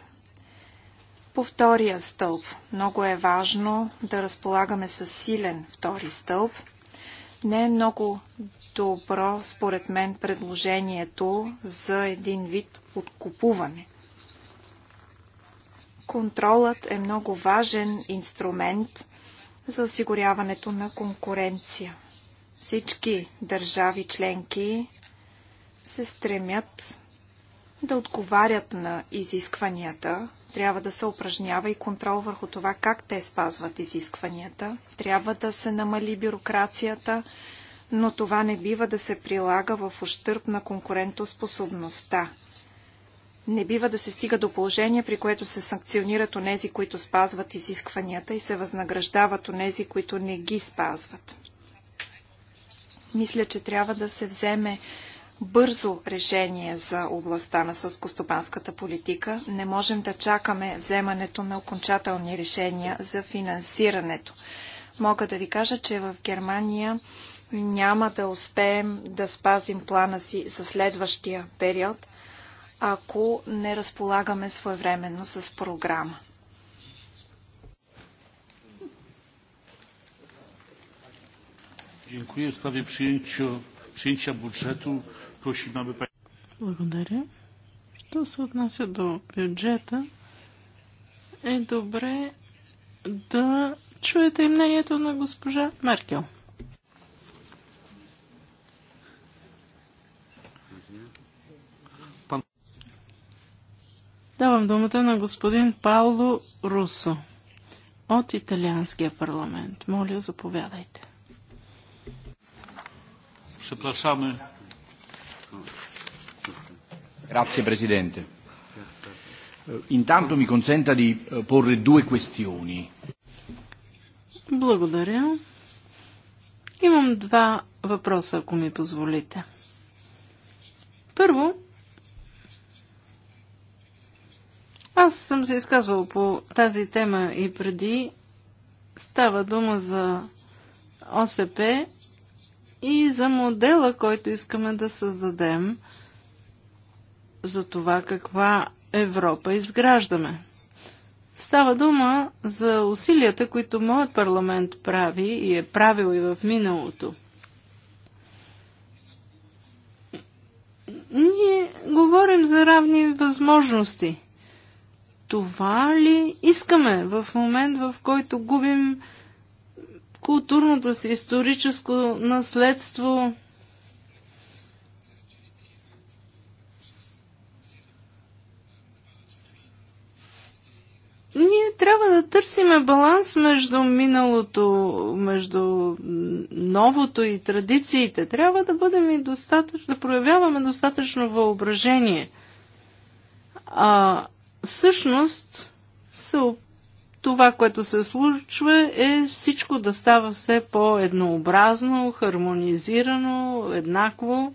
По втория стълб много е важно да разполагаме с силен втори стълб. Не е много добро, според мен, предложението за един вид откупуване. Контролът е много важен инструмент за осигуряването на конкуренция. Всички държави членки се стремят да отговарят на изискванията. Трябва да се упражнява и контрол върху това как те спазват изискванията. Трябва да се намали бюрокрацията, но това не бива да се прилага в ущърп на конкурентоспособността. Не бива да се стига до положение, при което се санкционират онези, които спазват изискванията и се възнаграждават онези, които не ги спазват. Мисля, че трябва да се вземе бързо решение за областта на съскостопанската политика. Не можем да чакаме вземането на окончателни решения за финансирането. Мога да ви кажа, че в Германия няма да успеем да спазим плана си за следващия период, ако не разполагаме своевременно с програма. Dziękuję. W sprawie przyjęcia budżetu prosimy, aby Pani... Благодаря. Що се отнася до бюджета, е добре да чуете и мнението на госпожа Меркел. Давам думата на господин Пауло Русо от Италианския парламент. Моля, заповядайте. Przepraszamy. Grazie Presidente. Intanto mi consenta di eh, porre due questioni. Благодаря. Имам два въпроса, ако ми позволите. Първо, аз съм се изказвал по тази тема и преди. Става дума за ОСП и за модела, който искаме да създадем за това каква Европа изграждаме. Става дума за усилията, които моят парламент прави и е правил и в миналото. Ние говорим за равни възможности. Това ли искаме в момент, в който губим културното си историческо наследство. Ние трябва да търсиме баланс между миналото, между новото и традициите. Трябва да бъдем и достатъчно, да проявяваме достатъчно въображение. А всъщност се опитваме това, което се случва, е всичко да става все по-еднообразно, хармонизирано, еднакво.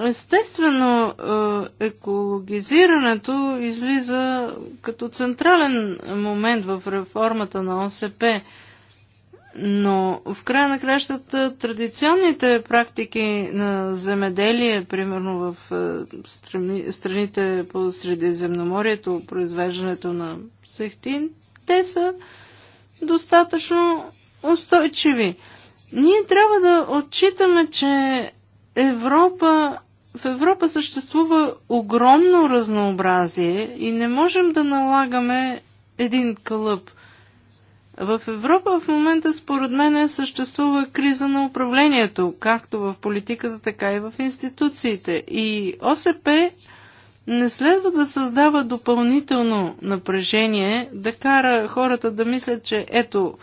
Естествено, е, екологизирането излиза като централен момент в реформата на ОСП – но в края на кращата традиционните практики на земеделие, примерно в е, страните по Средиземноморието, произвеждането на сехтин, те са достатъчно устойчиви. Ние трябва да отчитаме, че Европа, в Европа съществува огромно разнообразие и не можем да налагаме един кълъп – в Европа в момента според мен съществува криза на управлението, както в политиката, така и в институциите. И ОСП не следва да създава допълнително напрежение, да кара хората да мислят, че ето,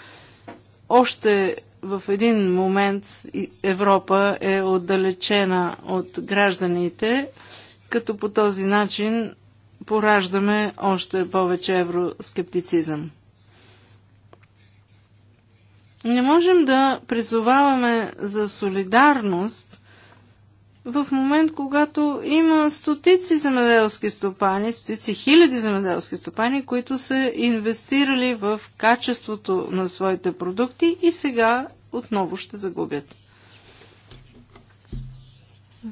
още в един момент Европа е отдалечена от гражданите, като по този начин пораждаме още повече евроскептицизъм. Не можем да призоваваме за солидарност в момент, когато има стотици земеделски стопани, стотици хиляди земеделски стопани, които са инвестирали в качеството на своите продукти и сега отново ще загубят.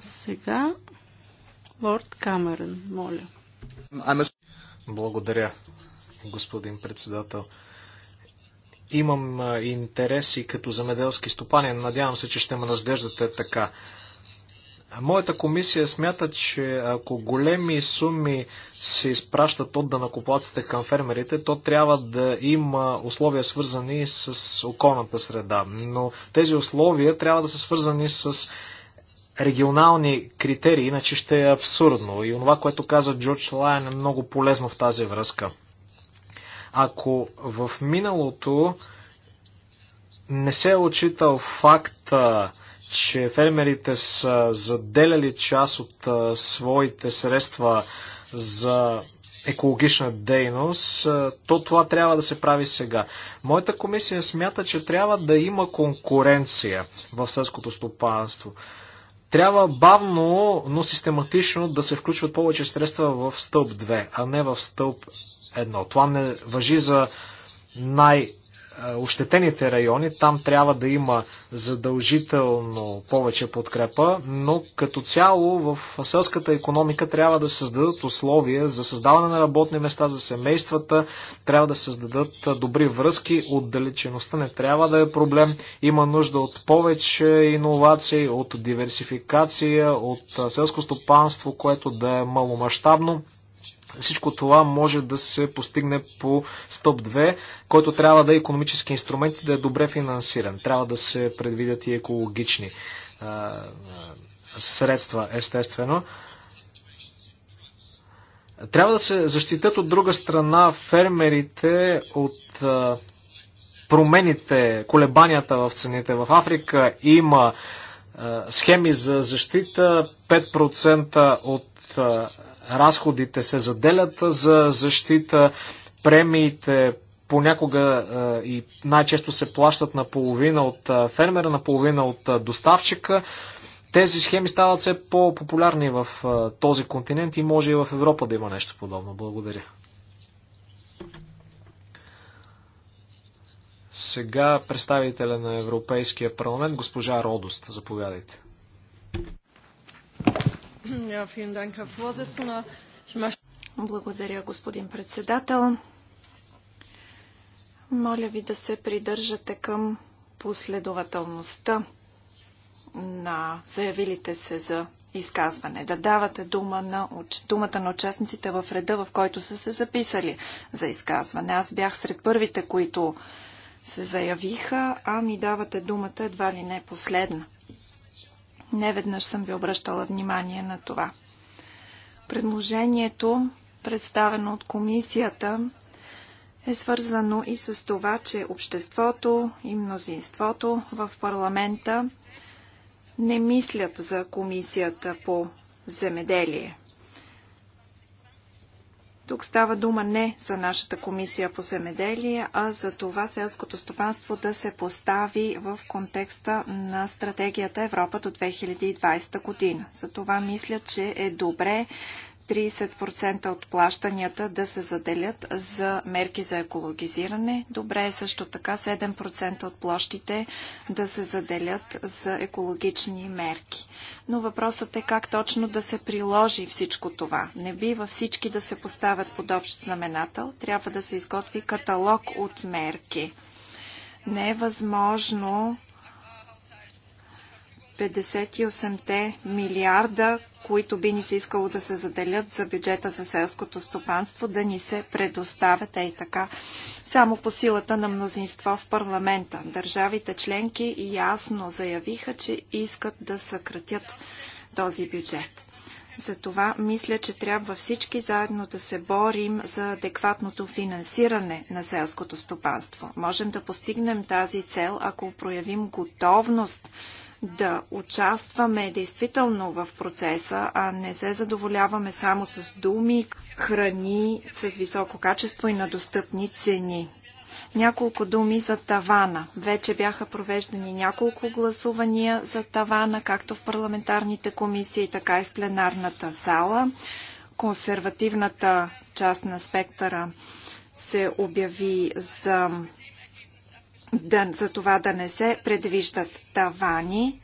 Сега Лорд Камерън, моля. Благодаря, господин председател имам интереси като замеделски стопанин. Надявам се, че ще ме разглеждате така. Моята комисия смята, че ако големи суми се изпращат от данакоплаците към фермерите, то трябва да има условия свързани с околната среда. Но тези условия трябва да са свързани с регионални критерии, иначе ще е абсурдно. И това, което каза Джордж Лайн е много полезно в тази връзка. Ако в миналото не се е отчитал факта, че фермерите са заделяли част от а, своите средства за екологична дейност, а, то това трябва да се прави сега. Моята комисия смята, че трябва да има конкуренция в сърското стопанство. Трябва бавно, но систематично да се включват повече средства в стълб 2, а не в стълб едно. Това не въжи за най- ощетените райони, там трябва да има задължително повече подкрепа, но като цяло в селската економика трябва да създадат условия за създаване на работни места за семействата, трябва да създадат добри връзки, отдалечеността не трябва да е проблем, има нужда от повече иновации, от диверсификация, от селско стопанство, което да е маломащабно всичко това може да се постигне по стоп 2, който трябва да е економически инструмент и да е добре финансиран. Трябва да се предвидят и екологични а, средства, естествено. Трябва да се защитят от друга страна фермерите от а, промените, колебанията в цените. В Африка има а, схеми за защита 5% от разходите се заделят за защита, премиите понякога е, и най-често се плащат на половина от е, фермера, на половина от е, доставчика. Тези схеми стават все по-популярни в този континент и може и в Европа да има нещо подобно. Благодаря. Сега представителя на Европейския парламент, госпожа Родост. Заповядайте. Благодаря, господин председател. Моля ви да се придържате към последователността на заявилите се за изказване, да давате дума на, думата на участниците в реда, в който са се записали за изказване. Аз бях сред първите, които се заявиха, а ми давате думата едва ли не последна. Неведнъж съм ви обръщала внимание на това. Предложението, представено от комисията, е свързано и с това, че обществото и мнозинството в парламента не мислят за комисията по земеделие. Тук става дума не за нашата комисия по земеделие, а за това селското стопанство да се постави в контекста на стратегията Европа до 2020 година. За това мисля, че е добре 30% от плащанията да се заделят за мерки за екологизиране. Добре е също така 7% от площите да се заделят за екологични мерки. Но въпросът е как точно да се приложи всичко това. Не бива всички да се поставят под общ знаменател. Трябва да се изготви каталог от мерки. Не е възможно 58-те милиарда, които би ни се искало да се заделят за бюджета за селското стопанство, да ни се предоставят и така. Само по силата на мнозинство в парламента. Държавите членки ясно заявиха, че искат да съкратят този бюджет. Затова мисля, че трябва всички заедно да се борим за адекватното финансиране на селското стопанство. Можем да постигнем тази цел, ако проявим готовност да участваме действително в процеса, а не се задоволяваме само с думи, храни с високо качество и на достъпни цени. Няколко думи за тавана. Вече бяха провеждани няколко гласувания за тавана, както в парламентарните комисии, така и в пленарната зала. Консервативната част на спектъра се обяви за да, за това да не се предвиждат тавани.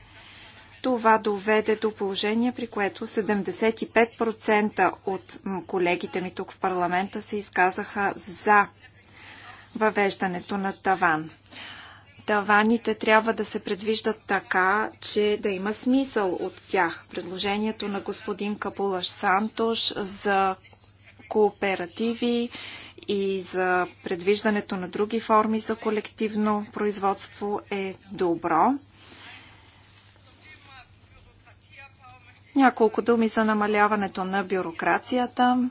Това доведе до положение, при което 75% от колегите ми тук в парламента се изказаха за въвеждането на таван. Таваните трябва да се предвиждат така, че да има смисъл от тях. Предложението на господин Капулаш Сантош за кооперативи и за предвиждането на други форми за колективно производство е добро. Няколко думи за намаляването на бюрокрацията.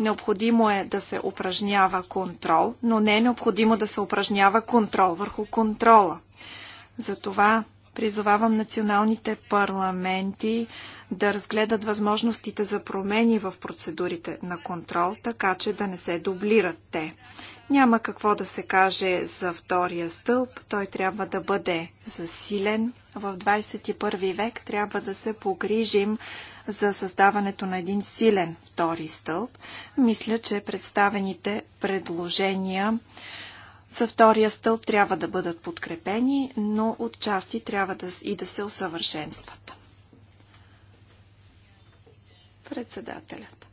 Необходимо е да се упражнява контрол, но не е необходимо да се упражнява контрол върху контрола. Затова Призовавам националните парламенти да разгледат възможностите за промени в процедурите на контрол, така че да не се дублират те. Няма какво да се каже за втория стълб. Той трябва да бъде засилен. В 21 век трябва да се погрижим за създаването на един силен втори стълб. Мисля, че представените предложения за втория стълб трябва да бъдат подкрепени, но от части трябва да и да се усъвършенстват. Председателят.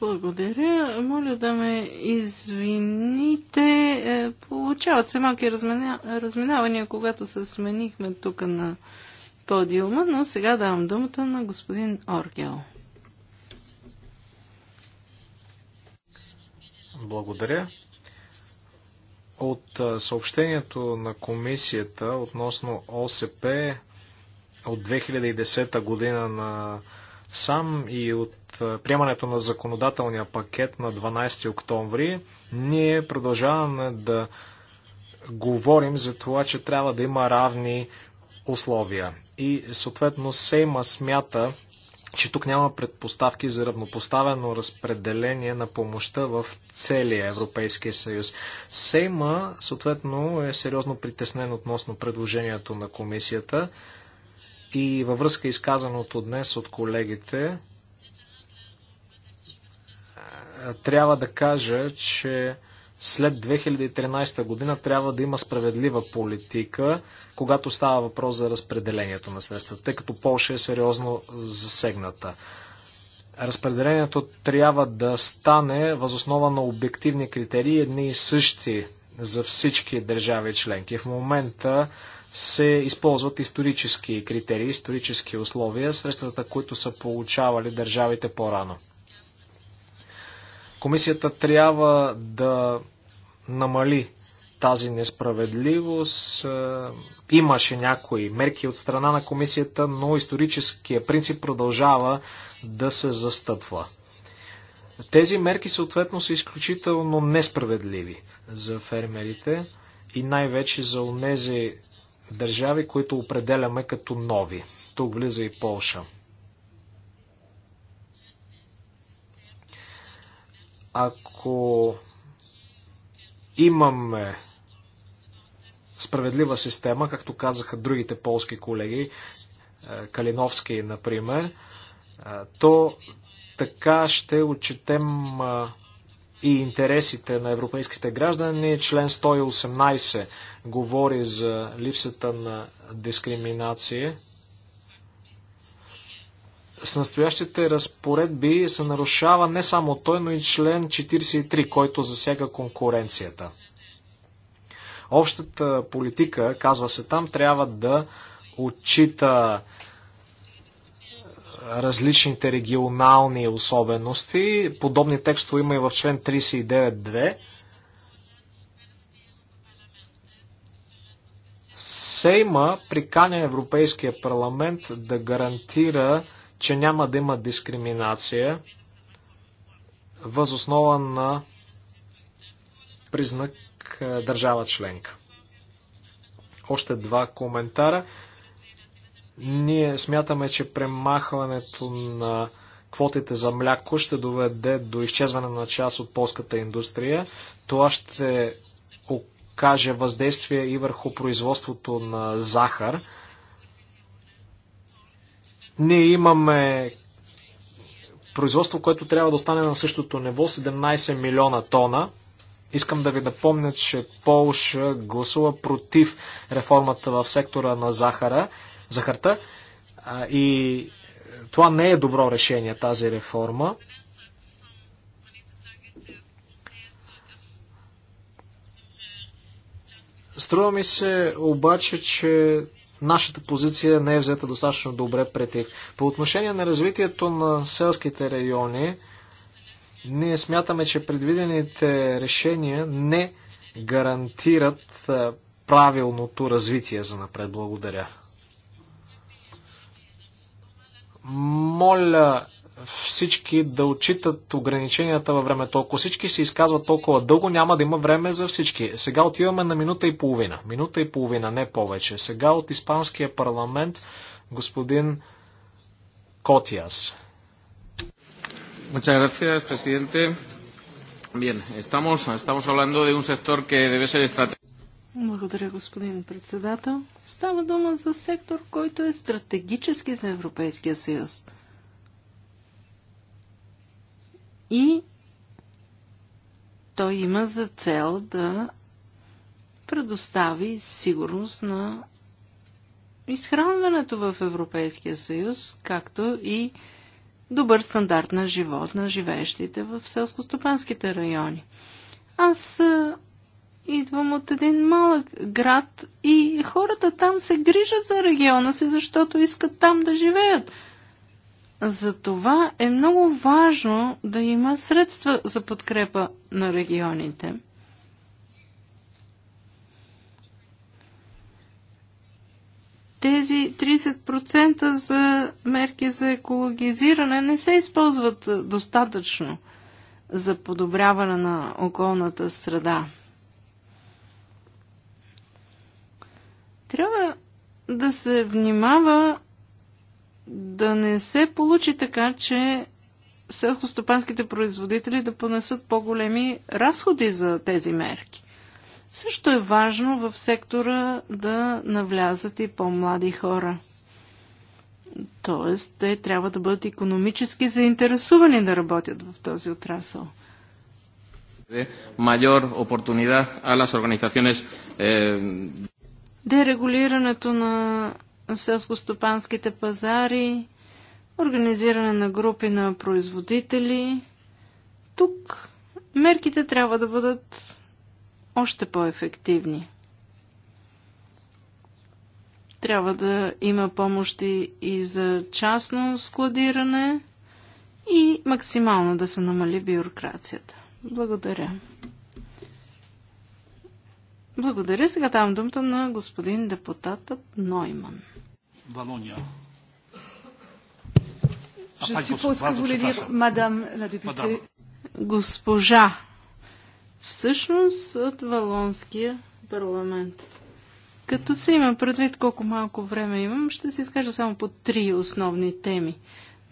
Благодаря. Моля да ме извините. Е, получават се малки размина... разминавания, когато се сменихме тук на подиума, но сега давам думата на господин Оргел. Благодаря. От съобщението на комисията относно ОСП от 2010 година на сам и от приемането на законодателния пакет на 12 октомври, ние продължаваме да говорим за това, че трябва да има равни условия. И съответно Сейма смята, че тук няма предпоставки за равнопоставено разпределение на помощта в целия Европейския съюз. Сейма, съответно, е сериозно притеснен относно предложението на комисията и във връзка изказаното днес от колегите, е, трябва да кажа, че след 2013 година трябва да има справедлива политика, когато става въпрос за разпределението на средствата, тъй като Польша е сериозно засегната. Разпределението трябва да стане възоснова на обективни критерии, едни и същи за всички държави членки. В момента се използват исторически критерии, исторически условия, средствата, които са получавали държавите по-рано. Комисията трябва да намали тази несправедливост. Имаше някои мерки от страна на комисията, но историческия принцип продължава да се застъпва. Тези мерки съответно са изключително несправедливи за фермерите и най-вече за онези държави, които определяме като нови. Тук влиза и Полша. Ако имаме справедлива система, както казаха другите полски колеги, е, Калиновски, например, е, то така ще отчетем е, и интересите на европейските граждани. Член 118 говори за липсата на дискриминация. С настоящите разпоредби се нарушава не само той, но и член 43, който засяга конкуренцията. Общата политика, казва се там, трябва да отчита различните регионални особености. Подобни текстове има и в член 39.2. Сейма приканя Европейския парламент да гарантира, че няма да има дискриминация възоснова на признак е, държава членка. Още два коментара. Ние смятаме, че премахването на квотите за мляко ще доведе до изчезване на част от полската индустрия. Това ще окаже въздействие и върху производството на захар. Ние имаме производство, което трябва да остане на същото ниво 17 милиона тона. Искам да ви напомня, че Полша гласува против реформата в сектора на захара, захарта и това не е добро решение, тази реформа. Струва ми се обаче, че нашата позиция не е взета достатъчно добре пред. По отношение на развитието на селските райони, ние смятаме, че предвидените решения не гарантират правилното развитие за напред. Благодаря. Моля всички да отчитат ограниченията във времето. Ако всички се изказват толкова дълго, няма да има време за всички. Сега отиваме на минута и половина. Минута и половина, не повече. Сега от Испанския парламент господин Котиас. Muchas gracias, presidente. Bien, estamos, estamos hablando de un sector que debe ser estratégico. Благодаря, господин председател. Става дума за сектор, който е стратегически за Европейския съюз. И той има за цел да предостави сигурност на изхранването в Европейския съюз, както и добър стандарт на живот на живеещите в селскостопанските райони. Аз идвам от един малък град и хората там се грижат за региона си, защото искат там да живеят. Затова е много важно да има средства за подкрепа на регионите – тези 30% за мерки за екологизиране не се използват достатъчно за подобряване на околната среда. Трябва да се внимава да не се получи така, че селхостопанските производители да понесат по-големи разходи за тези мерки. Също е важно в сектора да навлязат и по-млади хора. Тоест, те трябва да бъдат економически заинтересувани да работят в този отрасъл. Майор eh, Дерегулирането на селскостопанските пазари, организиране на групи на производители. Тук мерките трябва да бъдат още по-ефективни. Трябва да има помощи и за частно складиране и максимално да се намали бюрокрацията. Благодаря. Благодаря. Сега давам думата на господин депутатът Нойман. Валония. Je suppose que vous voulez dire, madame la députée. Госпожа всъщност от Валонския парламент. Като се има предвид колко малко време имам, ще се изкажа само по три основни теми.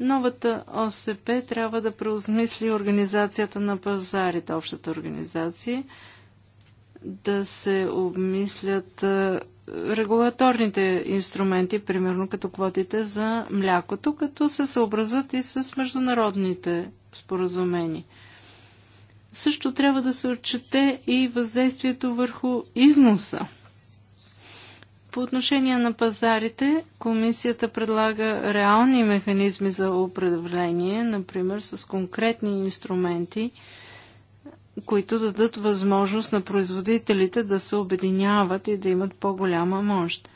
Новата ОСП трябва да преосмисли организацията на пазарите, общата организация, да се обмислят е, регулаторните инструменти, примерно като квотите за млякото, като се съобразят и с международните споразумения също трябва да се отчете и въздействието върху износа. По отношение на пазарите, комисията предлага реални механизми за управление, например с конкретни инструменти, които дадат възможност на производителите да се обединяват и да имат по-голяма мощ.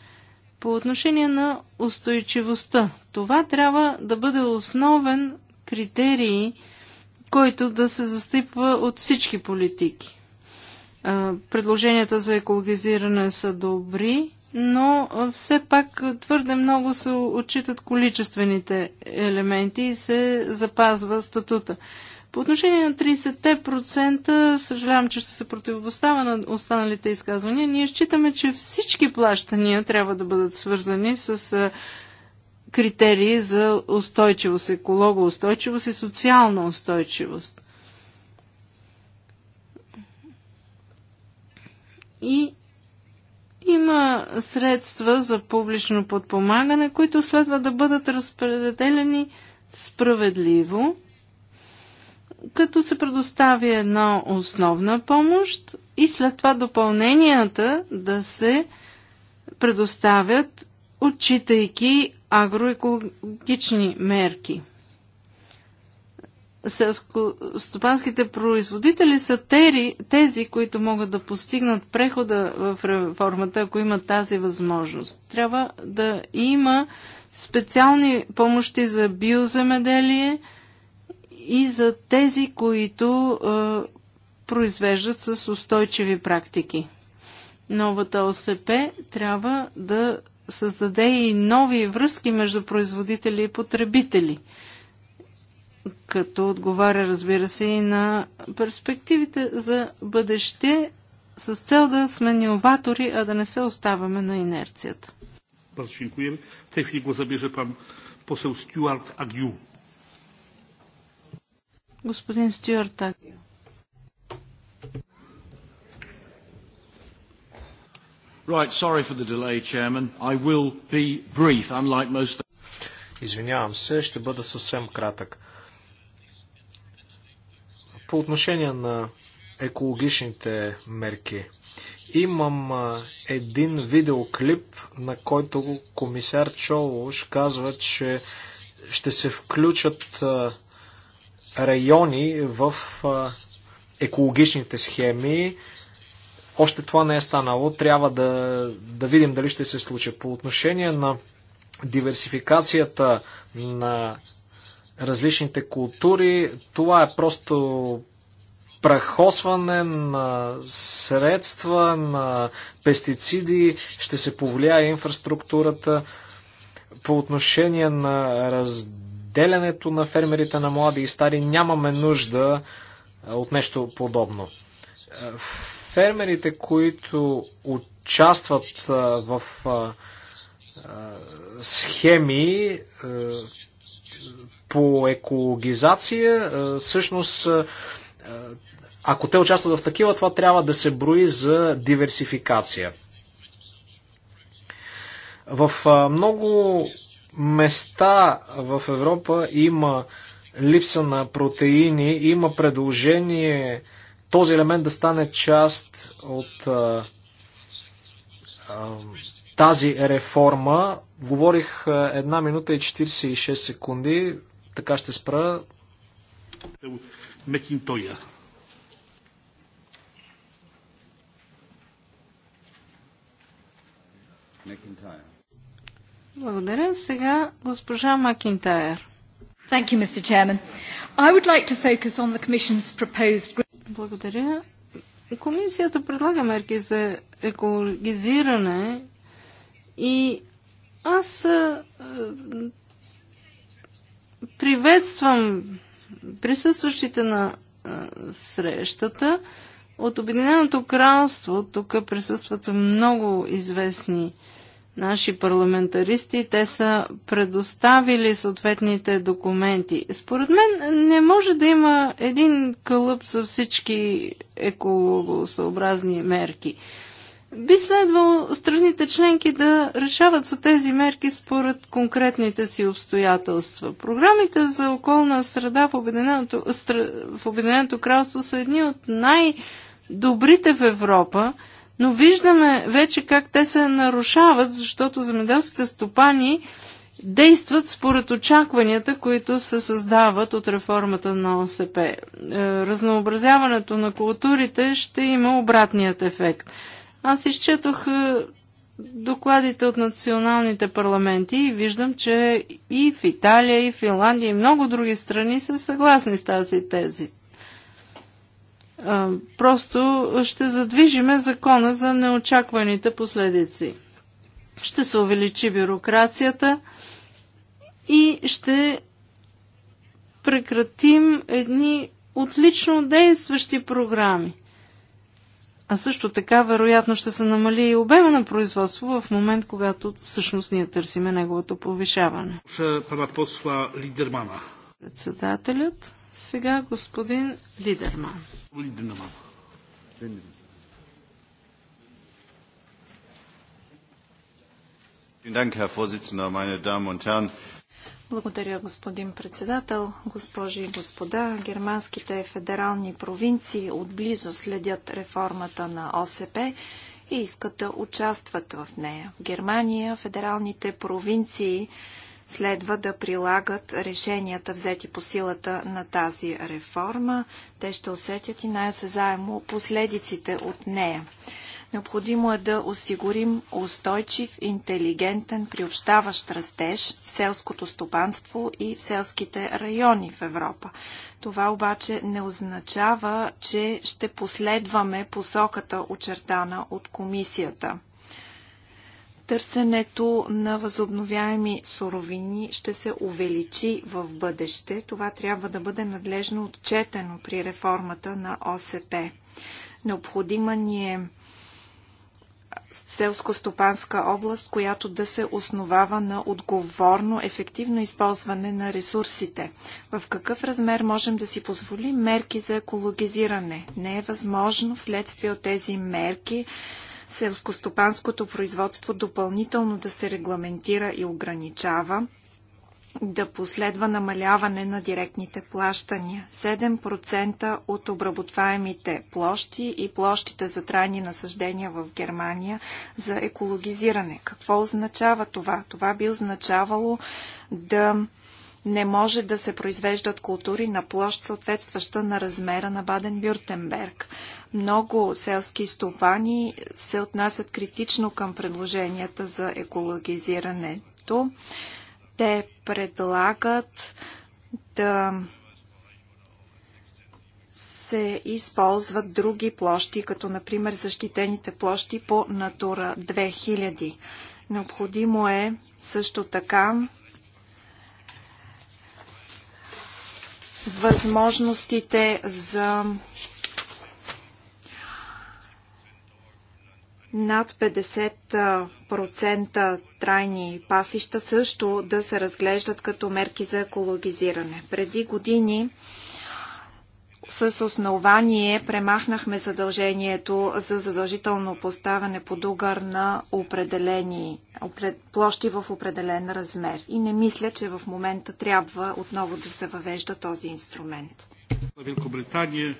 По отношение на устойчивостта, това трябва да бъде основен критерий, който да се застъпва от всички политики. Предложенията за екологизиране са добри, но все пак твърде много се отчитат количествените елементи и се запазва статута. По отношение на 30%, съжалявам, че ще се противопоставя на останалите изказвания, ние считаме, че всички плащания трябва да бъдат свързани с критерии за устойчивост, устойчивост и социална устойчивост. И има средства за публично подпомагане, които следва да бъдат разпределени справедливо, като се предостави една основна помощ и след това допълненията да се предоставят отчитайки агроекологични мерки. Селско-стопанските производители са тери, тези, които могат да постигнат прехода в реформата, ако имат тази възможност. Трябва да има специални помощи за биоземеделие и за тези, които е, произвеждат с устойчиви практики. Новата ОСП трябва да създаде и нови връзки между производители и потребители, като отговаря, разбира се, и на перспективите за бъдеще с цел да сме новатори, а да не се оставаме на инерцията. Господин Стюарт Агю. Right, sorry for the delay, Chairman. I will be brief, unlike most... Извинявам се, ще бъда съвсем кратък. По отношение на екологичните мерки, имам един видеоклип, на който комисар Чолош казва, че ще се включат райони в екологичните схеми, още това не е станало. Трябва да, да видим дали ще се случи. По отношение на диверсификацията на различните култури, това е просто прахосване на средства, на пестициди, ще се повлияе инфраструктурата. По отношение на разделянето на фермерите на млади и стари нямаме нужда от нещо подобно фермерите, които участват в схеми по екологизация, всъщност ако те участват в такива, това трябва да се брои за диверсификация. В много места в Европа има липса на протеини, има предложение този елемент да стане част от а, а, тази реформа. Говорих 1 минута и 46 секунди, така ще спра. Мекинтоя. Благодаря. Сега госпожа Макинтайр. Thank you, Mr. Chairman. I would like to focus on the Commission's proposed благодаря. Комисията предлага мерки за екологизиране и аз приветствам присъстващите на срещата от Обединеното кралство. Тук присъстват много известни наши парламентаристи, те са предоставили съответните документи. Според мен не може да има един кълъп за всички екологосъобразни мерки. Би следвало страните членки да решават за тези мерки според конкретните си обстоятелства. Програмите за околна среда в Обединеното, в Обединеното кралство са едни от най- добрите в Европа но виждаме вече как те се нарушават, защото земеделските стопани действат според очакванията, които се създават от реформата на ОСП. Е, разнообразяването на културите ще има обратният ефект. Аз изчетох е, докладите от националните парламенти и виждам, че и в Италия, и в Финландия, и много други страни са съгласни с тази тези. Просто ще задвижиме закона за неочакваните последици. Ще се увеличи бюрокрацията и ще прекратим едни отлично действащи програми. А също така, вероятно, ще се намали и обема на производство в момент, когато всъщност ние търсиме неговото повишаване. Председателят, сега господин Лидерман. Господин Благодаря, господин председател, госпожи и господа. Германските федерални провинции отблизо следят реформата на ОСП и искат да участват в нея. В Германия федералните провинции следва да прилагат решенията, взети по силата на тази реформа. Те ще усетят и най-осезаемо последиците от нея. Необходимо е да осигурим устойчив, интелигентен, приобщаващ растеж в селското стопанство и в селските райони в Европа. Това обаче не означава, че ще последваме посоката очертана от комисията. Търсенето на възобновяеми суровини ще се увеличи в бъдеще. Това трябва да бъде надлежно отчетено при реформата на ОСП. Необходима ни е селско-стопанска област, която да се основава на отговорно, ефективно използване на ресурсите. В какъв размер можем да си позволим мерки за екологизиране? Не е възможно вследствие от тези мерки селскостопанското производство допълнително да се регламентира и ограничава, да последва намаляване на директните плащания. 7% от обработваемите площи и площите за трайни насъждения в Германия за екологизиране. Какво означава това? Това би означавало да не може да се произвеждат култури на площ, съответстваща на размера на Баден-Бюртенберг. Много селски стопани се отнасят критично към предложенията за екологизирането. Те предлагат да се използват други площи, като например защитените площи по Натура 2000. Необходимо е също така възможностите за над 50% трайни пасища също да се разглеждат като мерки за екологизиране. Преди години с основание премахнахме задължението за задължително поставяне под угар на определени площи в определен размер. И не мисля, че в момента трябва отново да се въвежда този инструмент. Великобритания,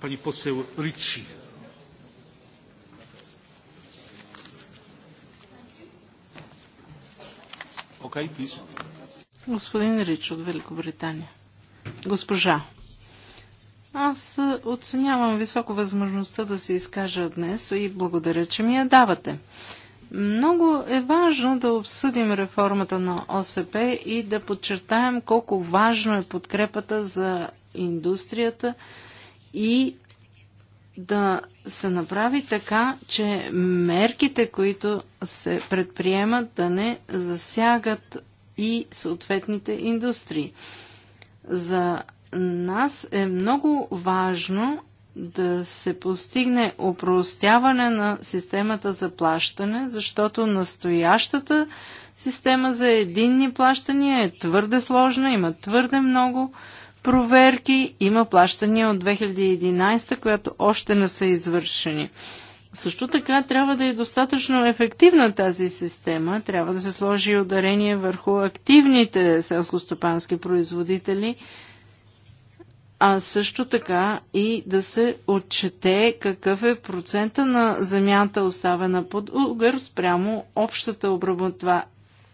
пани посел Ричи. Okay, Господин Рич от Великобритания. Госпожа. Аз оценявам високо възможността да се изкажа днес и благодаря, че ми я давате. Много е важно да обсъдим реформата на ОСП и да подчертаем колко важно е подкрепата за индустрията и да се направи така, че мерките, които се предприемат, да не засягат и съответните индустрии. За нас е много важно да се постигне опростяване на системата за плащане, защото настоящата система за единни плащания е твърде сложна, има твърде много проверки, има плащания от 2011, която още не са извършени. Също така трябва да е достатъчно ефективна тази система, трябва да се сложи ударение върху активните селскостопански производители, а също така и да се отчете какъв е процента на земята оставена под угър спрямо общата обработва,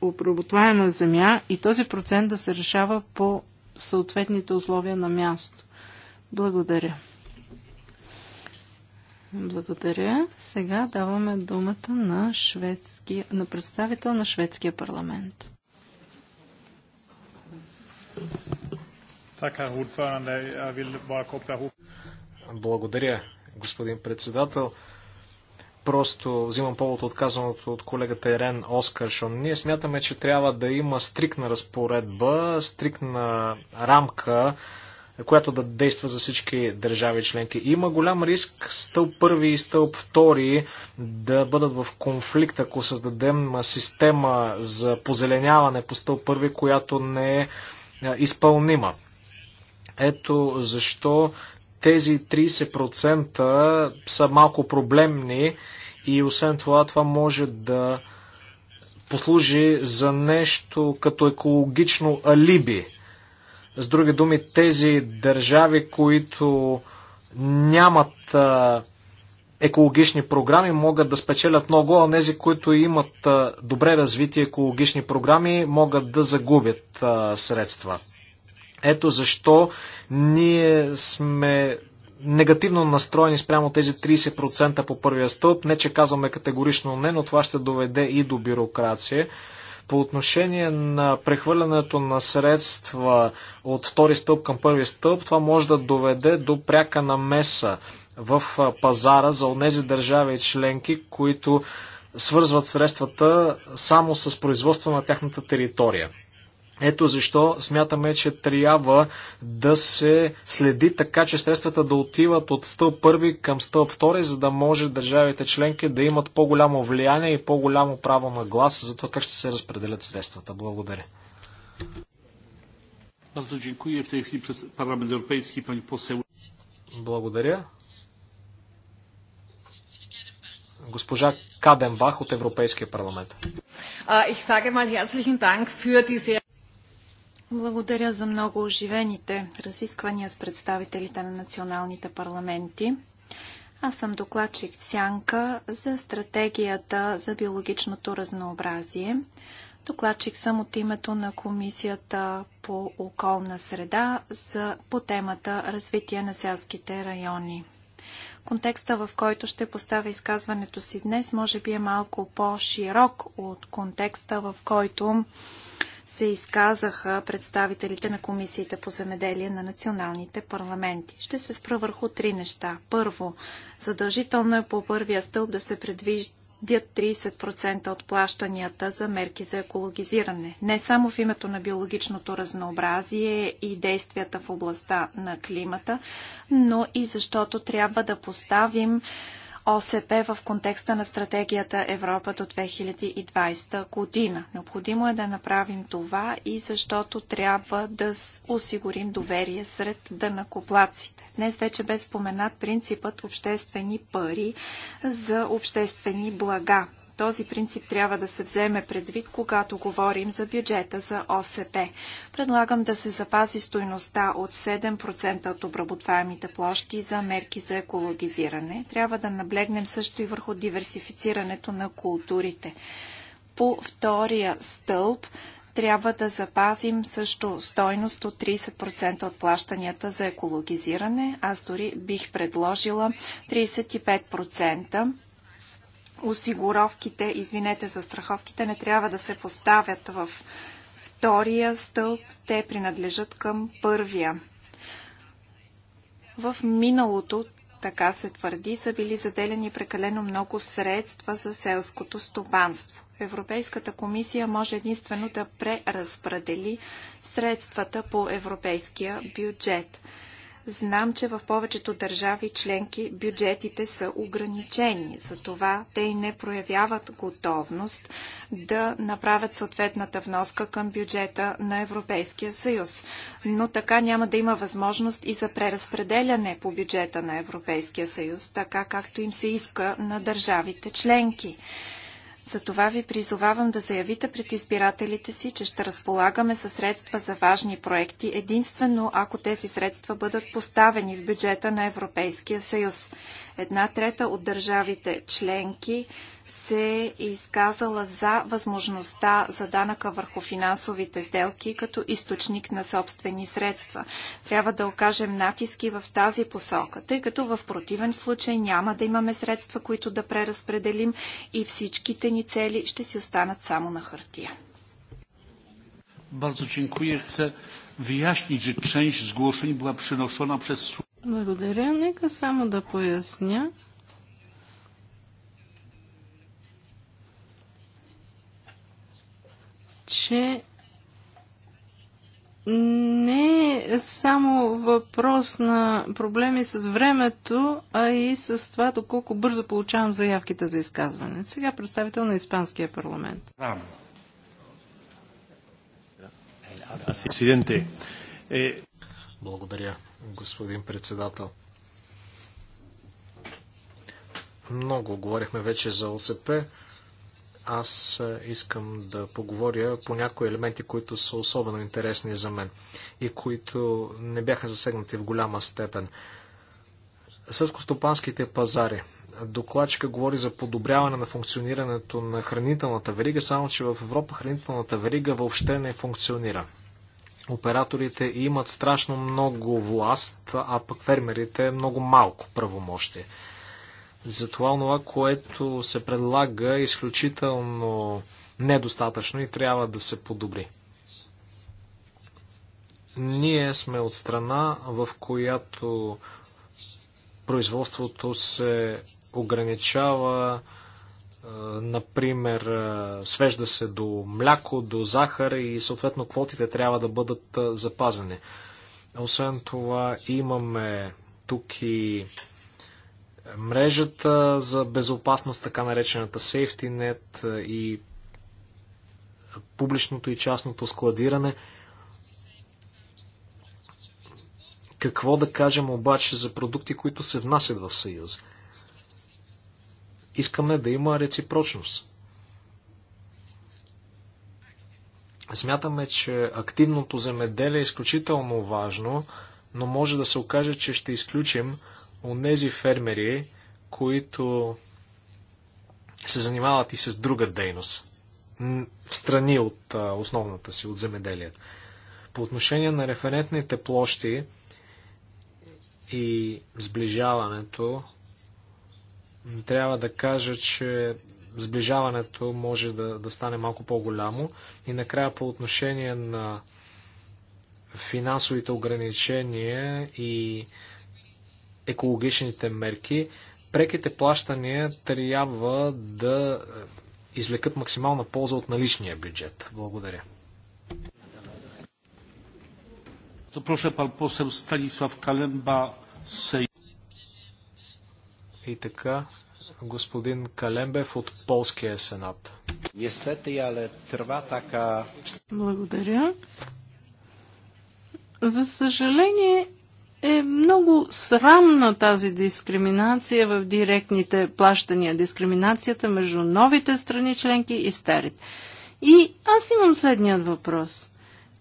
обработваема земя и този процент да се решава по съответните условия на място. Благодаря. Благодаря. Сега даваме думата на, шведски, на представител на шведския парламент. Благодаря, господин председател. Просто взимам повод от казаното от колегата Ерен Оскаршон. Ние смятаме, че трябва да има стрикна разпоредба, стрикна рамка, която да действа за всички държави членки. Има голям риск стълб първи и стълб втори да бъдат в конфликт, ако създадем система за позеленяване по стълб първи, която не е изпълнима. Ето защо тези 30% са малко проблемни и освен това това може да послужи за нещо като екологично алиби. С други думи, тези държави, които нямат екологични програми могат да спечелят много, а тези, които имат добре развити екологични програми, могат да загубят средства. Ето защо ние сме негативно настроени спрямо тези 30% по първия стълб. Не, че казваме категорично не, но това ще доведе и до бюрокрация. По отношение на прехвърлянето на средства от втори стълб към първи стълб, това може да доведе до пряка намеса в пазара за онези държави и членки, които свързват средствата само с производство на тяхната територия. Ето защо смятаме, че трябва да се следи така, че средствата да отиват от стълб първи към стълб втори, за да може държавите членки да имат по-голямо влияние и по-голямо право на глас за това как ще се разпределят средствата. Благодаря. Благодаря. Госпожа Каденбах от Европейския парламент. Благодаря за много оживените разисквания с представителите на националните парламенти. Аз съм докладчик Сянка за стратегията за биологичното разнообразие. Докладчик съм от името на Комисията по околна среда за, по темата Развитие на селските райони. Контекста, в който ще поставя изказването си днес, може би е малко по-широк от контекста, в който се изказаха представителите на комисиите по земеделие на националните парламенти. Ще се спра върху три неща. Първо, задължително е по първия стълб да се предвижда 30% от плащанията за мерки за екологизиране. Не само в името на биологичното разнообразие и действията в областта на климата, но и защото трябва да поставим ОСП в контекста на стратегията Европа до 2020 година. Необходимо е да направим това и защото трябва да осигурим доверие сред дънакоплаците. Днес вече бе споменат принципът обществени пари за обществени блага. Този принцип трябва да се вземе предвид, когато говорим за бюджета за ОСП. Предлагам да се запази стойността от 7% от обработваемите площи за мерки за екологизиране. Трябва да наблегнем също и върху диверсифицирането на културите. По втория стълб трябва да запазим също стойност от 30% от плащанията за екологизиране. Аз дори бих предложила 35% осигуровките, извинете, за страховките не трябва да се поставят в втория стълб, те принадлежат към първия. В миналото, така се твърди, са били заделени прекалено много средства за селското стопанство. Европейската комисия може единствено да преразпредели средствата по европейския бюджет. Знам, че в повечето държави членки бюджетите са ограничени, затова те и не проявяват готовност да направят съответната вноска към бюджета на Европейския съюз. Но така няма да има възможност и за преразпределяне по бюджета на Европейския съюз, така както им се иска на държавите членки. Затова ви призовавам да заявите пред избирателите си, че ще разполагаме със средства за важни проекти, единствено ако тези средства бъдат поставени в бюджета на Европейския съюз. Една трета от държавите членки се е изказала за възможността за данъка върху финансовите сделки като източник на собствени средства. Трябва да окажем натиски в тази посока, тъй като в противен случай няма да имаме средства, които да преразпределим и всичките ни цели ще си останат само на хартия. Bardzo dziękuję. Chcę wyjaśnić, że część zgłoszeń była przenoszona przez... Благодаря. Нека само да поясня, че не е само въпрос на проблеми с времето, а и с това доколко бързо получавам заявките за изказване. Сега представител на Испанския парламент. Е, Благодаря, господин председател. Много говорихме вече за ОСП аз е, искам да поговоря по някои елементи, които са особено интересни за мен и които не бяха засегнати в голяма степен. Сърскостопанските пазари. Докладчика говори за подобряване на функционирането на хранителната верига, само че в Европа хранителната верига въобще не функционира. Операторите имат страшно много власт, а пък фермерите много малко правомощие. За това, което се предлага е изключително недостатъчно и трябва да се подобри. Ние сме от страна, в която производството се ограничава, е, например, е, свежда се до мляко, до захар и съответно квотите трябва да бъдат е, запазени. Освен това имаме тук и мрежата за безопасност, така наречената SafetyNet и публичното и частното складиране. Какво да кажем обаче за продукти, които се внасят в Съюз? Искаме да има реципрочност. Смятаме, че активното земеделие е изключително важно, но може да се окаже, че ще изключим онези фермери, които се занимават и с друга дейност, страни от основната си, от земеделието. По отношение на референтните площи и сближаването, трябва да кажа, че сближаването може да, да стане малко по-голямо. И накрая по отношение на финансовите ограничения и екологичните мерки, преките плащания трябва да е, извлекат максимална полза от наличния бюджет. Благодаря. И така, господин Калембев от Полския сенат. Благодаря. За съжаление, е много срамна тази дискриминация в директните плащания, дискриминацията между новите страни членки и старите. И аз имам следният въпрос.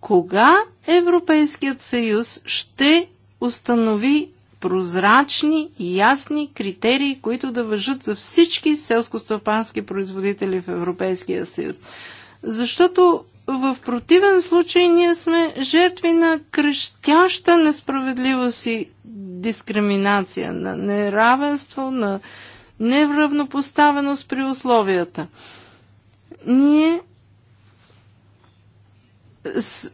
Кога Европейският съюз ще установи прозрачни и ясни критерии, които да въжат за всички селскостопански производители в Европейския съюз? Защото в противен случай ние сме жертви на крещяща несправедливост и дискриминация, на неравенство, на неравнопоставеност при условията. Ние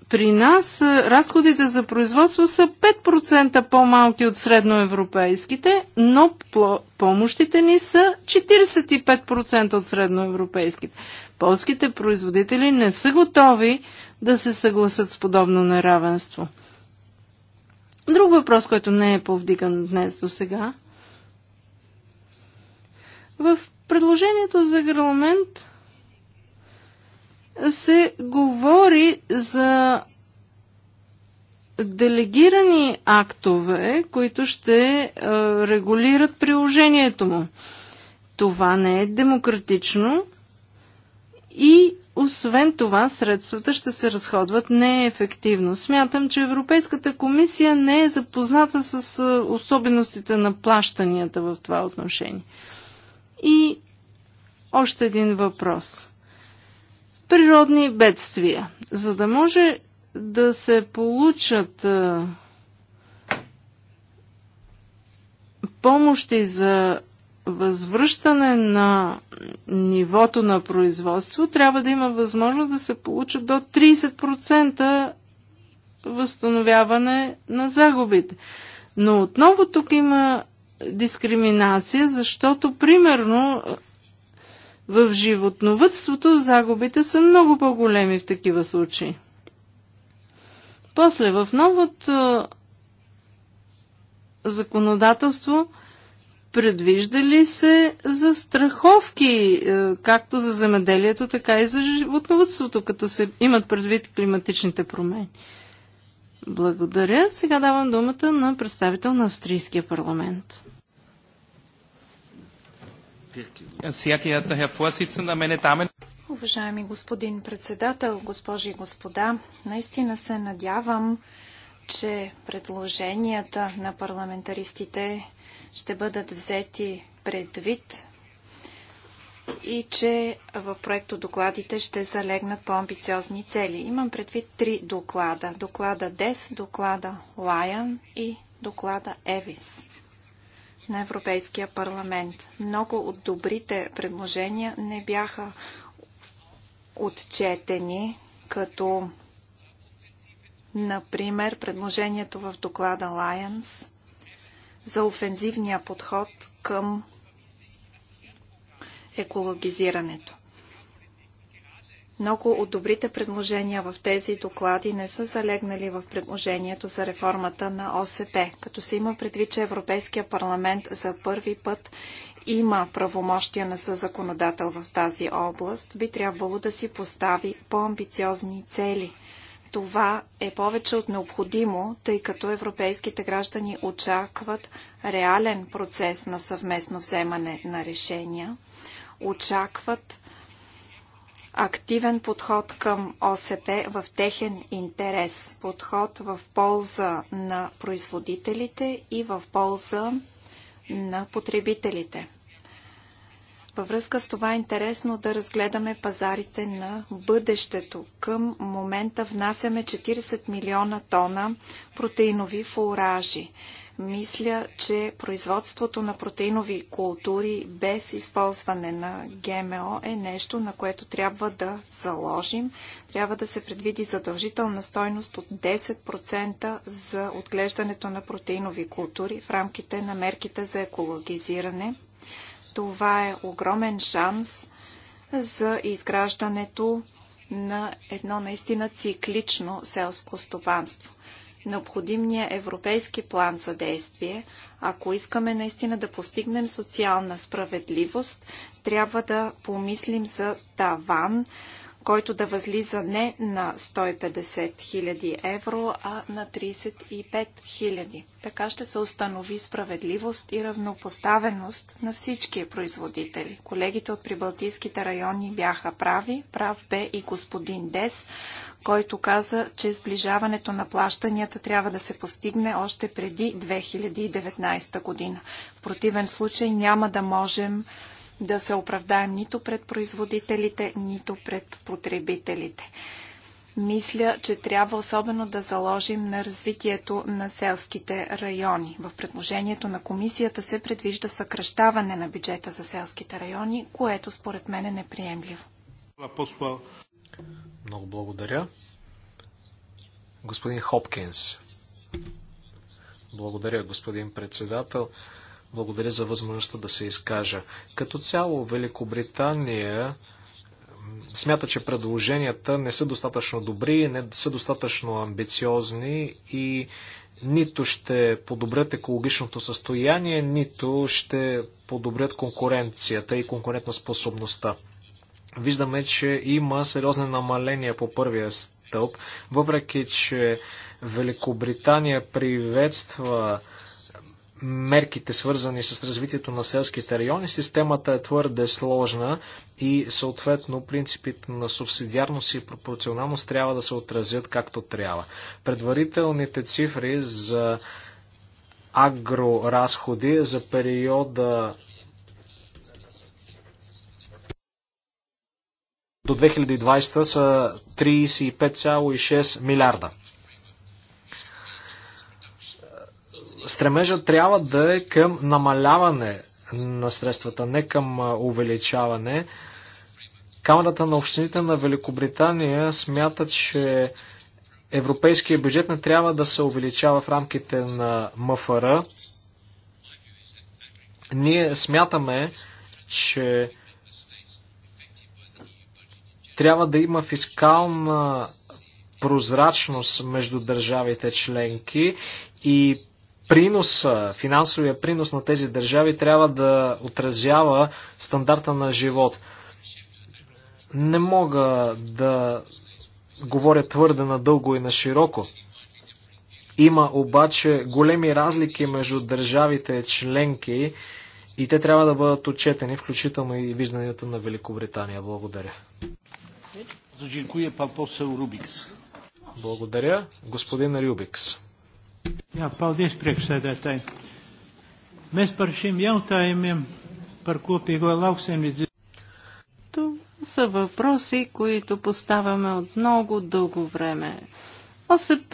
при нас разходите за производство са 5% по-малки от средноевропейските, но помощите ни са 45% от средноевропейските полските производители не са готови да се съгласат с подобно неравенство. Друг въпрос, който не е повдиган днес до сега. В предложението за регламент се говори за делегирани актове, които ще е, регулират приложението му. Това не е демократично и освен това средствата ще се разходват неефективно. Смятам, че Европейската комисия не е запозната с особеностите на плащанията в това отношение. И още един въпрос. Природни бедствия. За да може да се получат помощи за възвръщане на нивото на производство, трябва да има възможност да се получат до 30% възстановяване на загубите. Но отново тук има дискриминация, защото примерно в животновътството загубите са много по-големи в такива случаи. После в новото законодателство Предвижда ли се за страховки, е, както за земеделието, така и за животновътството, като се имат предвид климатичните промени? Благодаря. Сега давам думата на представител на Австрийския парламент. Уважаеми господин председател, госпожи и господа, наистина се надявам, че предложенията на парламентаристите ще бъдат взети предвид и че в проекто докладите ще залегнат по-амбициозни цели. Имам предвид три доклада. Доклада ДЕС, доклада Лайън и доклада ЕВИС на Европейския парламент. Много от добрите предложения не бяха отчетени, като например предложението в доклада Lions за офензивния подход към екологизирането. Много от добрите предложения в тези доклади не са залегнали в предложението за реформата на ОСП, като се има предвид, че Европейския парламент за първи път има правомощия на съзаконодател в тази област, би трябвало да си постави по-амбициозни цели това е повече от необходимо, тъй като европейските граждани очакват реален процес на съвместно вземане на решения, очакват активен подход към ОСП в техен интерес, подход в полза на производителите и в полза на потребителите. Във връзка с това е интересно да разгледаме пазарите на бъдещето. Към момента внасяме 40 милиона тона протеинови фуражи. Мисля, че производството на протеинови култури без използване на ГМО е нещо, на което трябва да заложим. Трябва да се предвиди задължителна стойност от 10% за отглеждането на протеинови култури в рамките на мерките за екологизиране – това е огромен шанс за изграждането на едно наистина циклично селско стопанство. Необходимният е европейски план за действие, ако искаме наистина да постигнем социална справедливост, трябва да помислим за таван, който да възлиза не на 150 000 евро, а на 35 000. Така ще се установи справедливост и равнопоставеност на всички производители. Колегите от прибалтийските райони бяха прави, прав бе и господин Дес, който каза, че сближаването на плащанията трябва да се постигне още преди 2019 година. В противен случай няма да можем да се оправдаем нито пред производителите, нито пред потребителите. Мисля, че трябва особено да заложим на развитието на селските райони. В предложението на комисията се предвижда съкръщаване на бюджета за селските райони, което според мен е неприемливо. Много благодаря. Господин Хопкинс. Благодаря, господин председател. Благодаря за възможността да се изкажа. Като цяло Великобритания смята, че предложенията не са достатъчно добри, не са достатъчно амбициозни и нито ще подобрят екологичното състояние, нито ще подобрят конкуренцията и конкурентоспособността. Виждаме, че има сериозни намаления по първия стълб, въпреки че Великобритания приветства мерките, свързани с развитието на селските райони, системата е твърде сложна и съответно принципите на субсидиарност и пропорционалност трябва да се отразят както трябва. Предварителните цифри за агроразходи за периода до 2020 са 35,6 милиарда. стремежа трябва да е към намаляване на средствата, не към увеличаване. Камерата на общините на Великобритания смята, че европейския бюджет не трябва да се увеличава в рамките на МФР. Ние смятаме, че трябва да има фискална прозрачност между държавите членки и приноса, финансовия принос на тези държави трябва да отразява стандарта на живот. Не мога да говоря твърде надълго и на широко. Има обаче големи разлики между държавите членки и те трябва да бъдат отчетени, включително и вижданията на Великобритания. Благодаря. Благодаря, господин Рюбикс. Jā, paldies priekšsēdētāji. Mēs par šiem jautājumiem, par kopīgo lauksaimniecību. То са въпроси, които поставяме от много дълго време. ОСП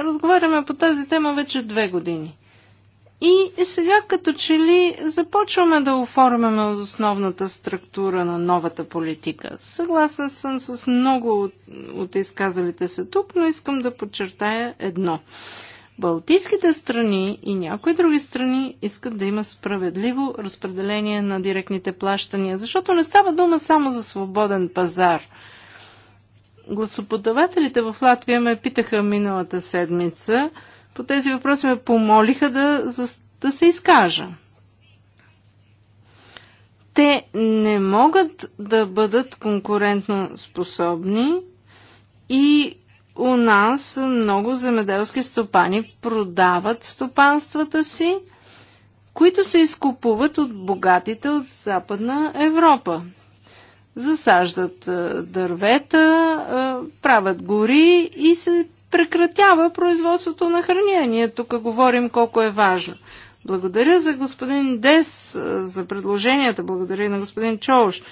разговаряме по тази тема вече две години. И сега като че ли започваме да оформяме основната структура на новата политика. Съгласен съм с много от, от изказалите се тук, но искам да подчертая едно. Балтийските страни и някои други страни искат да има справедливо разпределение на директните плащания, защото не става дума само за свободен пазар. Гласоподавателите в Латвия ме питаха миналата седмица. По тези въпроси ме помолиха да, да се изкажа те не могат да бъдат конкурентно способни и у нас много земеделски стопани продават стопанствата си, които се изкупуват от богатите от Западна Европа. Засаждат дървета, правят гори и се прекратява производството на храни. Ние тук говорим колко е важно. Благодаря за господин Дес за предложенията, благодаря и на господин Чоуш.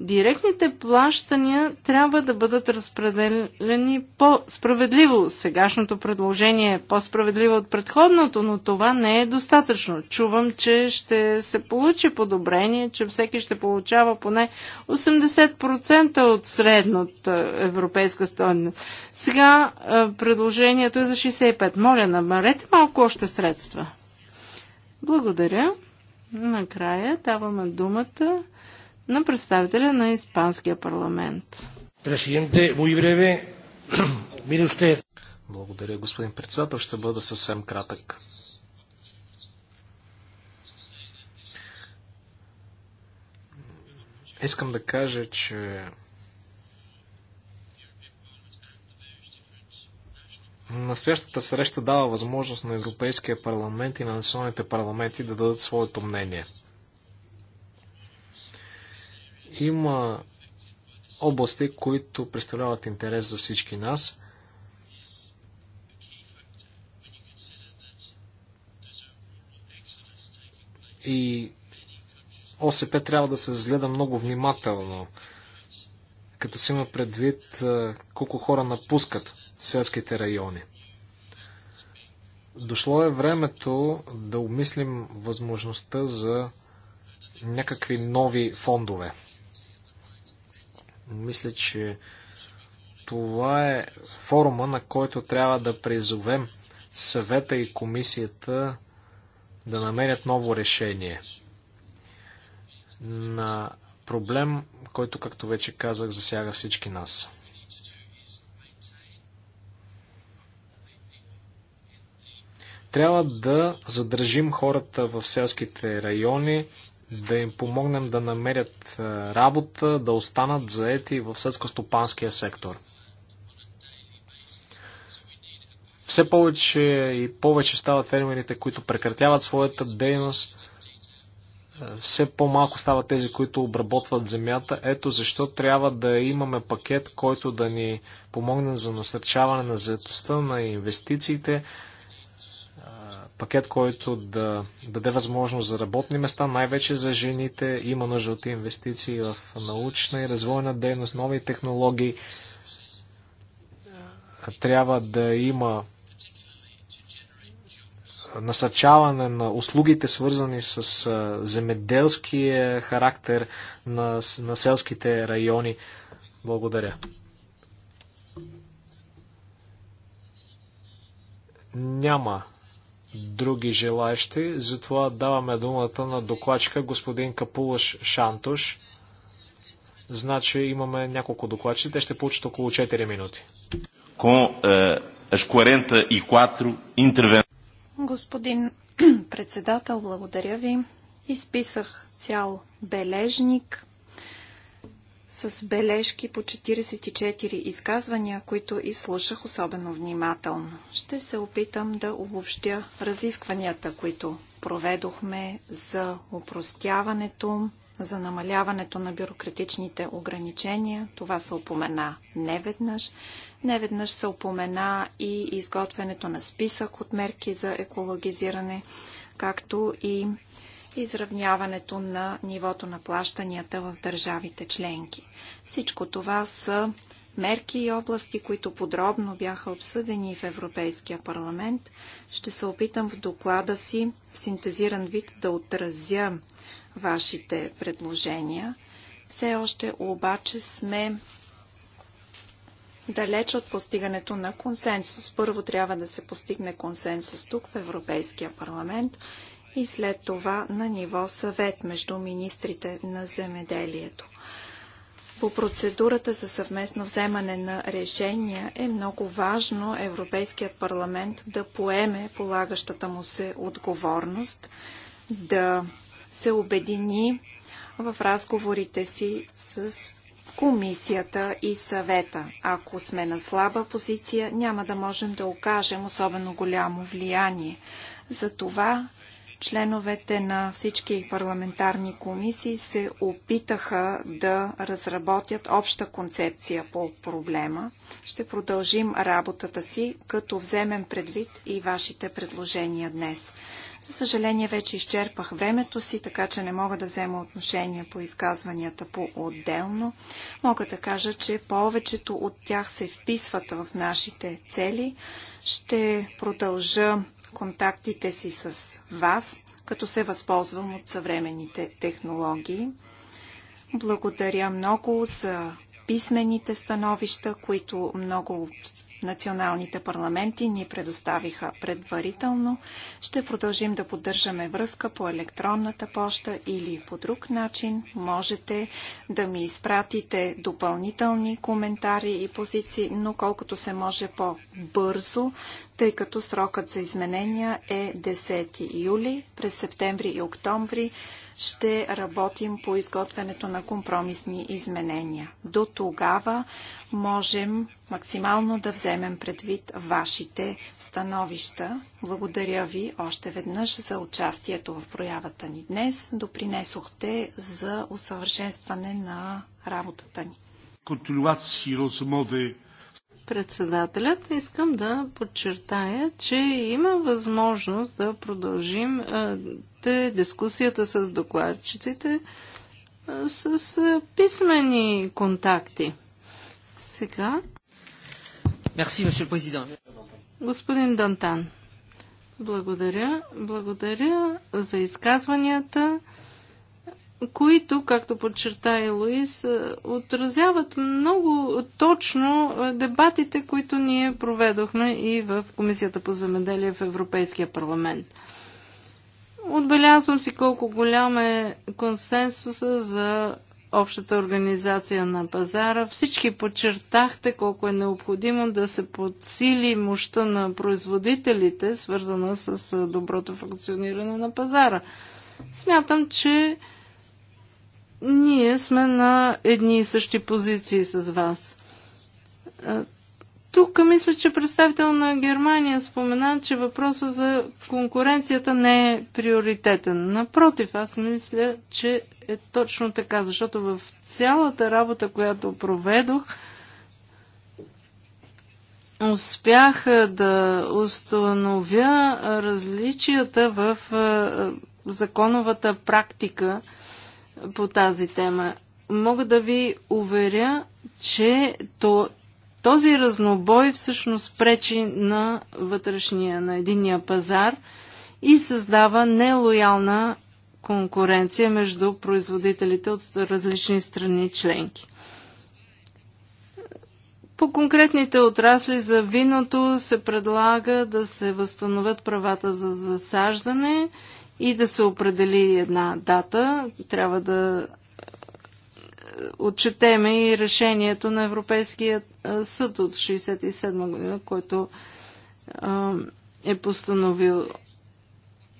Директните плащания трябва да бъдат разпределени по-справедливо. Сегашното предложение е по-справедливо от предходното, но това не е достатъчно. Чувам, че ще се получи подобрение, че всеки ще получава поне 80% от средната е, европейска стойност. Сега е, предложението е за 65. Моля, намерете малко още средства. Благодаря. Накрая даваме думата на представителя на Испанския парламент. Президенте, muy breve. [CLEARS THROAT] Mire usted. Благодаря, господин председател. Ще бъда съвсем кратък. Искам да кажа, че настоящата среща дава възможност на Европейския парламент и на националните парламенти да дадат своето мнение – има области, които представляват интерес за всички нас. И ОСП трябва да се разгледа много внимателно, като се има предвид колко хора напускат селските райони. Дошло е времето да обмислим възможността за някакви нови фондове мисля, че това е форума, на който трябва да призовем съвета и комисията да намерят ново решение на проблем, който, както вече казах, засяга всички нас. Трябва да задържим хората в селските райони, да им помогнем да намерят е, работа, да останат заети в сетско-стопанския сектор. Все повече и повече стават фермерите, които прекратяват своята дейност. Е, все по-малко стават тези, които обработват земята. Ето защо трябва да имаме пакет, който да ни помогне за насърчаване на заетостта, на инвестициите, пакет, който да даде възможност за работни места, най-вече за жените. Има нужда от инвестиции в научна и развойна дейност, нови технологии. Трябва да има насърчаване на услугите, свързани с земеделския характер на, на селските райони. Благодаря. Няма други желаящи, затова даваме думата на докладчика господин Капулаш Шантош. Значи имаме няколко докладчи, те ще получат около 4 минути. Е, господин [CLEARS THROAT] председател, благодаря ви. Изписах цял бележник с бележки по 44 изказвания, които изслушах особено внимателно. Ще се опитам да обобщя разискванията, които проведохме за упростяването, за намаляването на бюрократичните ограничения. Това се опомена неведнъж. Неведнъж се опомена и изготвянето на списък от мерки за екологизиране, както и изравняването на нивото на плащанията в държавите членки. Всичко това са мерки и области, които подробно бяха обсъдени в Европейския парламент. Ще се опитам в доклада си в синтезиран вид да отразя вашите предложения. Все още обаче сме далеч от постигането на консенсус. Първо трябва да се постигне консенсус тук в Европейския парламент и след това на ниво съвет между министрите на земеделието. По процедурата за съвместно вземане на решения е много важно Европейският парламент да поеме полагащата му се отговорност, да се обедини в разговорите си с комисията и съвета. Ако сме на слаба позиция, няма да можем да окажем особено голямо влияние. Затова Членовете на всички парламентарни комисии се опитаха да разработят обща концепция по проблема. Ще продължим работата си, като вземем предвид и вашите предложения днес. За съжаление, вече изчерпах времето си, така че не мога да взема отношение по изказванията по-отделно. Мога да кажа, че повечето от тях се вписват в нашите цели. Ще продължа контактите си с вас, като се възползвам от съвременните технологии. Благодаря много за писмените становища, които много Националните парламенти ни предоставиха предварително. Ще продължим да поддържаме връзка по електронната поща или по друг начин. Можете да ми изпратите допълнителни коментари и позиции, но колкото се може по-бързо, тъй като срокът за изменения е 10 юли. През септември и октомври ще работим по изготвянето на компромисни изменения. До тогава можем максимално да вземем предвид вашите становища. Благодаря ви още веднъж за участието в проявата ни днес. Допринесохте за усъвършенстване на работата ни. председателят, искам да подчертая, че има възможност да продължим е, още дискусията с докладчиците с писмени контакти. Сега. Мерси, господин президент. Господин Дантан. Благодаря. Благодаря за изказванията, които, както подчерта и Луис, отразяват много точно дебатите, които ние проведохме и в Комисията по земеделие в Европейския парламент. Отбелязвам си колко голям е консенсуса за общата организация на пазара. Всички подчертахте колко е необходимо да се подсили мощта на производителите, свързана с доброто функциониране на пазара. Смятам, че ние сме на едни и същи позиции с вас. Тук мисля, че представител на Германия спомена, че въпроса за конкуренцията не е приоритетен. Напротив, аз мисля, че е точно така, защото в цялата работа, която проведох, успях да установя различията в законовата практика по тази тема. Мога да ви уверя, че то, този разнобой всъщност пречи на вътрешния, на единния пазар и създава нелоялна конкуренция между производителите от различни страни членки. По конкретните отрасли за виното се предлага да се възстановят правата за засаждане и да се определи една дата. Трябва да отчетеме и решението на Европейския съд от 1967 година, който е постановил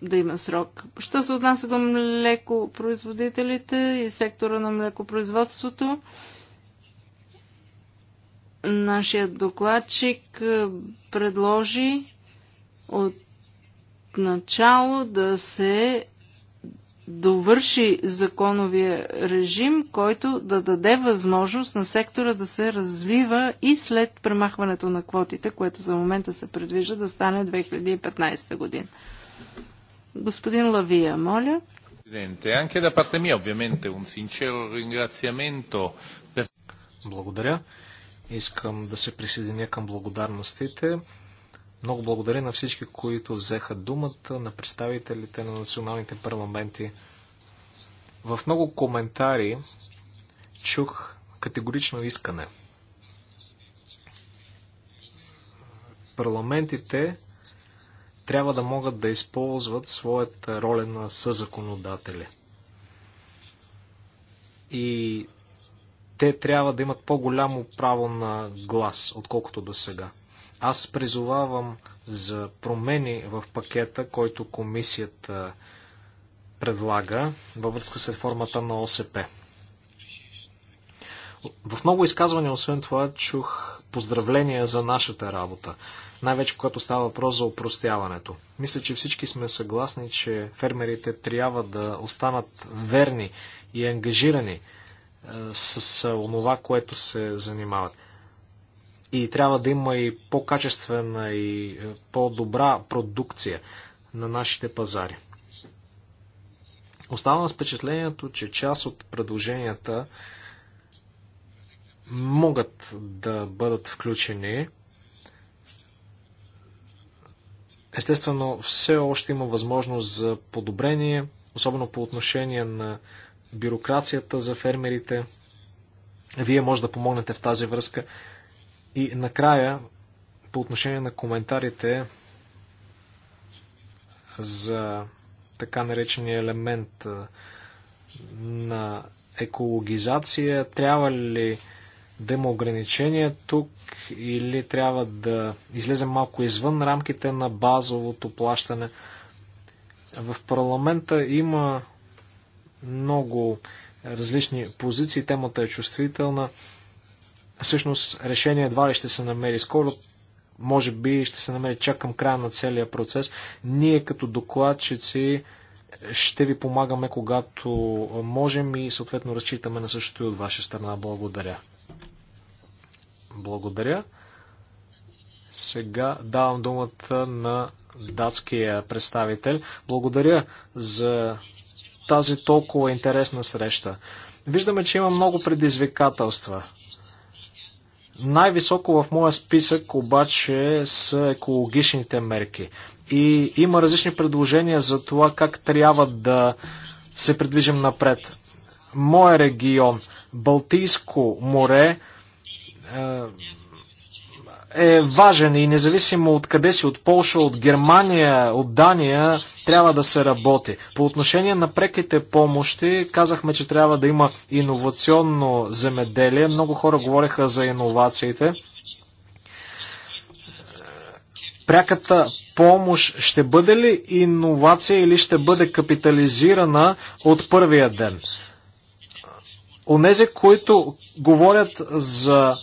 да има срок. Що се отнася до млекопроизводителите и сектора на млекопроизводството, нашият докладчик предложи от начало да се довърши законовия режим, който да даде възможност на сектора да се развива и след премахването на квотите, което за момента се предвижда да стане 2015 година. Господин Лавия, моля. Благодаря. Искам да се присъединя към благодарностите. Много благодаря на всички, които взеха думата, на представителите на националните парламенти. В много коментари чух категорично искане. Парламентите трябва да могат да използват своята роля на съзаконодатели. И те трябва да имат по-голямо право на глас, отколкото до сега. Аз призовавам за промени в пакета, който комисията предлага във връзка с реформата на ОСП. В много изказвания, освен това, чух поздравления за нашата работа. Най-вече, когато става въпрос за упростяването. Мисля, че всички сме съгласни, че фермерите трябва да останат верни и ангажирани е, с е, онова, което се занимават и трябва да има и по-качествена и е, по-добра продукция на нашите пазари. Остава с впечатлението, че част от предложенията могат да бъдат включени. Естествено, все още има възможност за подобрение, особено по отношение на бюрокрацията за фермерите. Вие може да помогнете в тази връзка. И накрая, по отношение на коментарите за така наречения елемент на екологизация, трябва ли да има ограничения тук или трябва да излезем малко извън рамките на базовото плащане. В парламента има много различни позиции, темата е чувствителна. Всъщност решение едва ли ще се намери скоро, може би ще се намери чак към края на целия процес. Ние като докладчици ще ви помагаме когато можем и съответно разчитаме на същото и от ваша страна. Благодаря. Благодаря. Сега давам думата на датския представител. Благодаря за тази толкова интересна среща. Виждаме, че има много предизвикателства. Най-високо в моя списък обаче са екологичните мерки. И има различни предложения за това как трябва да се придвижим напред. Моя регион, Балтийско море, е, е важен и независимо от къде си, от Полша, от Германия, от Дания, трябва да се работи. По отношение на преките помощи, казахме, че трябва да има иновационно земеделие. Много хора говореха за иновациите. Пряката помощ ще бъде ли иновация или ще бъде капитализирана от първия ден? Онези, които говорят за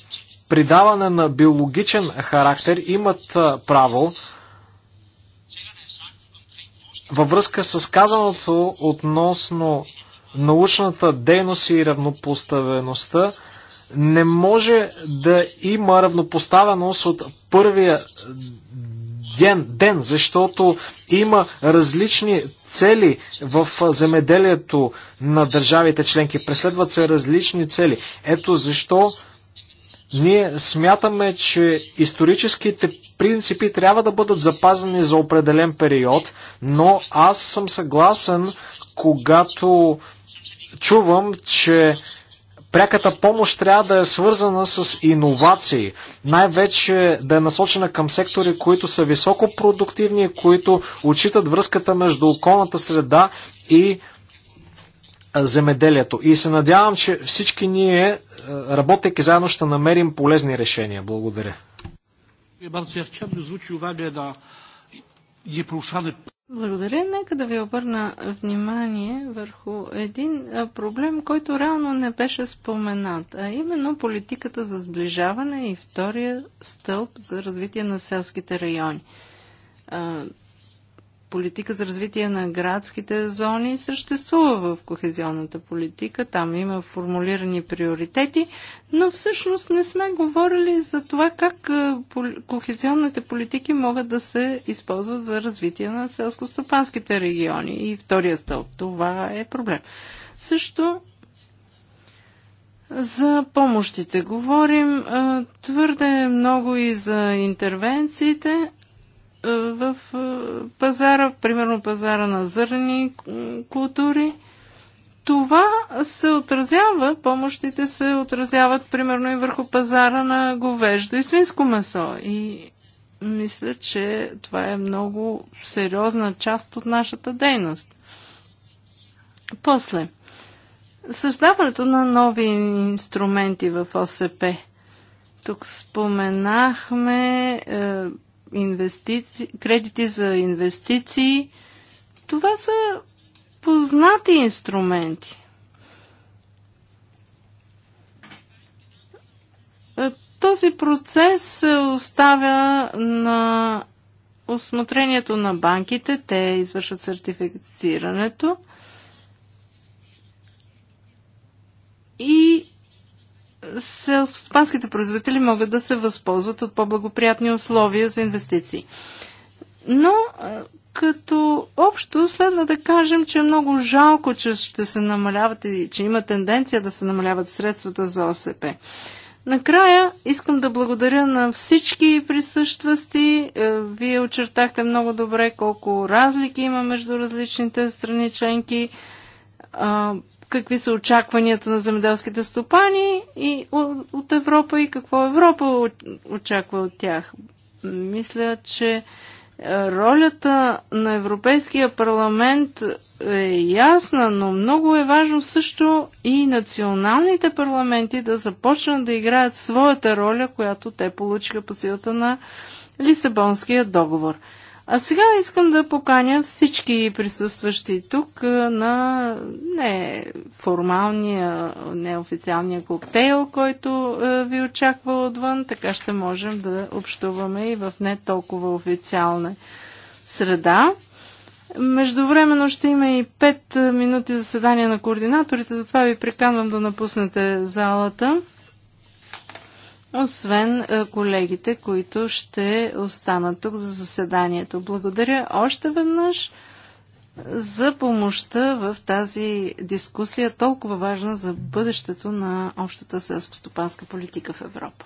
придаване на биологичен характер имат право във връзка с казаното относно научната дейност и равнопоставеността, не може да има равнопоставеност от първия ден, ден, защото има различни цели в земеделието на държавите членки. Преследват се различни цели. Ето защо ние смятаме, че историческите принципи трябва да бъдат запазени за определен период, но аз съм съгласен, когато чувам, че пряката помощ трябва да е свързана с иновации, най-вече да е насочена към сектори, които са високопродуктивни, които отчитат връзката между околната среда и земеделието. И се надявам, че всички ние, работейки заедно, ще намерим полезни решения. Благодаря. Благодаря. Нека да ви обърна внимание върху един проблем, който реално не беше споменат, а именно политиката за сближаване и втория стълб за развитие на селските райони политика за развитие на градските зони съществува в кохезионната политика. Там има формулирани приоритети, но всъщност не сме говорили за това как кохезионните политики могат да се използват за развитие на селско-стопанските региони. И втория стълб. Това е проблем. Също за помощите говорим твърде много и за интервенциите, в е, пазара, примерно пазара на зърни култури. Това се отразява, помощите се отразяват примерно и върху пазара на говеждо и свинско месо. И мисля, че това е много сериозна част от нашата дейност. После, създаването на нови инструменти в ОСП. Тук споменахме е, инвестици... кредити за инвестиции. Това са познати инструменти. Този процес се оставя на осмотрението на банките. Те извършват сертифицирането. И селскостопанските производители могат да се възползват от по-благоприятни условия за инвестиции. Но като общо следва да кажем, че е много жалко, че ще се намаляват и че има тенденция да се намаляват средствата за ОСП. Накрая искам да благодаря на всички присъстващи. Е, вие очертахте много добре колко разлики има между различните страни членки какви са очакванията на земеделските стопани и от Европа и какво Европа очаква от тях. Мисля, че е, ролята на Европейския парламент е ясна, но много е важно също и националните парламенти да започнат да играят своята роля, която те получиха по силата на Лисабонския договор. А сега искам да поканя всички присъстващи тук на не формалния, неофициалния коктейл, който ви очаква отвън. Така ще можем да общуваме и в не толкова официална среда. Междувременно ще има и 5 минути заседания на координаторите, затова ви приканвам да напуснете залата освен е, колегите, които ще останат тук за заседанието. Благодаря още веднъж за помощта в тази дискусия, толкова важна за бъдещето на общата селско-стопанска политика в Европа.